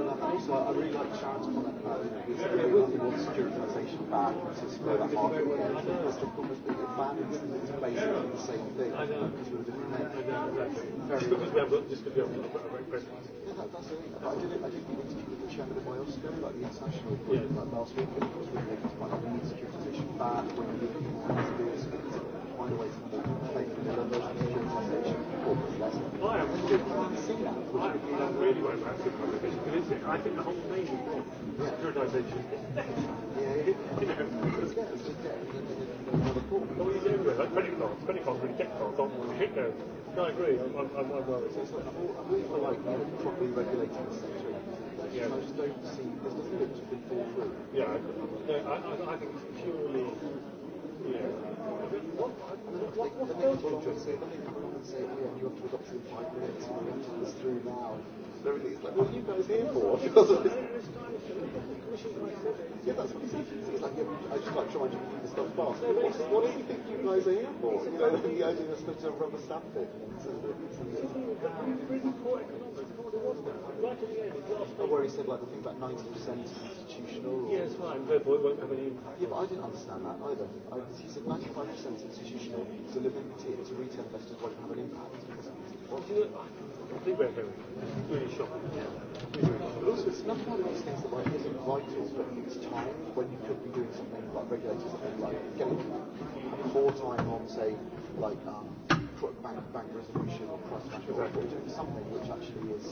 But I've also, uh, I really like Sharon's comment about it. It's really like the securitisation ban, which is for the hard That's the problem with the ban is it's basically the same thing. I know. Because with a different name. I know, exactly. Very just because we have, just because we have a very present. Yeah, that, that's the thing. But I did, I did the interview with the chairman of IOSCO, like the international group, yeah. like last week, and of course we were making quite a new securitisation ban, when we were looking at ideas, find a way to make vanilla version of securitisation. Why? I wouldn't be trying to see that. Well, I, I really won't have to publication because it's, I think the whole thing is yeah. securitization. yeah, yeah. you know, it's, yeah, it's just debt. Well, he's everywhere, like credit cards. Credit cards really debt cards aren't really hit there. No, I agree. I'm, I'm, I'm worried. It's like, we feel like we're properly regulating the sector. Yeah. I just don't see, there's nothing that's been thought through. Yeah, no, I, I, I think it's purely, yeah. Yeah, that's what he said. He's like, yeah, I just like trying to keep the stuff fast. No, what, what do you think you guys are here for? You know, the idea of stuff to rubber stamp it. It's really poor economics. I worry he said like the thing about 90% institutional. Or... Yeah, it's fine. Therefore, it won't have any impact. Yeah, but I didn't understand that either. I, he said 95% institutional delivering it to retail investors won't have an impact. Well, you know, I think we're very, really shocking. Yeah. Really, really shocking. But also, it's not one of those things that like isn't vital, but it's time when you could be doing something like regulators, something like getting more time on, say, like um, bank, bank resolution or cross-bank exactly. or something which actually is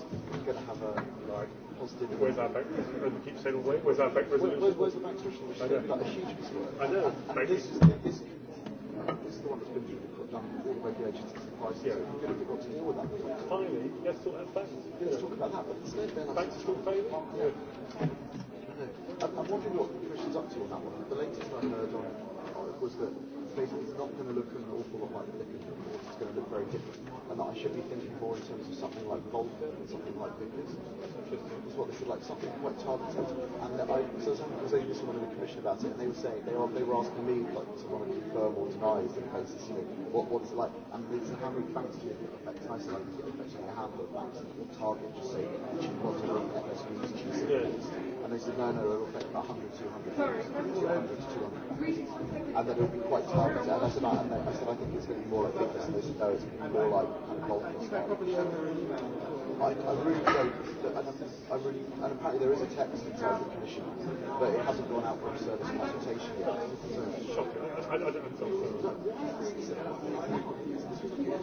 going to have a right. positive impact. Where's our bank resolution? keep saying, where, where's our bank resolution? Where, where, where's the bank resolution? Which I is know. like a huge buzzword. I know. And, and this, is the, this, this is the one that's been through the, done all the regulations and prices. Yeah. We're going to figure out to deal with that. Finally, let's talk about banks. Yeah, let's yeah. talk about that. But instead then... Banks are still failing? Yeah. yeah. I'm, I'm wondering what the Commission's up to on that one. The latest I heard on, was that spaces is not going to look an awful lot like the Liquid report. It's going to look very different. And that I should be thinking more in terms of something like Volker and something like Vickers. That's what they said, like something quite targeted. And that I, so I was conversation with someone in the commission about it, and they were saying, they were, they were asking me like, to want to confirm or deny certain places, you know, what, what it's like. And they said, how many banks do you think affect? And I said, like, it affects only a handful of banks. Your target, just say, do you want to look at those users? Yeah. And they said, no, no, it'll affect about 100, 200, 200, 200. And that it'll be quite targeted. And I said, I, and I, said, I think it's going to be more effective. And they said, no, it's going to be more like kind of bulk and stuff. I, I really hope that, and, I really, and apparently there is a text inside the commission, but it hasn't gone out for a service consultation yet. So, shocking. I, I, I don't understand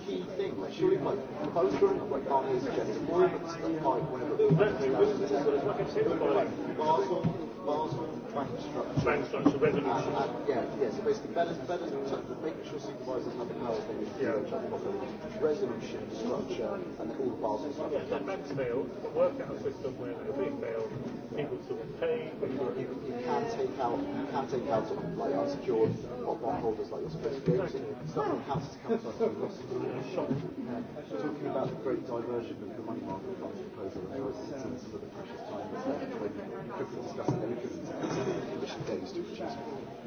key thing. Like, surely, like, if I was growing up, like, Barney's Jets, why would I, like, whenever... Exactly, this is what it's like, I've seen it, like, Basel, Basel, Bank structure. Bank structure, resolution. And, uh, and, yeah, yeah, so basically better, better making sure supervisors have the powers they need to yeah. do their job properly. Resolution, structure, and then all the bars and stuff. Yeah, so banks fail, work out a system where if they fail, people still get paid. You, you, you can take out, you can take out sort of like unsecured or bondholders like you're supposed to be able to. Stuff from houses to come to us, we've lost a shock. Talking about the great diversion of the money market funds proposal, and how it's for the precious time when you could be discussing anything Which days do you choose?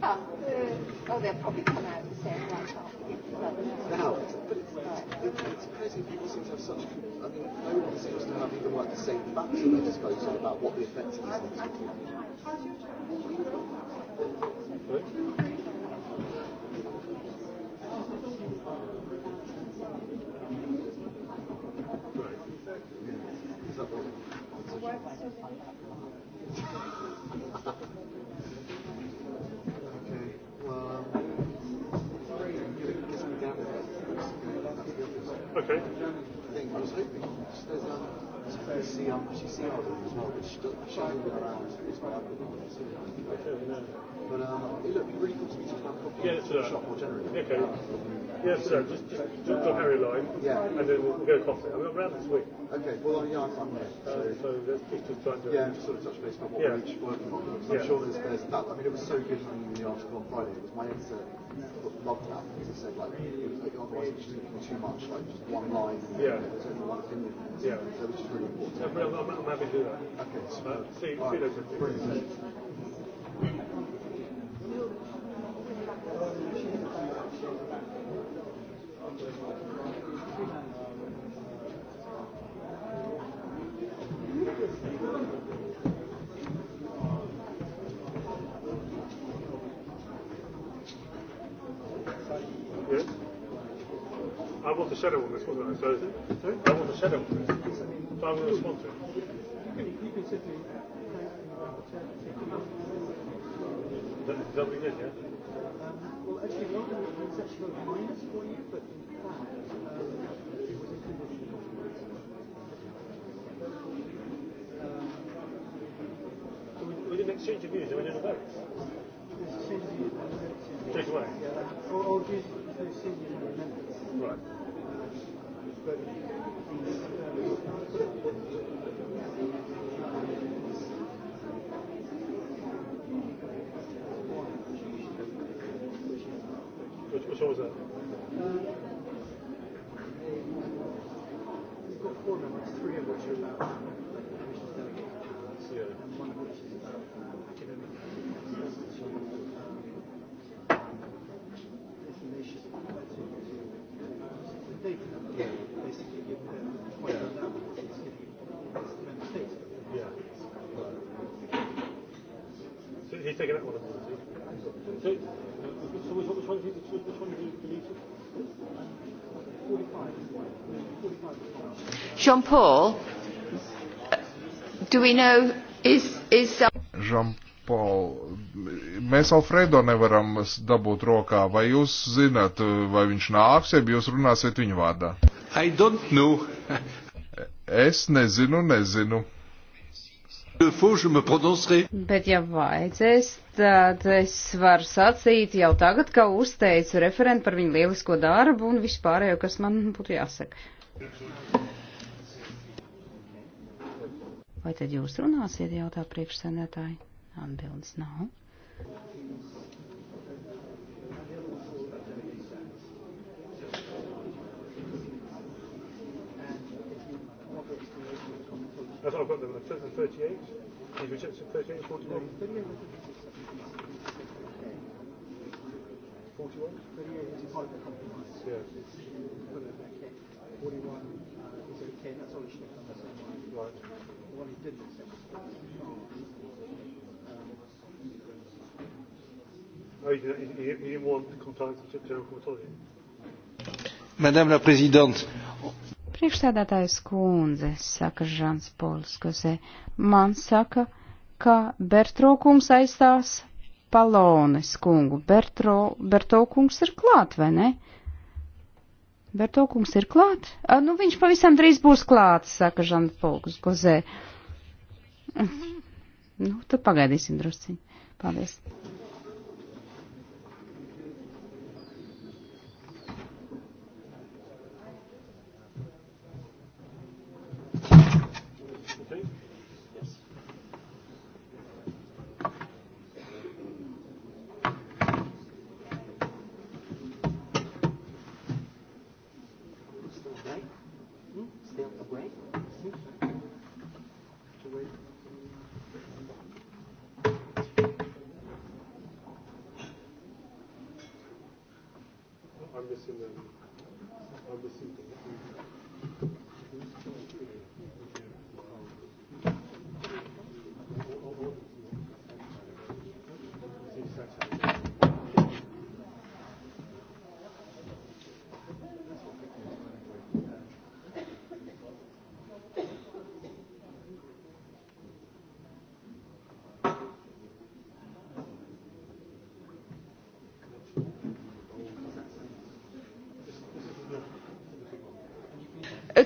Ah, uh, oh, they'll probably come out and say it right after. Now, but it's, it's, it's crazy people seem to have such. I mean, no one seems to have even like the same facts at their disposal about what the effects of these things would be. Right. Is that what? Okay. I think it was sleeping. There's um, she's sea um, she's sea otter as well, but she doesn't, she hasn't been around. It's my admin on it. So okay, no. But um, it looked really cool to meet you from coffee yeah, sure. shop more generally. Okay. Um, yeah, so just just just drop Harry a line. Yeah. And then we'll, we'll go coffee. I'm around this week. Okay. Well, yeah, I'm, I'm here. So, uh, so let's just, just try and do yeah, it. Yeah, just sort of touch base about what yeah. we're each working on. I'm yeah. sure there's there's that. I mean, it was so good having you in the article on Friday. It was my insert logged up because it said like it was like otherwise it's just too much like just one line. And yeah. There's only one opinion. Yeah. So which is really important. Yeah, but I'm, I'm, I'm happy to do that. Okay. So uh, see, all see right. later. Brilliant. Thank you. was a shadow on this, wasn't I? So, Sorry? I was a shadow on this. So I will respond to it. You can, you can simply That'll be good, yeah? Um, well, actually, one of the section of minus for you, but in fact, um, it was included in the compromise. Um, so we, we didn't exchange of views, and we didn't vote. There's a change of views. Take away. Yeah, or, or just, there's a change of amendments. Right but Jean Paul, do we know is is uh, Jean Paul? Mēs Alfredo nevaram dabūt rokā. Vai jūs zināt, vai viņš nāks, ja jūs runāsiet viņu vārdā? I don't know. es nezinu, nezinu. Bet, ja vajadzēs, tad es varu sacīt jau tagad, ka uzteicu referentu par viņu lielisko darbu un vispārējo, kas man būtu jāsaka. Vai tad jūs runāsiet, jautā priekšsēdētāji? Atbildes nav. That's what I've got them at 38. He's rejected 38, 41. 38, 41? 38 is a type of compromise. Yeah. Put it back here. 41 uh, is okay, that's all you should have done. That's all right. Well, well he didn't. No, he didn't, he, he didn't want to contact the general consultant. Madame la Présidente. Priekšsēdētājs kundze, saka Žants Pols, kas man saka, ka Bertro kungs aizstās Palones kungu. Bertro, Bertro kungs ir klāt, vai ne? Bertokungs ir klāt? A, nu, viņš pavisam drīz būs klāts, saka Žanpolks Gozē. Mhm. Nu, tad pagaidīsim drusciņu. Paldies.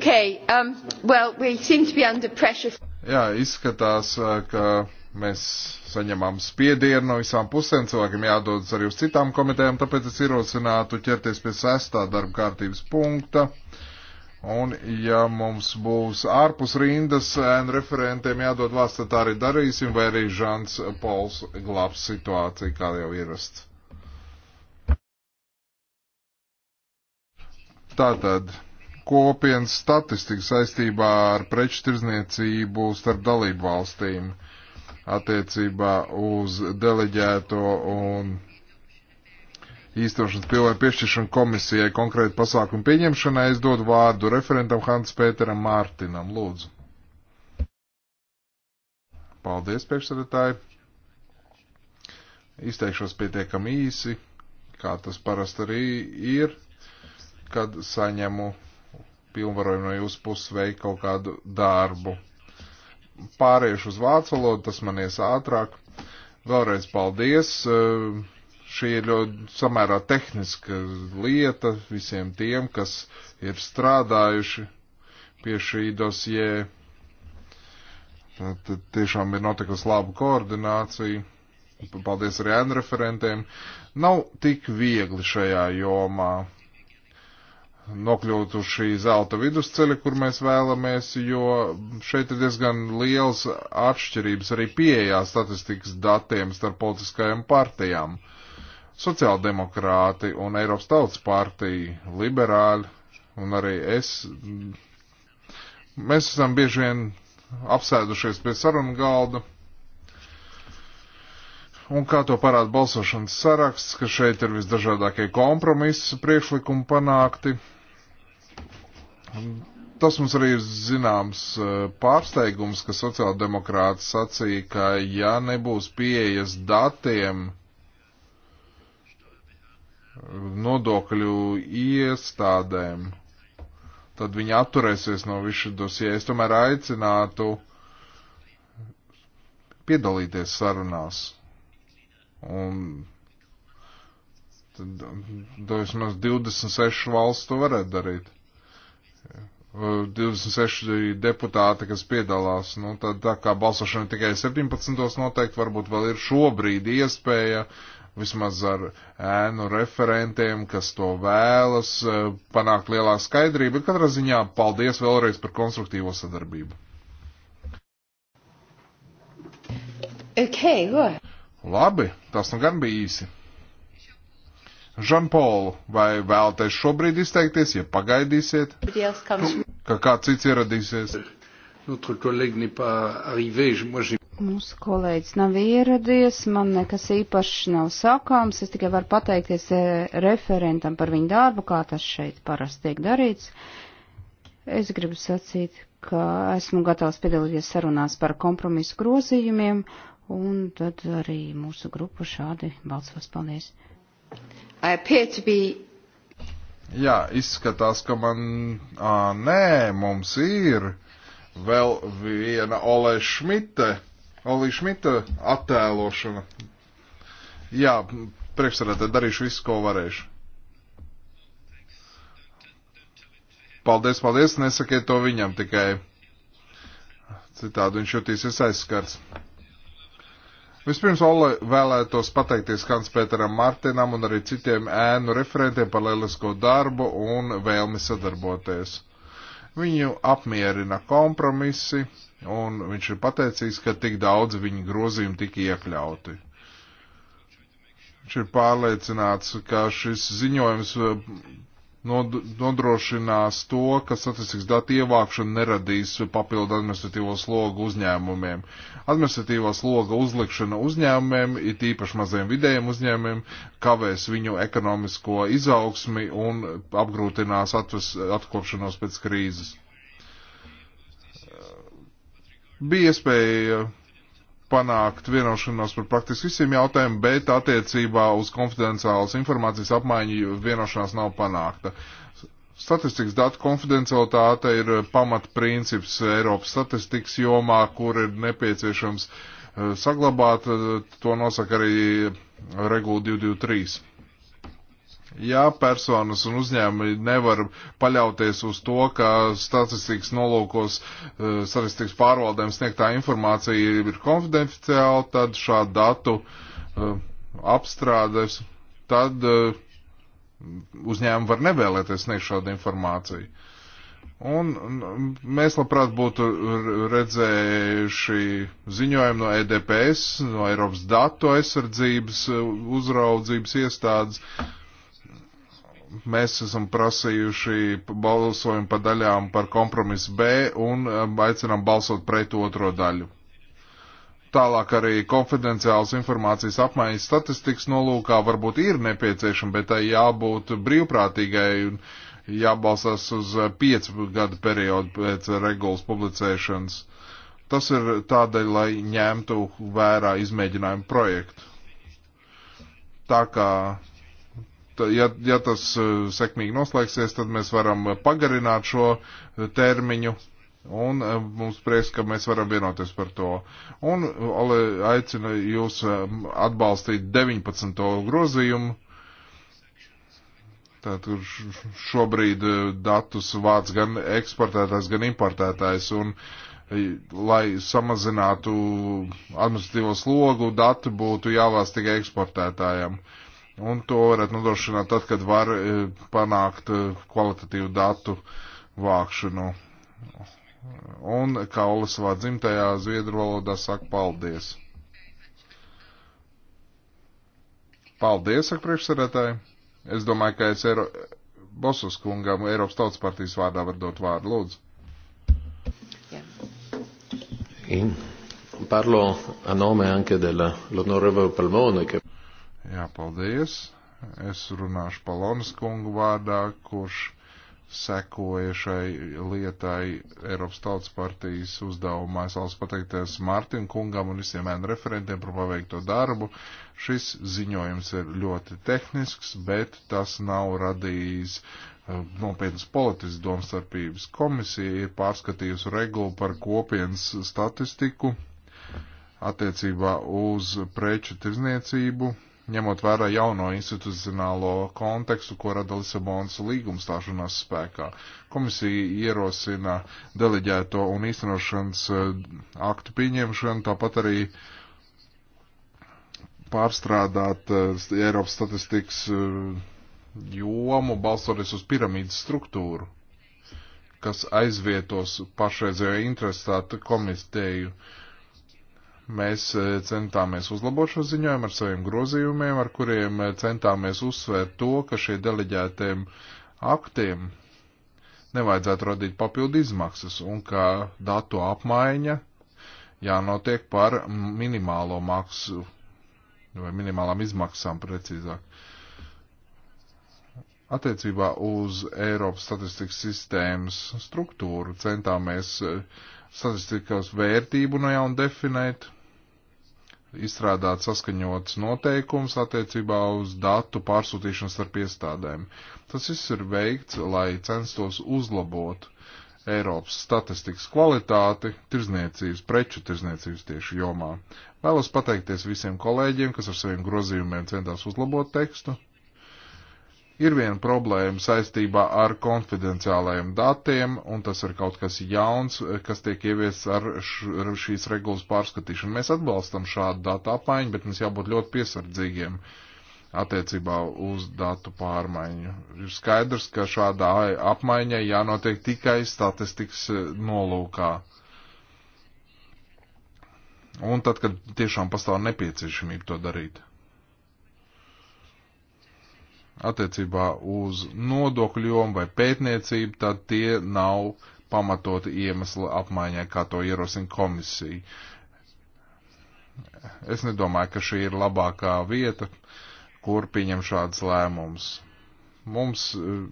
Okay, um, well, we seem to be under pressure. Jā, izskatās, uh, ka mēs saņemam spiedienu no visām pusēm, cilvēkiem jādodas arī uz citām komitejām, tāpēc es ierosinātu ķerties pie sestā darba kārtības punkta. Un, ja mums būs ārpus rindas ēnu referentiem jādod vārds, tad tā arī darīsim, vai arī Žants Pols glābs situāciju, kā jau ierasts. Tātad kopienas statistiku saistībā ar preču tirzniecību starp dalību valstīm attiecībā uz deleģēto un īstenošanas pilnvaru piešķiršanu komisijai konkrēti pasākumu pieņemšanai. Es dodu vārdu referentam Hans Pēteram Mārtinam. Lūdzu. Paldies, priekšsēdētāji. Izteikšos pietiekami īsi, kā tas parasti arī ir, kad saņemu pilnvarojumu no jūsu puses veikt kaut kādu darbu. Pāriešu uz vācu valodu, tas man ies ātrāk. Vēlreiz paldies. Eh, šī ir ļoti samērā tehniska lieta visiem tiem, kas ir strādājuši pie šī dosjē. Tad tiešām ir notikusi laba koordinācija. Paldies arī ēnu referentiem. Nav tik viegli šajā jomā nokļūt uz šī zelta vidusceļa, kur mēs vēlamies, jo šeit ir diezgan liels atšķirības arī pieejā statistikas datiem starp politiskajām partijām. Sociāldemokrāti un Eiropas tautas partija, liberāļi un arī es, mēs esam bieži vien apsēdušies pie sarunu galda un kā to parāda balsošanas saraksts, ka šeit ir visdažādākie kompromisu priekšlikumi panākti. Tas mums arī ir zināms e, pārsteigums, ka sociāldemokrāti sacīja, ka ja nebūs pieejas datiem nodokļu iestādēm, tad viņi atturēsies no visu dosie. Es tomēr aicinātu piedalīties sarunās Un tad mm, vismaz 26 valsts to varētu darīt. 26 deputāti, kas piedalās, nu, tad tā kā balsošana tikai 17. noteikti, varbūt vēl ir šobrīd iespēja vismaz ar ēnu referentiem, kas to vēlas, eh, panākt lielāku skaidrību. Katrā ziņā paldies vēlreiz par konstruktīvo sadarbību. Okay, well. Labi, tas nu gan bija īsi. Žanpolu, vai vēlaties šobrīd izteikties, ja pagaidīsiet, ka kāds cits ieradīsies? Mūsu kolēģis nav ieradies, man nekas īpašs nav sakāms, es tikai varu pateikties eh, referentam par viņu darbu, kā tas šeit parasti tiek darīts. Es gribu sacīt, ka esmu gatavs piedalīties sarunās par kompromisu grozījumiem Un tad arī mūsu grupa šādi balsos. Paldies! Jā, izskatās, ka man, ā, nē, mums ir vēl viena Ole Šmite, Ole Šmite attēlošana. Jā, priekšsarētē darīšu visu, ko varēšu. Paldies, paldies, nesakiet to viņam tikai. Citādi viņš jutīsies aizskars. Vispirms Olle vēlētos pateikties Hans Pēteram Martinam un arī citiem ēnu referentiem par lielisko darbu un vēlmi sadarboties. Viņu apmierina kompromisi, un viņš ir pateicīgs, ka tik daudz viņa grozījumu tika iekļauti. Viņš ir pārliecināts, ka šis ziņojums nodrošinās to, ka statistikas datu ievākšana neradīs papildu administratīvo slogu uzņēmumiem. Administratīvā sloga uzlikšana uzņēmumiem, it īpaši maziem vidējiem uzņēmumiem, kavēs viņu ekonomisko izaugsmi un apgrūtinās atves, atkopšanos pēc krīzes. Bija iespēja panākt vienošanos par praktiski visiem jautājumiem, bet attiecībā uz konfidenciālas informācijas apmaiņu vienošanās nav panākta. Statistikas datu konfidencialitāte ir pamatprincips Eiropas statistikas jomā, kur ir nepieciešams eh, saglabāt, eh, to nosaka arī regula 223. Ja personas un uzņēmumi nevar paļauties uz to, ka statistikas nolūkos, eh, statistikas pārvaldēm sniegtā informācija ir konfidenciāla, tad šādu datu eh, apstrādes, tad eh, uzņēmumi var nevēlēties sniegt šādu informāciju. Un mēs labprāt būtu redzējuši ziņojumu no EDPS, no Eiropas datu aizsardzības uzraudzības iestādes, uh, mēs esam prasījuši balsojumu pa daļām par kompromisu B un um, aicinām balsot pret otro daļu. Tālāk arī konfidenciālas informācijas apmaiņas statistikas nolūkā varbūt ir nepieciešama, bet tai jābūt brīvprātīgai un jābalsās uz piecu gadu periodu pēc regulas publicēšanas. Tas ir tādēļ, lai ņemtu vērā izmēģinājumu projektu. Tā kā ja, ja tas e, sekmīgi noslēgsies, tad mēs varam pagarināt šo e, termiņu. Un e, mums prieks, ka mēs varam vienoties par to. Un Ale, aicinu jūs atbalstīt 19. grozījumu. Tātad šobrīd datus vāc gan eksportētājs, gan importētājs. Un, lai samazinātu administratīvo slogu, dati būtu jāvāc tikai eksportētājiem. Uh, Un to varat nodrošināt tad, kad var e, panākt e, kvalitatīvu datu vākšanu. Un Kaula savā dzimtajā zviedru valodā saka paldies. Paldies, saka priekšsarētāji. Es domāju, ka es Eiro... Bosus kungam Eiropas Tautas partijas vārdā var dot vārdu. Lūdzu. Parlo a nome anche dell'onorevole Palmone. Che... Jā, paldies. Es runāšu Palonas kungu vārdā, kurš sekoja šai lietai Eiropas Tautas partijas uzdevumā. Es vēlos pateikties Mārtiņu kungam un visiem ēnu referentiem par paveikto darbu. Šis ziņojums ir ļoti tehnisks, bet tas nav radījis eh, nopietnas politiskas domstarpības. Komisija ir pārskatījusi regulu par kopienas statistiku attiecībā uz preču tirzniecību ņemot vērā jauno institucionālo kontekstu, ko rada Lisabonas līguma stāšanās spēkā. Komisija ierosina deleģēto un īstenošanas eh, aktu pieņemšanu, tāpat arī pārstrādāt eh, Eiropas statistikas eh, jomu, balstoties uz piramīdas struktūru, kas aizvietos pašreizējo interesētu komiteju uh, Mēs e, centāmies uzlabot šo ziņojumu ar saviem grozījumiem, ar kuriem e, centāmies uzsvērt to, ka šie deleģētiem aktiem nevajadzētu radīt papildu izmaksas un ka datu apmaiņa jānotiek par minimālo maksu vai minimālām izmaksām precīzāk. Attiecībā uz Eiropas statistikas sistēmas struktūru centāmies e, statistikas vērtību no nu jauna definēt, izstrādāt saskaņots noteikums attiecībā uz datu pārsūtīšanu starp iestādēm. Tas viss ir veikts, lai censtos uzlabot Eiropas statistikas kvalitāti tirzniecības, preču tirzniecības tieši jomā. Vēlos pateikties visiem kolēģiem, kas ar saviem grozījumiem centās uzlabot tekstu. Ir viena problēma saistībā ar konfidenciālajiem datiem, un tas ir kaut kas jauns, kas tiek ieviests ar šīs regulas pārskatīšanu. Mēs atbalstam šādu datu apmaiņu, bet mums jābūt ļoti piesardzīgiem attiecībā uz datu pārmaiņu. Ir skaidrs, ka šādā apmaiņa jānotiek tikai statistikas eh, nolūkā. Un tad, kad tiešām pastāv nepieciešamība to darīt attiecībā uz nodokļu jomu vai pētniecību, tad tie nav pamatoti iemesli apmaiņai, kā to ierosina komisija. Es nedomāju, ka šī ir labākā vieta, kur pieņem šādas lēmumus. Mums eh,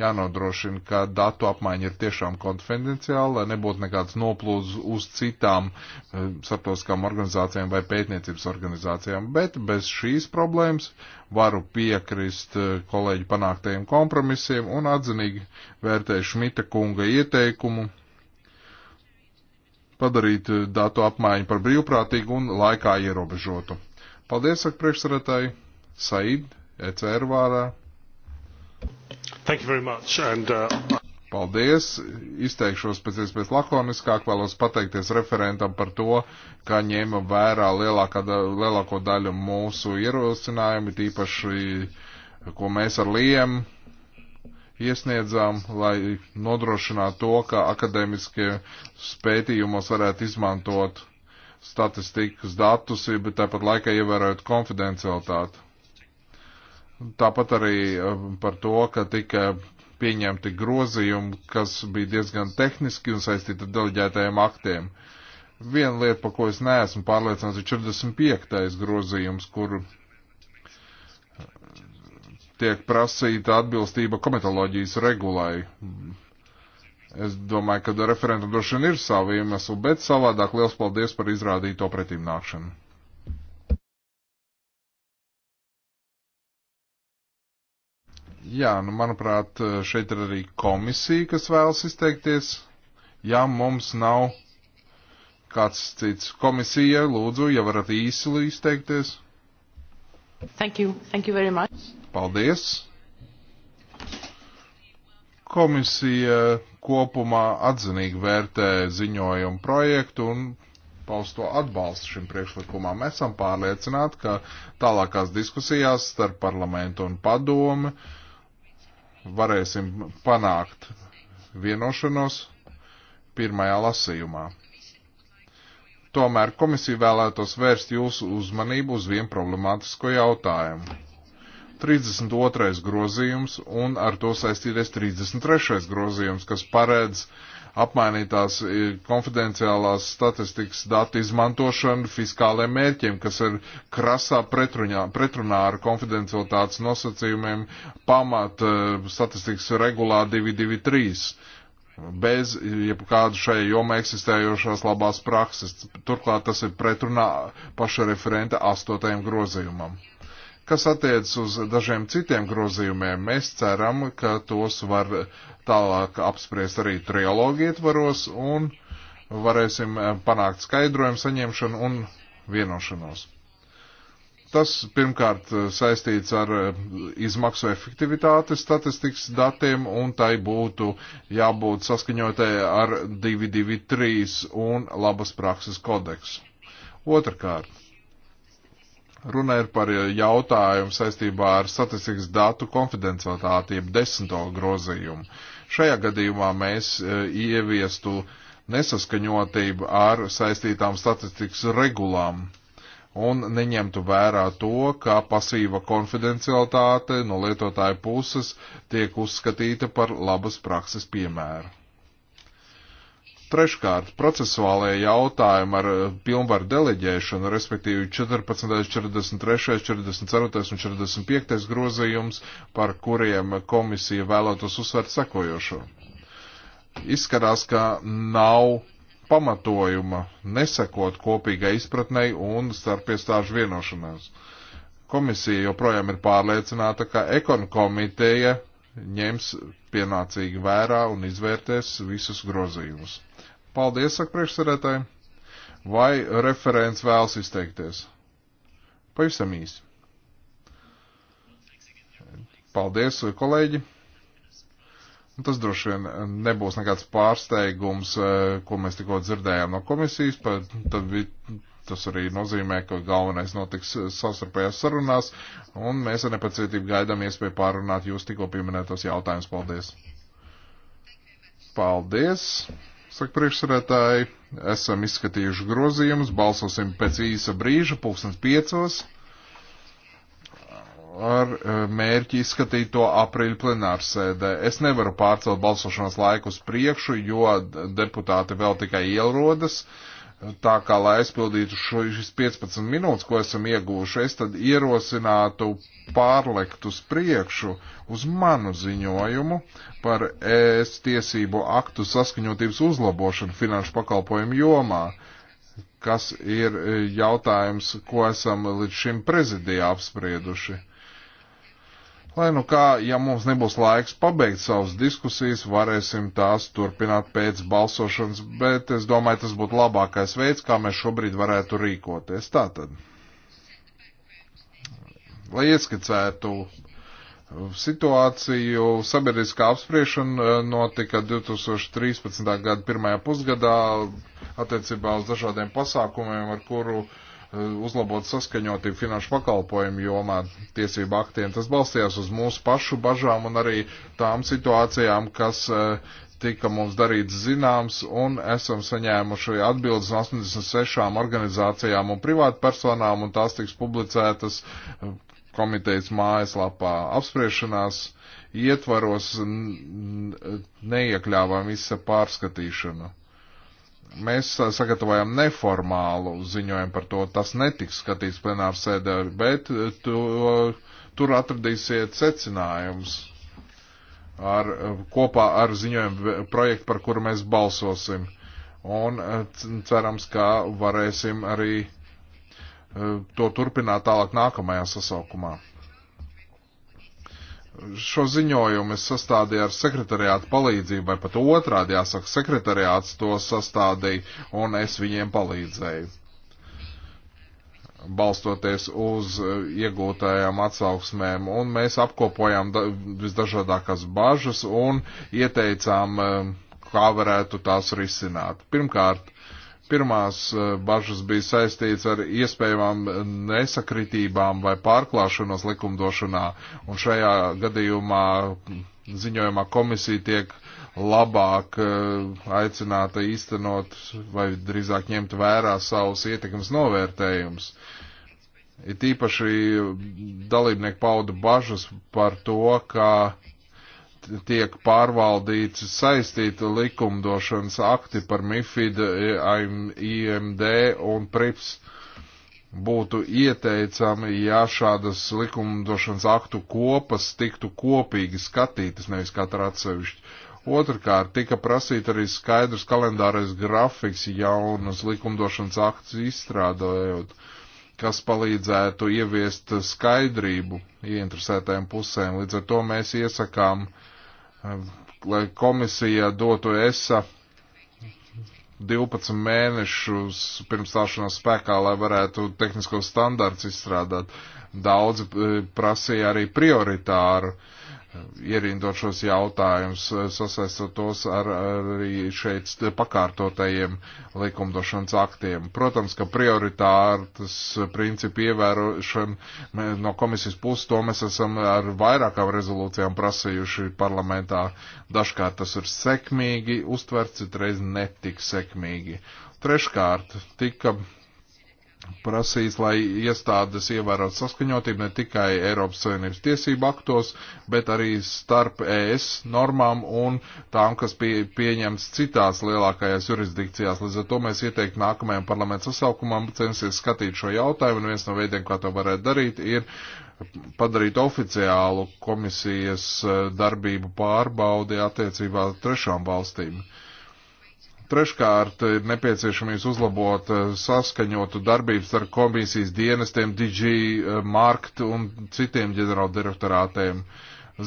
jānodrošina, ka datu apmaiņa ir tiešām konfidenciāla, lai nebūtu nekāds noplūds uz citām eh, starptautiskām organizācijām vai pētniecības organizācijām. Bet bez šīs problēmas varu piekrist eh, kolēģi panāktajiem kompromisiem un atzinīgi vērtēju Šmita kunga ieteikumu padarīt eh, datu apmaiņu par brīvprātīgu un laikā ierobežotu. Paldies, saka priekšsarētāji, Said, ECR vārā. Thank you very much. And, uh... Paldies! Izteikšos pēc iespējas lakoniskāk, vēlos pateikties referentam par to, ka ņēma vērā lielākā, lielāko daļu mūsu ierosinājumu, tīpaši, ko mēs ar Liem iesniedzām, lai nodrošinātu to, ka akadēmiskie spētījumos varētu izmantot statistikas datus, bet tāpat laikā ievērojot konfidencialitāti. Tāpat arī eh, par to, ka tika pieņemti grozījumi, kas bija diezgan tehniski un saistīti ar deleģētajiem aktiem. Viena lieta, par ko es neesmu pārliecināts, ir 45. grozījums, kur tiek prasīta atbilstība komitoloģijas regulai. Es domāju, ka referentam droši vien ir savi iemesli, bet savādāk liels paldies par izrādīto pretimnākšanu. Jā, nu, manuprāt, šeit ir arī komisija, kas vēlas izteikties. Ja mums nav kāds cits komisija, lūdzu, ja varat īsi izteikties. Thank you. Thank you very much. Paldies. Komisija kopumā atzinīgi vērtē ziņojumu projektu un pausto atbalstu šim priekšlikumam. Mēs esam pārliecināti, ka tālākās diskusijās starp parlamentu un padomi uh, varēsim panākt vienošanos pirmajā lasījumā. Tomēr komisija vēlētos vērst jūsu uzmanību uz vienu problemātisko jautājumu. 32. grozījums un ar to saistīties 33. grozījums, kas paredz uh, apmainītās e, konfidenciālās statistikas datu izmantošanu fiskāliem mērķiem, kas ir krasā pretruņā, pretrunā ar konfidencialitātes nosacījumiem pamat e, statistikas regulā 223 bez jebkādu šajā jomā eksistējošās labās prakses. Turklāt tas ir pretrunā paša referenta astotajam grozījumam. Kas attiecas uz dažiem citiem grozījumiem, mēs ceram, ka tos var tālāk apspriest arī trialogu ietvaros un varēsim eh, panākt skaidrojumu saņemšanu un vienošanos. Tas pirmkārt eh, saistīts ar eh, izmaksu efektivitātes statistikas datiem, un tai būtu jābūt saskaņotai ar 223 un labas prakses kodeksu. Otrakārt, Runa ir par eh, jautājumu saistībā ar statistikas datu konfidencialitātību desmito grozījumu. Šajā gadījumā mēs eh, ieviestu nesaskaņotību ar saistītām statistikas regulām un neņemtu vērā to, ka pasīva konfidencialitāte no lietotāja puses tiek uzskatīta par labas prakses piemēru. Treškārt, procesuālajie jautājumi ar eh, pilnvaru deleģēšanu, respektīvi 14., 43., 44. un 45. grozījums, par kuriem komisija vēlētos uzsvērt sekojošo. Izskatās, ka nav pamatojuma nesekot kopīgai izpratnei un starpiestāžu vienošanās. Komisija joprojām ir pārliecināta, ka ekon komiteja ņems pienācīgi vērā un izvērtēs visus grozījumus. Paldies, saka priekšsarētāji. Vai referents vēlas izteikties? Pavisam īsi. Paldies, kolēģi. Nu, tas droši vien nebūs nekāds pārsteigums, eh, ko mēs tikko dzirdējām no komisijas, tad tas arī nozīmē, ka galvenais notiks savstarpējās sarunās, un mēs ar nepacietību gaidām iespēju pārunāt jūs tikko pieminētos jautājumus. Paldies! Paldies! Saka priekšsarētāji, esam izskatījuši grozījumus, balsosim pēc īsa brīža, pulkstens piecos, ar e, mērķi izskatīt to aprīļa plenārsēdē. Es nevaru pārcelt balsošanas laiku uz priekšu, jo deputāti vēl tikai ierodas. Uh, tā kā lai aizpildītu šīs 15 minūtes, ko esam ieguvuši, es tad ierosinātu pārlekt uz priekšu uz manu ziņojumu par ES tiesību aktu saskaņotības uzlabošanu finanšu pakalpojumu jomā, kas ir e, jautājums, ko esam līdz šim prezidijā apsprieduši. Lai nu kā, ja mums nebūs laiks pabeigt savas diskusijas, varēsim tās turpināt pēc balsošanas, bet es domāju, tas būtu labākais veids, kā mēs šobrīd varētu rīkoties. Tātad, lai ieskicētu situāciju, sabiedriskā apspriešana eh, notika 2013. gada pirmajā pusgadā attiecībā uz dažādiem pasākumiem, ar kuru uh, Eh, uzlabot saskaņotību finanšu pakalpojumu jomā tiesību aktiem. Tas balstījās uz mūsu pašu bažām un arī tām situācijām, kas eh, tika mums darīts zināms, un esam saņēmuši atbildes no 86 organizācijām un privātpersonām, un tās tiks publicētas eh, komitejas mājaslapā apspriešanās ietvaros neiekļāvām visa pārskatīšanu. Mēs uh, sagatavojam neformālu ziņojumu par to. Tas netiks skatīts plenāru sēdē, bet uh, tu, tur atradīsiet secinājums ar, uh, kopā ar ziņojumu projektu, par kuru mēs balsosim. Un cerams, ka varēsim arī to turpināt tālāk nākamajā sasaukumā. Šo ziņojumu es sastādīju ar sekretariātu palīdzību, vai pat otrādi jāsaka, sekretariāts to sastādīja un es viņiem palīdzēju. Balstoties uz e, iegūtajām atsauksmēm, un mēs apkopojām visdažādākās bažas un ieteicām, e, kā varētu tās risināt. Pirmkārt, uh, pirmās eh, bažas bija saistīts ar iespējamām eh, nesakritībām vai pārklāšanos likumdošanā, un šajā gadījumā mm, ziņojumā komisija tiek labāk eh, aicināta īstenot vai drīzāk ņemt vērā savus ietekmes novērtējumus. Ir tīpaši mm, dalībnieki pauda bažas par to, ka tiek pārvaldīts saistīta likumdošanas akti par MIFID, IMD un PRIPS. Būtu ieteicami, ja šādas likumdošanas aktu kopas tiktu kopīgi skatītas, nevis katra atsevišķi. Otrakārt, tika prasīta arī skaidrs kalendārais grafiks jaunas likumdošanas akts izstrādājot kas palīdzētu ieviest skaidrību ieinteresētajām pusēm. Līdz ar to mēs iesakām uh, lai komisija dotu ESA 12 mēnešus pirms stāšanās spēkā, lai varētu tehniskos standārts izstrādāt. Daudzi eh, prasīja arī prioritāru uh, ierindošos jautājumus, eh, sasaistot tos ar arī šeit pakārtotajiem likumdošanas aktiem. Protams, ka prioritātas eh, principu ievērošana no komisijas puses to mēs esam ar vairākām rezolūcijām prasījuši parlamentā. Dažkārt tas ir sekmīgi uztverts, citreiz netik sekmīgi. Treškārt, tika prasīs, lai iestādes ievērot saskaņotību ne tikai Eiropas Savienības tiesību aktos, bet arī starp ES normām un tām, kas pie, pieņems citās lielākajās jurisdikcijās. Līdz ar to mēs ieteiktu nākamajam parlamentu sasaukumam censties skatīt šo jautājumu, un viens no veidiem, kā to varētu darīt, ir padarīt oficiālu komisijas eh, darbību pārbaudi attiecībā trešām valstīm. Uh, Treškārt, ir nepieciešamības uzlabot eh, saskaņotu darbības ar komisijas dienestiem, DG, eh, Markt un citiem ģenerāldirektorātiem.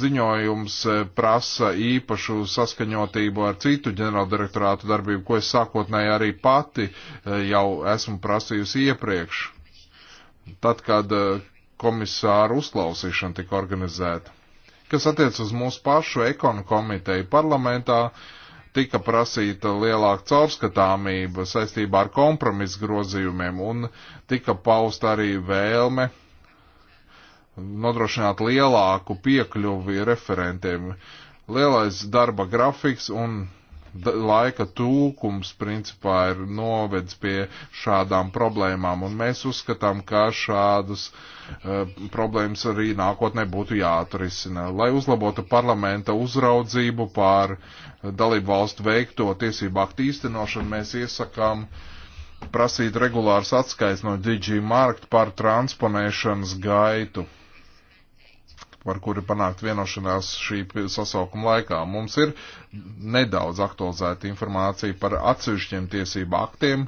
Ziņojums eh, prasa īpašu saskaņotību ar citu ģenerāldirektorātu darbību, ko es sākotnēji arī pati jau esmu prasījusi iepriekš, tad, kad komisāru uzklausīšana tika organizēta. Kas attiec uz mūsu pašu ekonu komiteju parlamentā, uh, tika prasīta lielāka caurskatāmība saistībā ar kompromisu grozījumiem un tika pausta arī vēlme nodrošināt lielāku piekļuvi referentiem. Lielais darba grafiks un laika tūkums principā ir novedis pie šādām problēmām, un mēs uzskatām, ka šādas uh, problēmas arī nākotnē būtu jāatrisina, lai uzlabotu parlamenta uzraudzību pār dalību valstu veikto tiesību aktu īstenošanu. Mēs iesakām prasīt regulārs atskaits no DG Markt par transponēšanas gaitu par kuri panākt vienošanās šī sasaukuma laikā. Mums ir nedaudz aktualizēta informācija par atsevišķiem tiesību aktiem,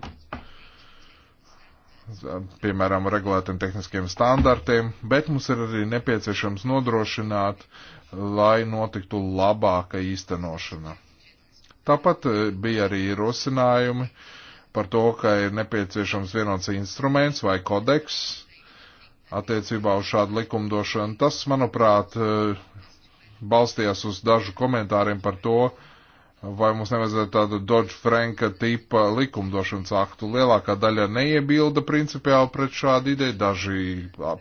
piemēram, regulētiem tehniskiem standartiem, bet mums ir arī nepieciešams nodrošināt, lai notiktu labāka īstenošana. Tāpat e, bija arī rosinājumi par to, ka ir nepieciešams vienots instruments vai kodeks, attiecībā uz šādu likumdošanu. Tas, manuprāt, eh, balstījās uz dažu komentāriem par to, vai mums nevajadzētu tādu Dodge Franka tipa likumdošanas aktu. Lielākā daļa neiebilda principiāli pret šādu ideju, daži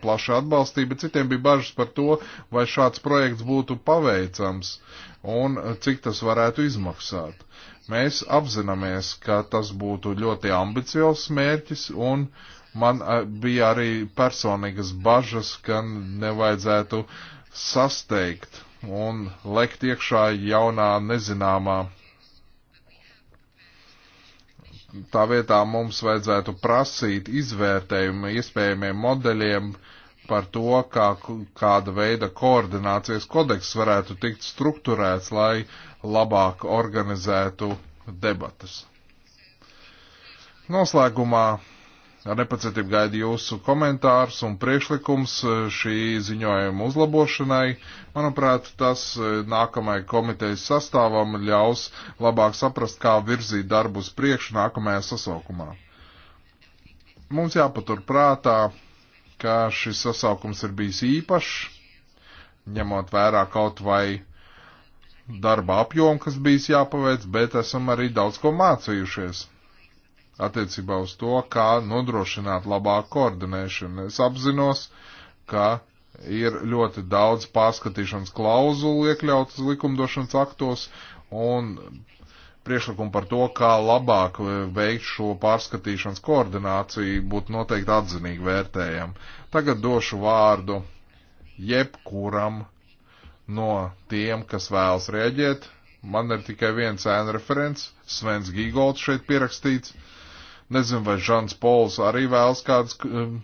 plaši atbalstīja, bet citiem bija bažas par to, vai šāds projekts būtu paveicams un cik tas varētu izmaksāt. Mēs apzināmies, ka tas būtu ļoti ambiciozs mērķis un uh, Man eh, bija arī personīgas bažas, ka nevajadzētu sasteigt un lekt iekšā jaunā nezināmā. Tā vietā mums vajadzētu prasīt izvērtējumu iespējamiem modeļiem par to, kā, kāda veida koordinācijas kodeks varētu tikt strukturēts, lai labāk organizētu debatas. Noslēgumā Ar nepacietību gaidu jūsu komentārus un priekšlikums e, šī ziņojuma uzlabošanai. Manuprāt, tas e, nākamajai komitejas sastāvam ļaus labāk saprast, kā virzīt darbu uz priekšu nākamajā sasaukumā. Mums jāpatur prātā, ka šis sasaukums ir bijis īpašs, ņemot vērā kaut vai darba apjomu, kas bijis jāpaveic, bet esam arī daudz ko mācījušies attiecībā uz to, kā nodrošināt labāku koordinēšanu. Es apzinos, ka ir ļoti daudz pārskatīšanas klauzulu iekļautas likumdošanas aktos un priekšlikumu par to, kā labāk veikt šo pārskatīšanas koordināciju, būtu noteikti atzinīgi vērtējami. Tagad došu vārdu jebkuram no tiem, kas vēlas rēģēt. Man ir tikai viens ēna referents, Svens Gīgolds šeit pierakstīts. Uh, Nezinu, vai Žans Pols arī vēlas kāds um,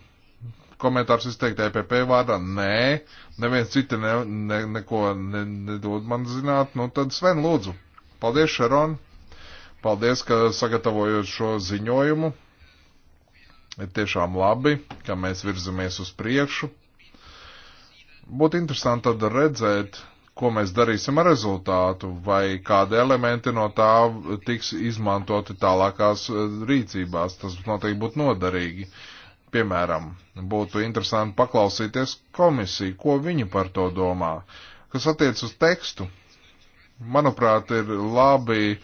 komentārs izteikt EPP vārdā. Nē, neviens citi ne, ne, neko ne, nedod man zināt. Nu tad Sven lūdzu. Paldies, Šaron. Paldies, ka sagatavojot šo ziņojumu. Ir tiešām labi, ka mēs virzamies uz priekšu. Būtu interesanti tad redzēt, ko mēs darīsim ar rezultātu, vai kādi elementi no tā tiks izmantoti tālākās eh, rīcībās. Tas noteikti būtu noderīgi. Piemēram, būtu interesanti paklausīties komisiju, ko viņi par to domā. Kas attiec uz tekstu, manuprāt, ir labi eh,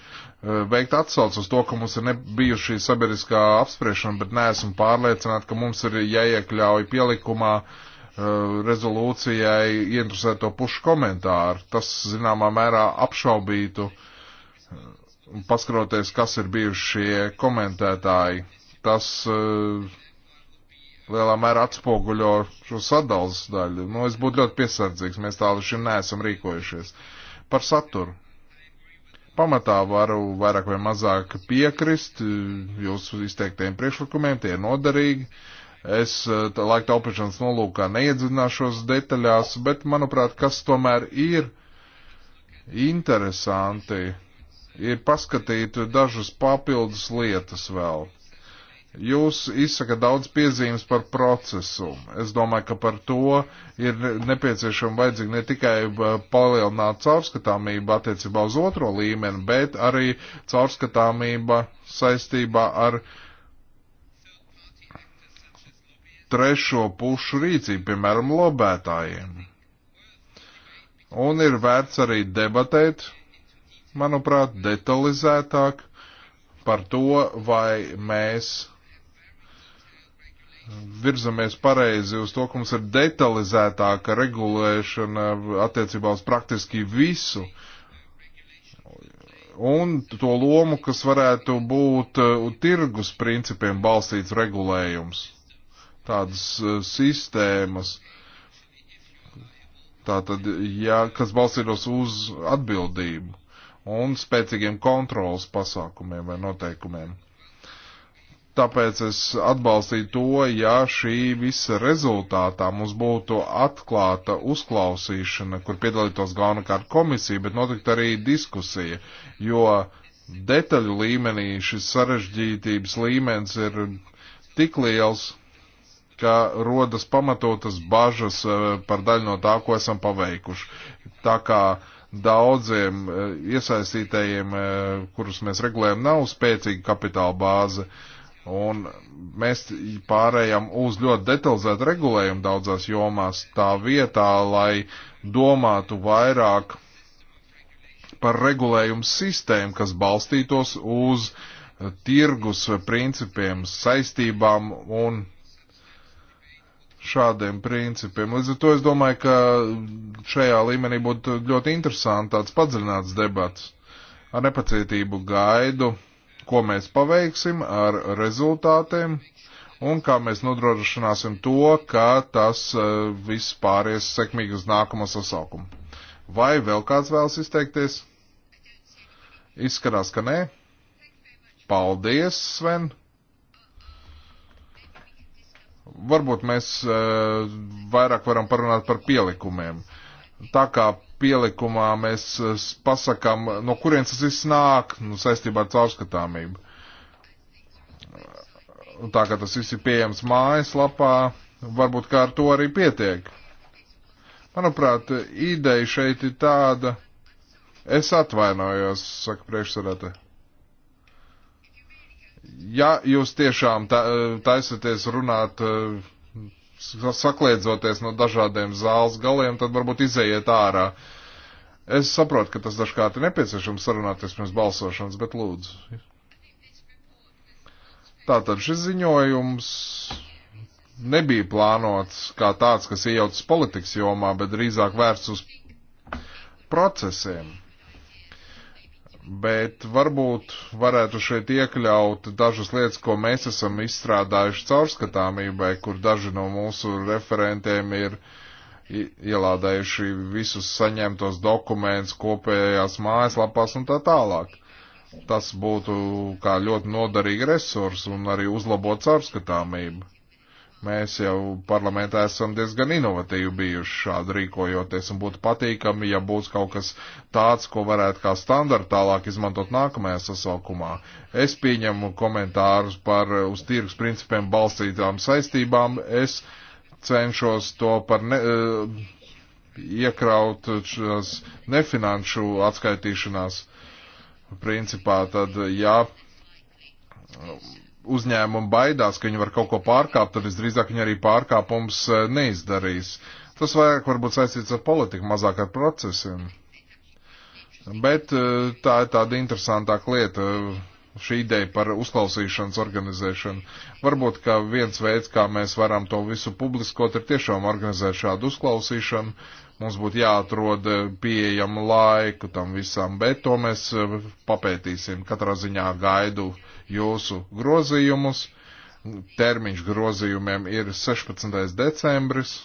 veikt atsaucu uz to, ka mums ir bijusi šī sabiedriskā apspriešana, bet neesmu pārliecināta, ka mums ir jāiekļauj pielikumā uh, Uh, rezolūcijai ieinteresēto pušu komentāru. Tas, zināmā mērā, apšaubītu, uh, paskaroties, kas ir bijušie komentētāji. Tas uh, lielā mērā atspoguļo šo sadalas daļu. Nu, es būtu ļoti piesardzīgs, mēs tādu šim neesam rīkojušies. Par saturu. Pamatā varu vairāk vai mazāk piekrist jūsu izteiktajiem priekšlikumiem, tie ir noderīgi. Uh, Es eh, laika taupīšanas nolūkā neiedzināšos detaļās, bet manuprāt, kas tomēr ir interesanti, ir paskatīt dažas papildus lietas vēl. Jūs izsaka daudz piezīmes par procesu. Es domāju, ka par to ir nepieciešama vajadzīga ne tikai eh, palielināt caurskatāmība attiecībā uz otro līmeni, bet arī caurskatāmība saistībā ar uh, trešo pušu rīcību, piemēram, lobētājiem. Un ir vērts arī debatēt, manuprāt, detalizētāk par to, vai mēs virzamies pareizi uz to, ka mums ir detalizētāka regulēšana attiecībā uz praktiski visu. Un to lomu, kas varētu būt tirgus principiem balstīts regulējums tādas eh, sistēmas, tātad, ja, kas balstītos uz atbildību un spēcīgiem kontrolas pasākumiem vai noteikumiem. Tāpēc es atbalstīju to, ja šī visa rezultātā mums būtu atklāta uzklausīšana, kur piedalītos galvenokārt komisija, bet notikt arī diskusija, jo detaļu līmenī šis sarežģītības līmenis ir tik liels, ka rodas pamatotas bažas e, par daļu no tā, ko esam paveikuši. Tā kā daudziem e, iesaistītajiem, e, kurus mēs regulējam, nav spēcīga kapitāla bāze, un mēs pārējām uz ļoti detalizētu regulējumu daudzās jomās tā vietā, lai domātu vairāk par regulējumu sistēmu, kas balstītos uz tirgus principiem, saistībām un šādiem principiem. Līdz ar to es domāju, ka šajā līmenī būtu ļoti interesanti tāds padziļināts debats. Ar nepacietību gaidu, ko mēs paveiksim ar rezultātiem un kā mēs nodrošināsim to, ka tas e, viss pāries sekmīgi uz nākamo sasaukumu. Vai vēl kāds vēlas izteikties? Izskatās, ka nē. Paldies, Sven! varbūt mēs e, vairāk varam parunāt par pielikumiem. Tā kā pielikumā mēs e, pasakām, no kurienes tas viss nāk, nu, saistībā ar caurskatāmību. Tā kā tas viss ir pieejams mājaslapā, varbūt kā ar to arī pietiek. Manuprāt, ideja šeit ir tāda. Es atvainojos, saka priekšsēdētāji. Ja jūs tiešām eh, taisaties runāt, eh, sakliedzoties no dažādiem zāles galiem, tad varbūt izējiet ārā. Es saprotu, ka tas dažkārt ir nepieciešams sarunāties pirms balsošanas, bet lūdzu. Tātad šis ziņojums nebija plānots kā tāds, kas iejaucas politikas jomā, bet drīzāk vērsts uz procesiem bet varbūt varētu šeit iekļaut dažas lietas, ko mēs esam izstrādājuši caurskatāmībai, kur daži no mūsu referentiem ir ielādējuši visus saņemtos dokumentus kopējās mājaslapās un tā tālāk. Tas būtu kā ļoti noderīgi resurs un arī uzlabot caurskatāmību. Mēs jau parlamentā esam diezgan inovatīvi bijuši šādi rīkojoties, un būtu patīkami, ja būs kaut kas tāds, ko varētu kā standarta tālāk izmantot nākamajā sasaukumā. Es pieņemu komentārus par uz tirgus principiem balstītām saistībām. Es cenšos to par ne, eh, iekraut šās nefinanšu atskaitīšanās principā. Tad, ja, uzņēmumi baidās, ka viņi var kaut ko pārkāpt, tad visdrīzāk viņi arī pārkāpums e, neizdarīs. Tas vairāk varbūt saistīts ar politiku, mazāk ar procesiem. Bet e, tā ir tāda interesantāka lieta, e, šī ideja par uzklausīšanas organizēšanu. Varbūt, ka viens veids, kā mēs varam to visu publiskot, ir tiešām organizēt šādu uzklausīšanu. Mums būtu jāatrod pieejamu laiku tam visam, bet to mēs papētīsim. Katrā ziņā gaidu uh, jūsu grozījumus. Termiņš grozījumiem ir 16. decembris.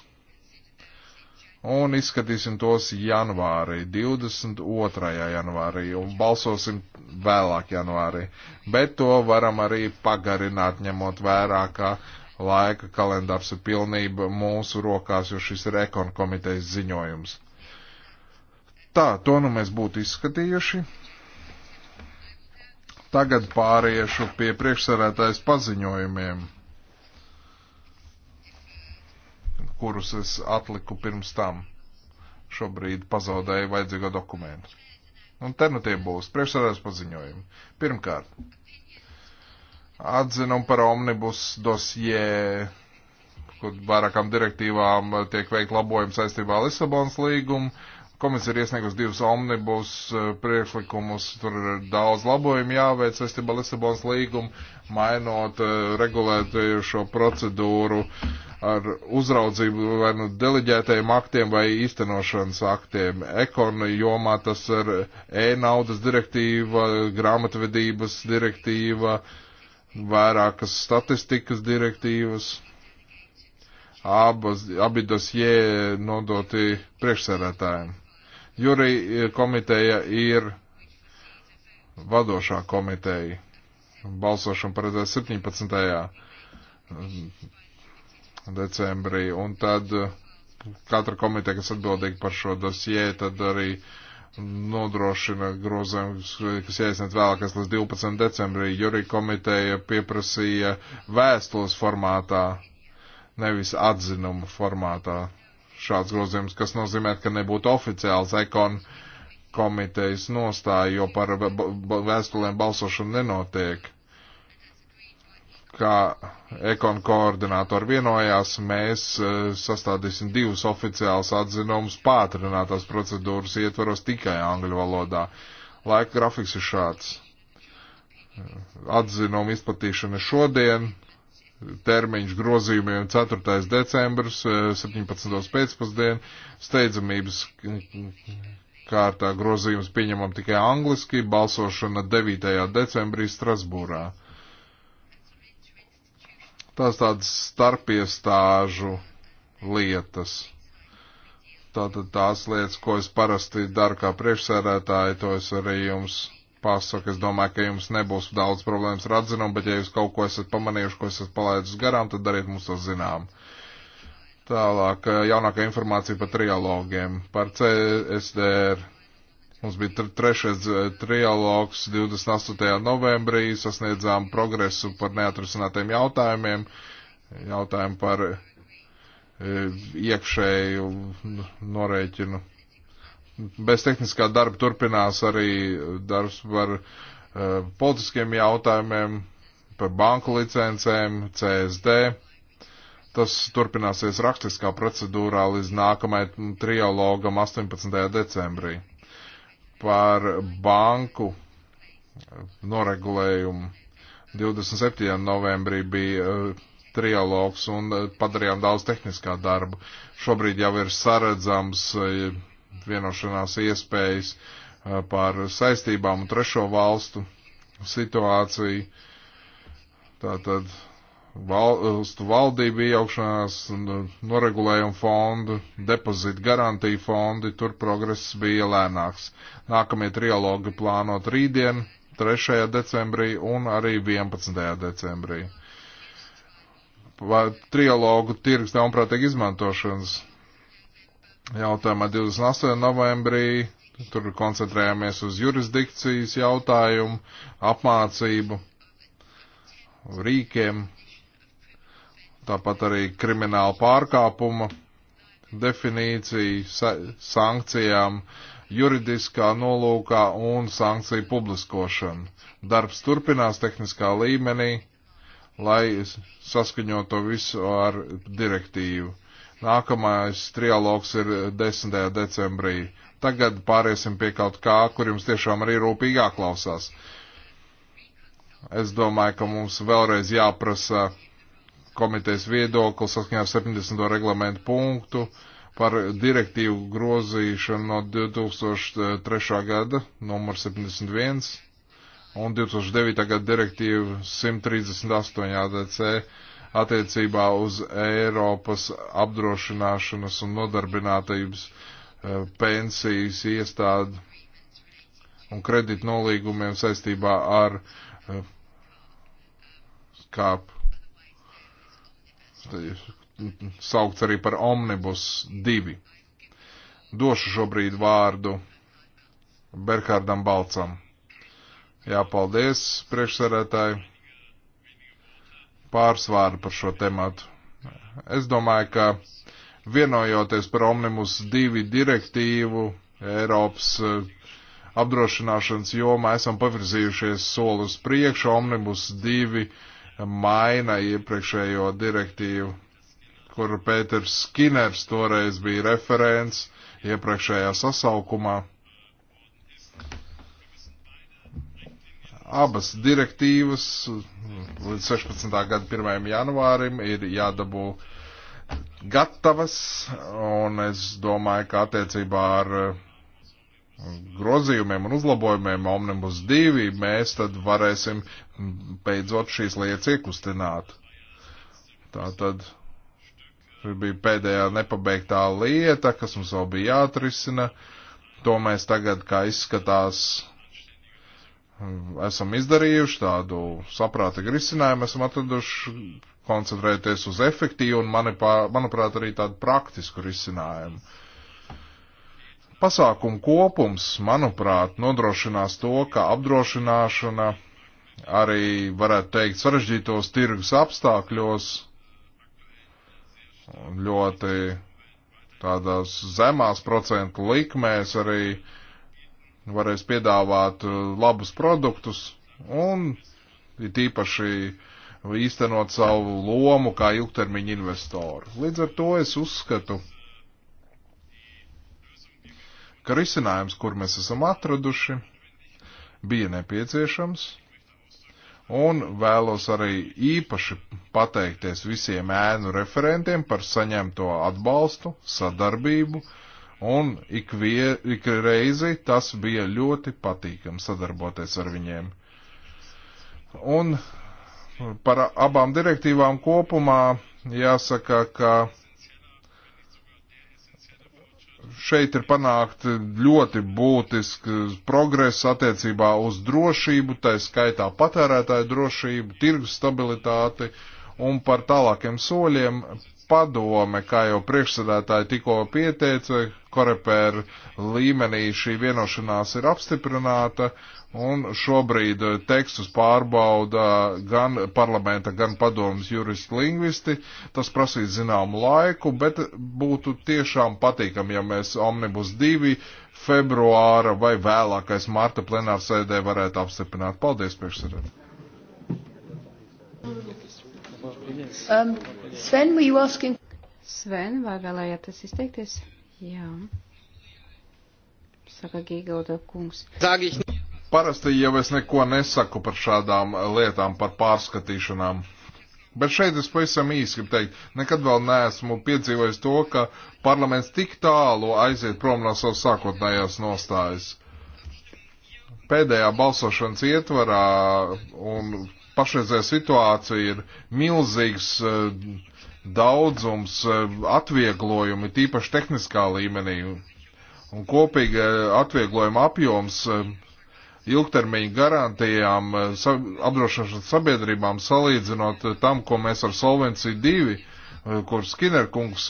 Un izskatīsim tos janvārī, 22. janvārī, un balsosim vēlāk janvārī. Bet to varam arī pagarināt, ņemot vērā, ka laika kalendārs ir pilnība mūsu rokās, jo šis ir ekonkomitejas ziņojums. Tā, to nu mēs būtu izskatījuši. Tagad pāriešu pie priekšsarētājs paziņojumiem, kurus es atliku pirms tam. Šobrīd pazaudēju vajadzīgo dokumentu. Un te nu tie būs priekšsarētājs paziņojumi. Pirmkārt, atzinum par omnibus dosjē kur vairākām direktīvām tiek veikt labojumi saistībā ar Lisabonas līgumu. Komisija ir iesniegusi divus omnibus eh, priekšlikumus, tur ir daudz labojumu jāveic saistībā Lisabonas līgumu, mainot eh, regulētojušo procedūru ar uzraudzību vai nu deleģētajiem aktiem vai īstenošanas aktiem. Ekona jomā tas ir e-naudas direktīva, grāmatvedības direktīva, vairākas statistikas direktīvas abas, abi dosie nodoti priekšsēdētājiem. Juri eh, komiteja ir vadošā komiteja. Balsošana paredzēta 17. Mm, decembrī. Un tad eh, katra komiteja, kas atbildīga par šo dosie, tad arī nodrošina grozījumus, kas jāiesniedz vēlākais līdz 12. decembrī. Juri komiteja pieprasīja vēstules formātā, nevis atzinuma formātā šāds grozījums, kas nozīmē, ka nebūtu oficiāls ekon komitejas nostāja, jo par vēstulēm balsošana nenotiek. Kā ekon koordinātori vienojās, mēs e, sastādīsim divus oficiālus atzinumus pātrinātās procedūras ietvaros tikai angļu valodā. Laika grafiks ir šāds. Atzinumu izplatīšana šodien, termiņš grozījumiem 4. decembris, 17. Eh, pēcpusdien, steidzamības kārtā grozījums pieņemam tikai angliski, balsošana 9. decembrī Strasbūrā. Tās tādas starpiestāžu lietas. Tātad tās lietas, ko es parasti daru kā priekšsēdētāji, to es arī jums pasaku. Es domāju, ka jums nebūs daudz problēmas ar atzinumu, bet ja jūs kaut ko esat pamanījuši, ko esat palaidis garām, tad dariet mums to zinām. Tālāk, eh, jaunākā informācija par trialogiem. Par CSDR. Mums bija trešais eh, trialogs 28. novembrī, sasniedzām progresu par neatrisinātiem jautājumiem. Jautājumu par eh, iekšēju norēķinu Bez tehniskā darba turpinās arī darbs par uh, politiskiem jautājumiem, par banku licencēm, CSD. Tas turpināsies rakstiskā procedūrā līdz nākamajai trialogam 18. decembrī par banku noregulējumu. 27. novembrī bija uh, trialogs un eh, padarījām daudz tehniskā darbu. Šobrīd jau ir saredzams uh, vienošanās iespējas uh, par saistībām un trešo valstu situāciju. Tātad valstu valdību iejaukšanās, uh, noregulējumu fondu, depozitu garantiju fondi, tur progress bija lēnāks. Nākamie trialogi plānot rītdien, 3. decembrī un arī 11. decembrī. Vai trialogu tirgus neunprātīgi izmantošanas jautājumā 28. novembrī. Tur koncentrējāmies uz jurisdikcijas jautājumu, apmācību, rīkiem, tāpat arī krimināla pārkāpuma definīciju, sa sankcijām, juridiskā nolūkā un sankciju publiskošanu. Darbs turpinās tehniskā līmenī, lai saskaņoto visu ar direktīvu Nākamais trialogs ir 10. decembrī. Tagad pāriesim pie kaut kā, kur jums tiešām arī rūpīgi jāklausās. Es domāju, ka mums vēlreiz jāprasa komitejas viedoklis saskaņā ar 70. reglamentu punktu par direktīvu grozīšanu no 2003. gada, numur 71, un 2009. gada direktīvu 138 ADC attiecībā uz Eiropas apdrošināšanas un nodarbinātības e, pensijas iestādi un kredit nolīgumiem saistībā ar e, kāp saukts arī par Omnibus 2. Došu šobrīd vārdu Berhardam Balcam. Jā, paldies, priekšsarētāji pārsvāru par šo tematu. Es domāju, ka vienojoties par Omnibus 2 direktīvu Eiropas eh, apdrošināšanas jomā esam pavirzījušies soli uz priekšu. Omnibus 2 eh, maina iepriekšējo direktīvu, kur Pēters Skiners toreiz bija referents iepriekšējā sasaukumā. abas direktīvas līdz 16. gada 1. janvārim ir jādabū gatavas, un es domāju, ka attiecībā ar uh, grozījumiem un uzlabojumiem Omnibus 2 mēs tad varēsim beidzot šīs lietas iekustināt. Tā tad bija pēdējā nepabeigtā lieta, kas mums vēl bija jāatrisina. To mēs tagad, kā izskatās, esam izdarījuši, tādu saprātīgu risinājumu esam atraduši koncentrēties uz efektīvu un, manipā, manuprāt, arī tādu praktisku risinājumu. Pasākumu kopums, manuprāt, nodrošinās to, ka apdrošināšana arī, varētu teikt, sarežģītos tirgus apstākļos ļoti tādās zemās procentu likmēs arī uh, varēs piedāvāt uh, labus produktus un tīpaši īstenot savu lomu kā ilgtermiņa investoru. Līdz ar to es uzskatu, ka risinājums, kur mēs esam atraduši, bija nepieciešams. Un vēlos arī īpaši pateikties visiem ēnu referentiem par saņemto atbalstu, sadarbību, uh, un ik, vie, ik reizi tas bija ļoti patīkami sadarboties ar viņiem. Un par abām direktīvām kopumā jāsaka, ka šeit ir panākt ļoti būtisks progress attiecībā uz drošību, tā skaitā patērētāju drošību, tirgus stabilitāti un par tālākiem soļiem padome, kā jau priekšsēdētāji tikko pieteica, korepēra līmenī šī vienošanās ir apstiprināta, un šobrīd tekstus pārbauda gan parlamenta, gan padomas juristi lingvisti. Tas prasīs zināmu laiku, bet būtu tiešām patīkami, ja mēs Omnibus 2 februāra vai vēlākais marta plenārsēdē varētu apstiprināt. Paldies, priekšsēdētāji! Um, Sven, were you asking? Sven, vai vēlējāties izteikties? Jā. Saka Gīgauda kungs. Parasti jau es neko nesaku par šādām lietām, par pārskatīšanām. Bet šeit es pavisam īsi gribu teikt, nekad vēl neesmu piedzīvojis to, ka parlaments tik tālu aiziet prom no savas sākotnējās nostājas. Pēdējā balsošanas ietvarā un pašreizē situācija ir milzīgs e, daudzums e, atvieglojumi, tīpaši tehniskā līmenī. Un kopīga atvieglojuma apjoms e, ilgtermiņa garantijām apdrošināšanas sabiedrībām salīdzinot tam, ko mēs ar Solvenciju 2, kur Skinner kungs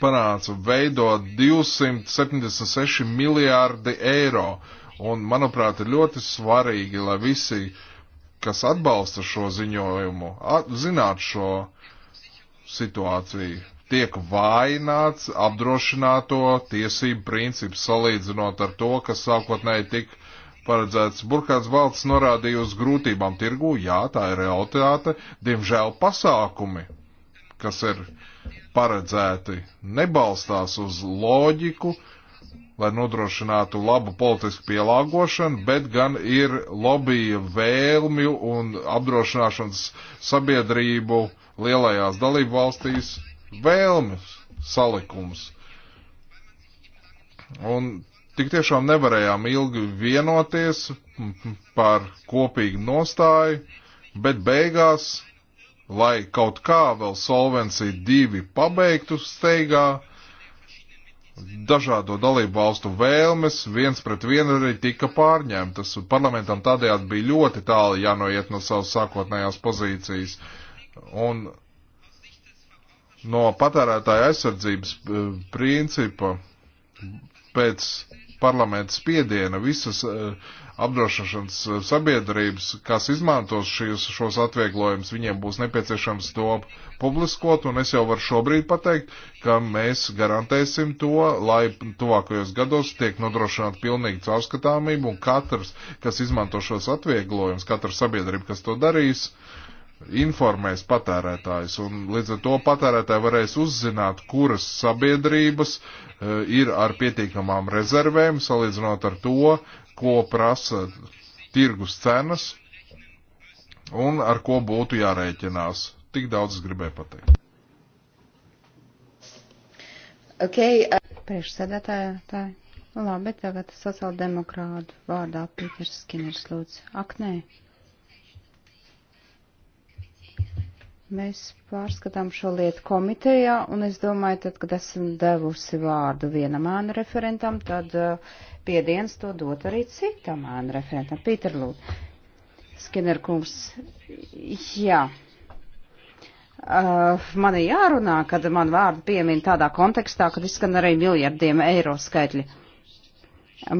panāca, veido 276 miljārdi eiro. Un, manuprāt, ir ļoti svarīgi, lai visi uh, kas atbalsta šo ziņojumu, at, zināt šo situāciju. Tiek vaināts apdrošināto tiesību princips salīdzinot ar to, kas sākotnēji tika paredzēts. Burkāns valsts norādīja uz grūtībām tirgū, jā, tā ir realitāte, diemžēl pasākumi, kas ir paredzēti, nebalstās uz loģiku, uh, lai nodrošinātu labu politisku pielāgošanu, bet gan ir lobija vēlmju un apdrošināšanas sabiedrību lielajās dalību valstīs vēlmes salikums. Un tik tiešām nevarējām ilgi vienoties par kopīgu nostāju, bet beigās, lai kaut kā vēl Solvency 2 pabeigtu steigā, dažādo dalību valstu vēlmes viens pret vienu arī tika pārņemtas. Parlamentam tādējādi bija ļoti tālu jānoiet no savas sākotnējās pozīcijas. Un no patērētāja aizsardzības eh, principa pēc parlamenta spiediena visas uh, apdrošināšanas eh, sabiedrības, kas izmantos šīs, šos atvieglojumus, viņiem būs nepieciešams to publiskot, un es jau varu šobrīd pateikt, ka mēs garantēsim to, lai tuvākajos gados tiek nodrošināta pilnīga caurskatāmība, un katrs, kas izmanto šos atvieglojumus, katra sabiedrība, kas to darīs, informēs patērētājs, un līdz ar to patērētāji varēs uzzināt, kuras sabiedrības uh, ir ar pietiekamām rezervēm, salīdzinot ar to, ko prasa tirgus cenas un ar ko būtu jārēķinās. Tik daudz es gribēju pateikt. Okay, uh... Eh, Priekšsēdētāja, tā ir. Labi, tagad sociāldemokrātu vārdā Pīters Skiners lūdzu. Ak, nē. Mēs pārskatām šo lietu komitejā, un es domāju, tad, kad esmu devusi vārdu vienam ēnu referentam, tad uh, piediens to dot arī citam ēnu referentam. Pīter Lūd, Skinner kungs, jā. Uh, man ir jārunā, kad man vārdu piemin tādā kontekstā, kad izskan arī miljardiem eiro skaitļi.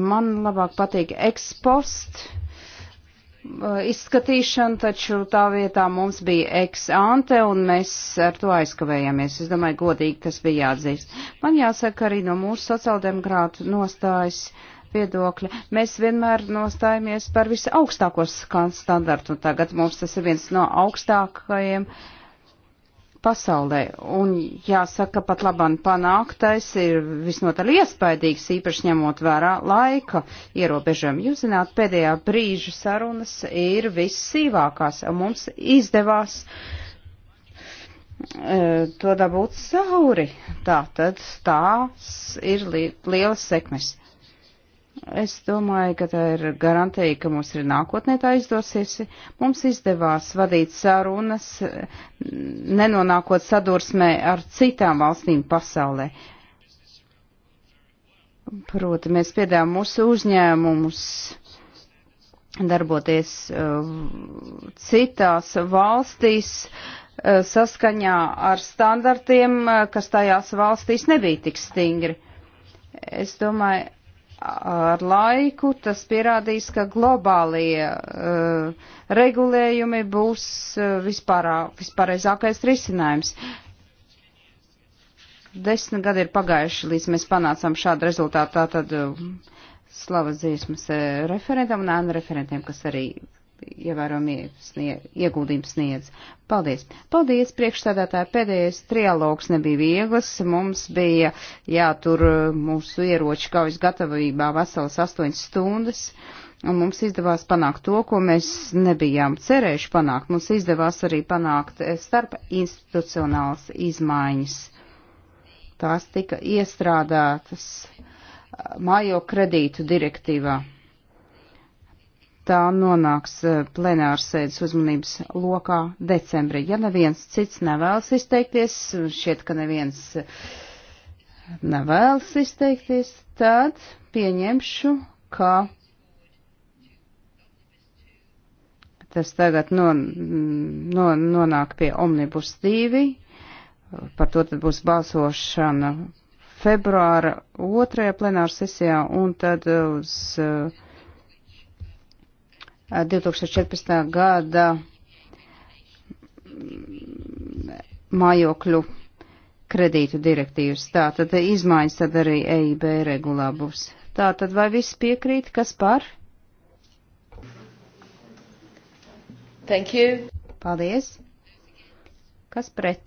Man labāk patīk ekspost uh, izskatīšana, taču tā vietā mums bija ex ante un mēs ar to aizkavējāmies. Es domāju, godīgi tas bija jāatzīst. Man jāsaka arī no mūsu sociāldemokrātu nostājas. Uh, viedokļa, mēs vienmēr nostājamies par visu augstāko standartu, un tagad mums tas ir viens no augstākajiem pasaulē. Un jāsaka, pat labam panāktais ir visnotaļ iespaidīgs, īpaši ņemot vērā laika ierobežojumu. Jūs zināt, pēdējā brīža sarunas ir vissīvākās, un mums izdevās e, to dabūt sauri. Tātad tās ir li lielas sekmes. Es domāju, ka tā ir garantija, ka mums ir nākotnē tā izdosies. Mums izdevās vadīt sarunas, nenonākot sadursmē ar citām valstīm pasaulē. Proti, mēs piedāvājam mūsu uzņēmumus darboties uh, citās valstīs uh, saskaņā ar standartiem, uh, kas tajās valstīs nebija tik stingri. Es domāju, ar laiku tas pierādīs, ka globālie uh, regulējumi būs uh, vispārā, vispārreizākais risinājums. Desmit gadi ir pagājuši, līdz mēs panācām šādu rezultātu, tātad uh, slavas dziesmas referentam un ēnu referentiem, kas arī ievērojami snie, ieguldījums sniedz. Paldies! Paldies, priekšstādātāji! Pēdējais trialogs nebija viegls. Mums bija jātur mūsu ieroči kaujas gatavībā veselas astoņas stundas. Un mums izdevās panākt to, ko mēs nebijām cerējuši panākt. Mums izdevās arī panākt starp institucionālas izmaiņas. Tās tika iestrādātas mājo kredītu direktīvā tā nonāks e, plenārsēdes uzmanības lokā decembrī. Ja neviens cits nevēlas izteikties, šķiet, ka neviens e, nevēlas izteikties, tad pieņemšu, ka tas tagad non, non, nonāk pie Omnibus 2, par to tad būs balsošana februāra otrajā plenāra sesijā un tad uz uh, 2014. gada mājokļu kredītu direktīvas. Tātad izmaiņas tad arī EIB regulā būs. Tātad vai viss piekrīt, kas par? Thank you. Paldies. Kas pret?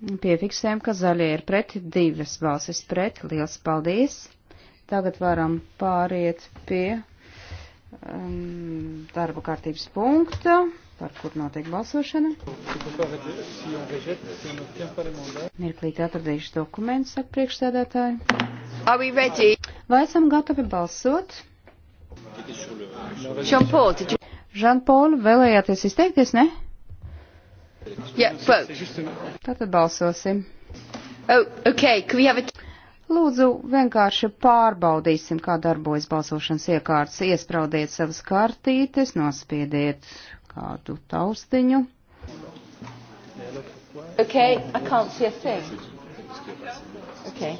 Piefiksējam, ka zaļie ir pret, divas valstis pret. Liels paldies. Tagad varam pāriet pie um, darba kārtības punkta, par kur notiek balsošana. Mirklīt atradīšu dokumentus, saka priekšsēdētāji. Vai esam gatavi balsot? Žanpol, vēlējāties izteikties, ne? Yeah, Tātad balsosim. Oh, okay. Can we have a... Lūdzu, vienkārši pārbaudīsim, kā darbojas balsošanas iekārtas. Iespraudiet savas kartītes, nospiediet kādu taustiņu. Okay, I can't see a thing. Okay.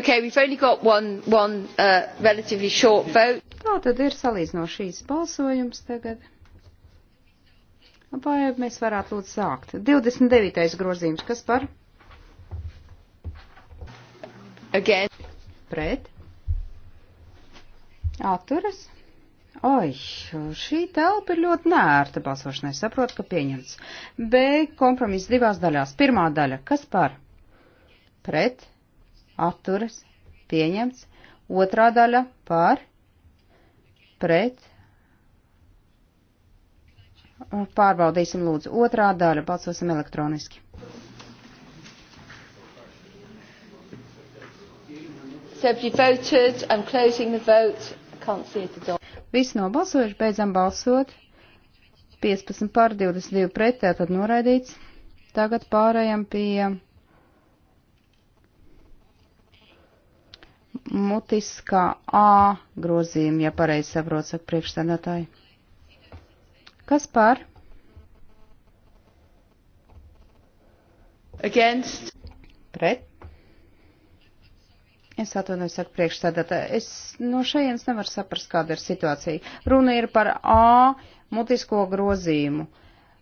Okay, we've only got one, one uh, relatively short vote. Tā tad ir salīdzinošīs balsojums tagad. Vai mēs varētu lūdzu sākt? 29. grozījums, kas par? Again. Pret. Atturas. Oi, šī telpa ir ļoti nērta balsošanai. Saprotu, ka pieņemts. B. Kompromiss divās daļās. Pirmā daļa. Kas par? Pret. Atturas. Pieņemts. Otrā daļa. Par. Pret. Pārbaudīsim lūdzu. Otrā daļa. Balsosim elektroniski. Visi nobalsojuši, beidzam balsot. 15 pār 22 pret, tātad noraidīts. Tagad pārējām pie mutiskā A grozījuma, ja pareizi saprot, saka priekšstādātāji. Kas par? Against. Pret. Es atvainojos, saka priekšstādātā. Es no šajienas nevaru saprast, kāda ir situācija. Runa ir par A mutisko grozījumu.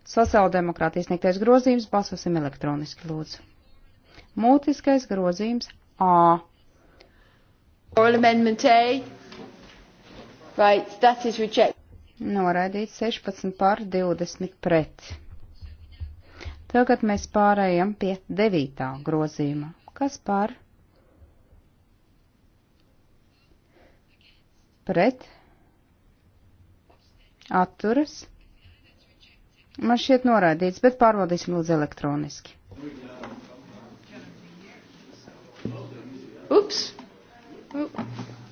Sociāldemokrātijas sniegtais grozījums balsosim elektroniski, lūdzu. Mutiskais grozījums A. Oral amendment A. Right, that is reject. Noraidīts 16 pār 20 pret. Tagad mēs pārējam pie 9. grozījuma. Kas par? pret, atturas. Man šķiet noraidīts, bet pārbaudīsim lūdzu elektroniski. Ups!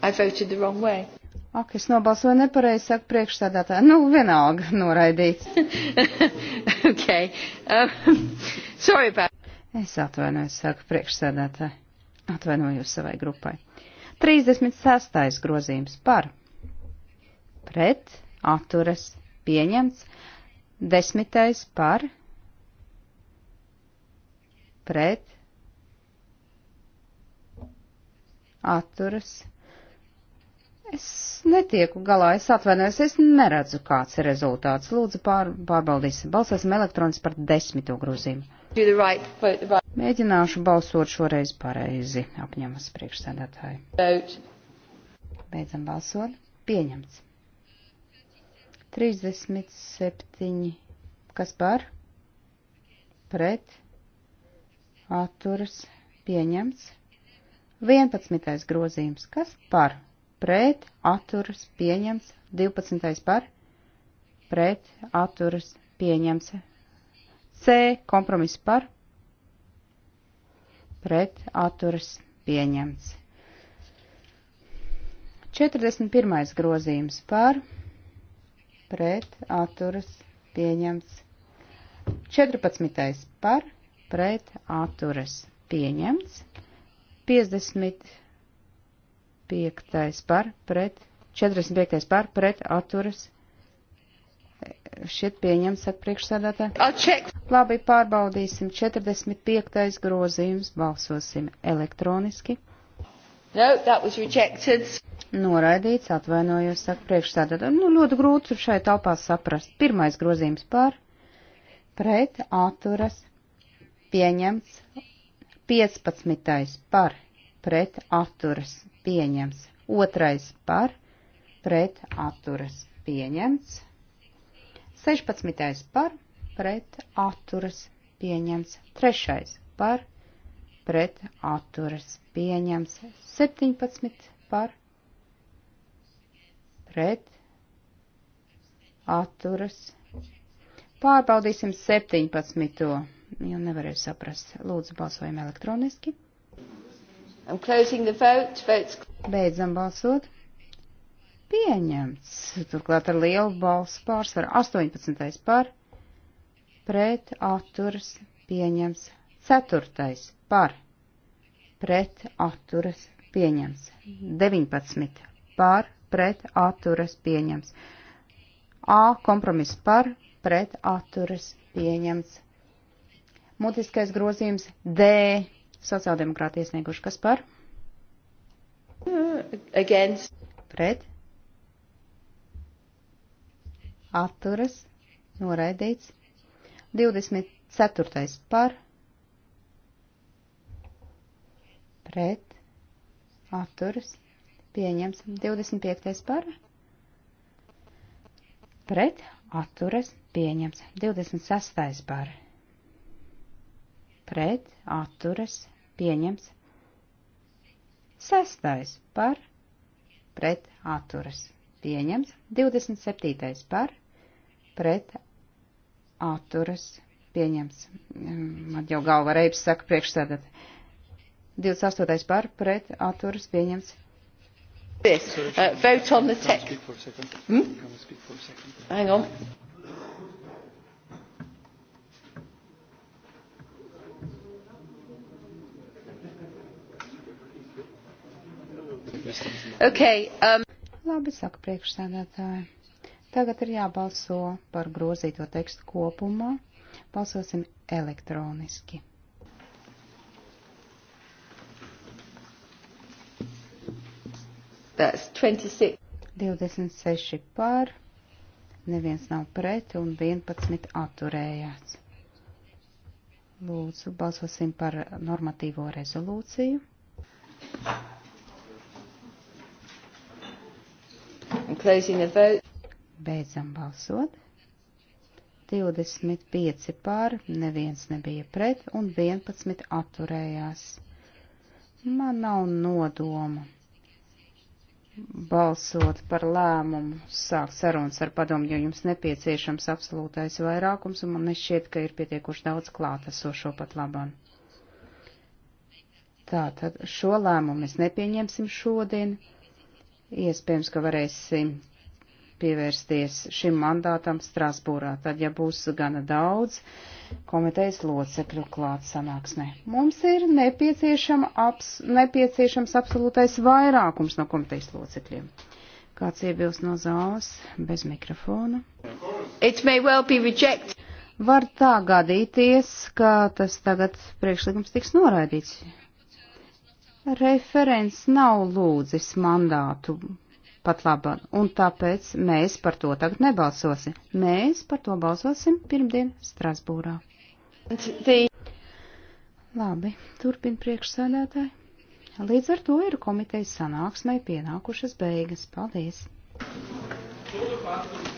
I voted the wrong way. Ak, es nobalsoju nepareizi, saka priekšstādātāja. Nu, vienalga, noraidīts. okay. um, sorry about... Es atvainojos, saka priekšstādātāja. Atvainojos savai grupai. 36. grozījums par pret atturas pieņemts. Desmitais par pret atturas. Es netieku galā, es atvainojos, es neredzu, kāds ir rezultāts. Lūdzu, pār, pārbaudīsim. Balsosim elektroniski par desmito grozījumu. Mēģināšu balsot šoreiz pareizi, apņemas priekšsēdētāji. Beidzam balsot. Pieņemts. 37. Kas par? Pret. Atturas. Pieņemts. 11. grozījums. Kas par? Pret. Atturas. Pieņemts. 12. par? Pret. Atturas. Pieņemts. C kompromiss par pret atturas pieņemts. 41. grozījums par pret atturas pieņemts. 14. par pret atturas pieņemts. 55. par pret 45. par pret atturas pieņemts. Šit pieņem, saka priekšsēdētāji. Labi, pārbaudīsim. 45. grozījums. Balsosim elektroniski. No, that was rejected. Noraidīts, atvainojos, saka priekšsēdētāji. Nu, ļoti grūti šai talpā saprast. Pirmais grozījums pār. Pret atturas. Pieņemts. 15. par. Pret atturas. Pieņemts. Otrais par. Pret atturas. Pieņemts. 16. par pret atturas pieņemts. 3. par pret atturas pieņemts. 17. par pret atturas. Pārbaudīsim 17. jo nevarēju saprast. Lūdzu, balsojam elektroniski. I'm closing the vote. Votes. Beidzam balsot pieņemts, turklāt ar lielu balsu pārsvaru. 18. par, pret atturas pieņems. 4. par, pret atturas pieņems. 19. par, pret atturas pieņems. A kompromiss par, pret atturas pieņems. Mutiskais grozījums D. Sociāldemokrāti iesnieguši kas par? Against. Pret atturas, noraidīts. 24. par, pret, atturas, pieņems. 25. par, pret, atturas, pieņems. 26. par, pret, atturas, pieņems. 6. par, pret, atturas, pieņems. 27. par, pret atturas pieņems. Mm, man jau galva reips saka priekšsēdēt. 28. par pret atturas pieņems. This. Uh, vote on the text. Hmm? Hang on. Okay, um... Labi, saka priekšsēdētāji. Tagad ir jābalso par grozīto tekstu kopumā. Balsosim elektroniski. That's 26. 26 par, neviens nav pret un 11 atturējās. Lūdzu, balsosim par normatīvo rezolūciju. I'm closing the vote. Beidzam balsot. 25 pār, neviens nebija pret un 11 atturējās. Man nav nodoma balsot par lēmumu, sākt sarunas ar padomu, jo jums nepieciešams absolūtais vairākums, un man nešķiet, ka ir pietiekuši daudz klātesošo pat labam. Tātad šo lēmumu mēs nepieņemsim šodien. Iespējams, ka varēsim pievērsties šim mandātam Strasbūrā, tad, ja būs gana daudz komitejas locekļu klāt sanāksmē. Mums ir nepieciešama abs, nepieciešams absolūtais vairākums no komitejas locekļiem. Kāds iebilst no zāles bez mikrofona? Well Var tā gadīties, ka tas tagad priekšlikums tiks noraidīts. Referents nav lūdzis mandātu pat labāk. Un tāpēc mēs par to tagad nebalsosim. Mēs par to balsosim pirmdien Strasbūrā. Labi, turpin priekšsēdētāji. Līdz ar to ir komitejas sanāksmai pienākušas beigas. Paldies! Thank you.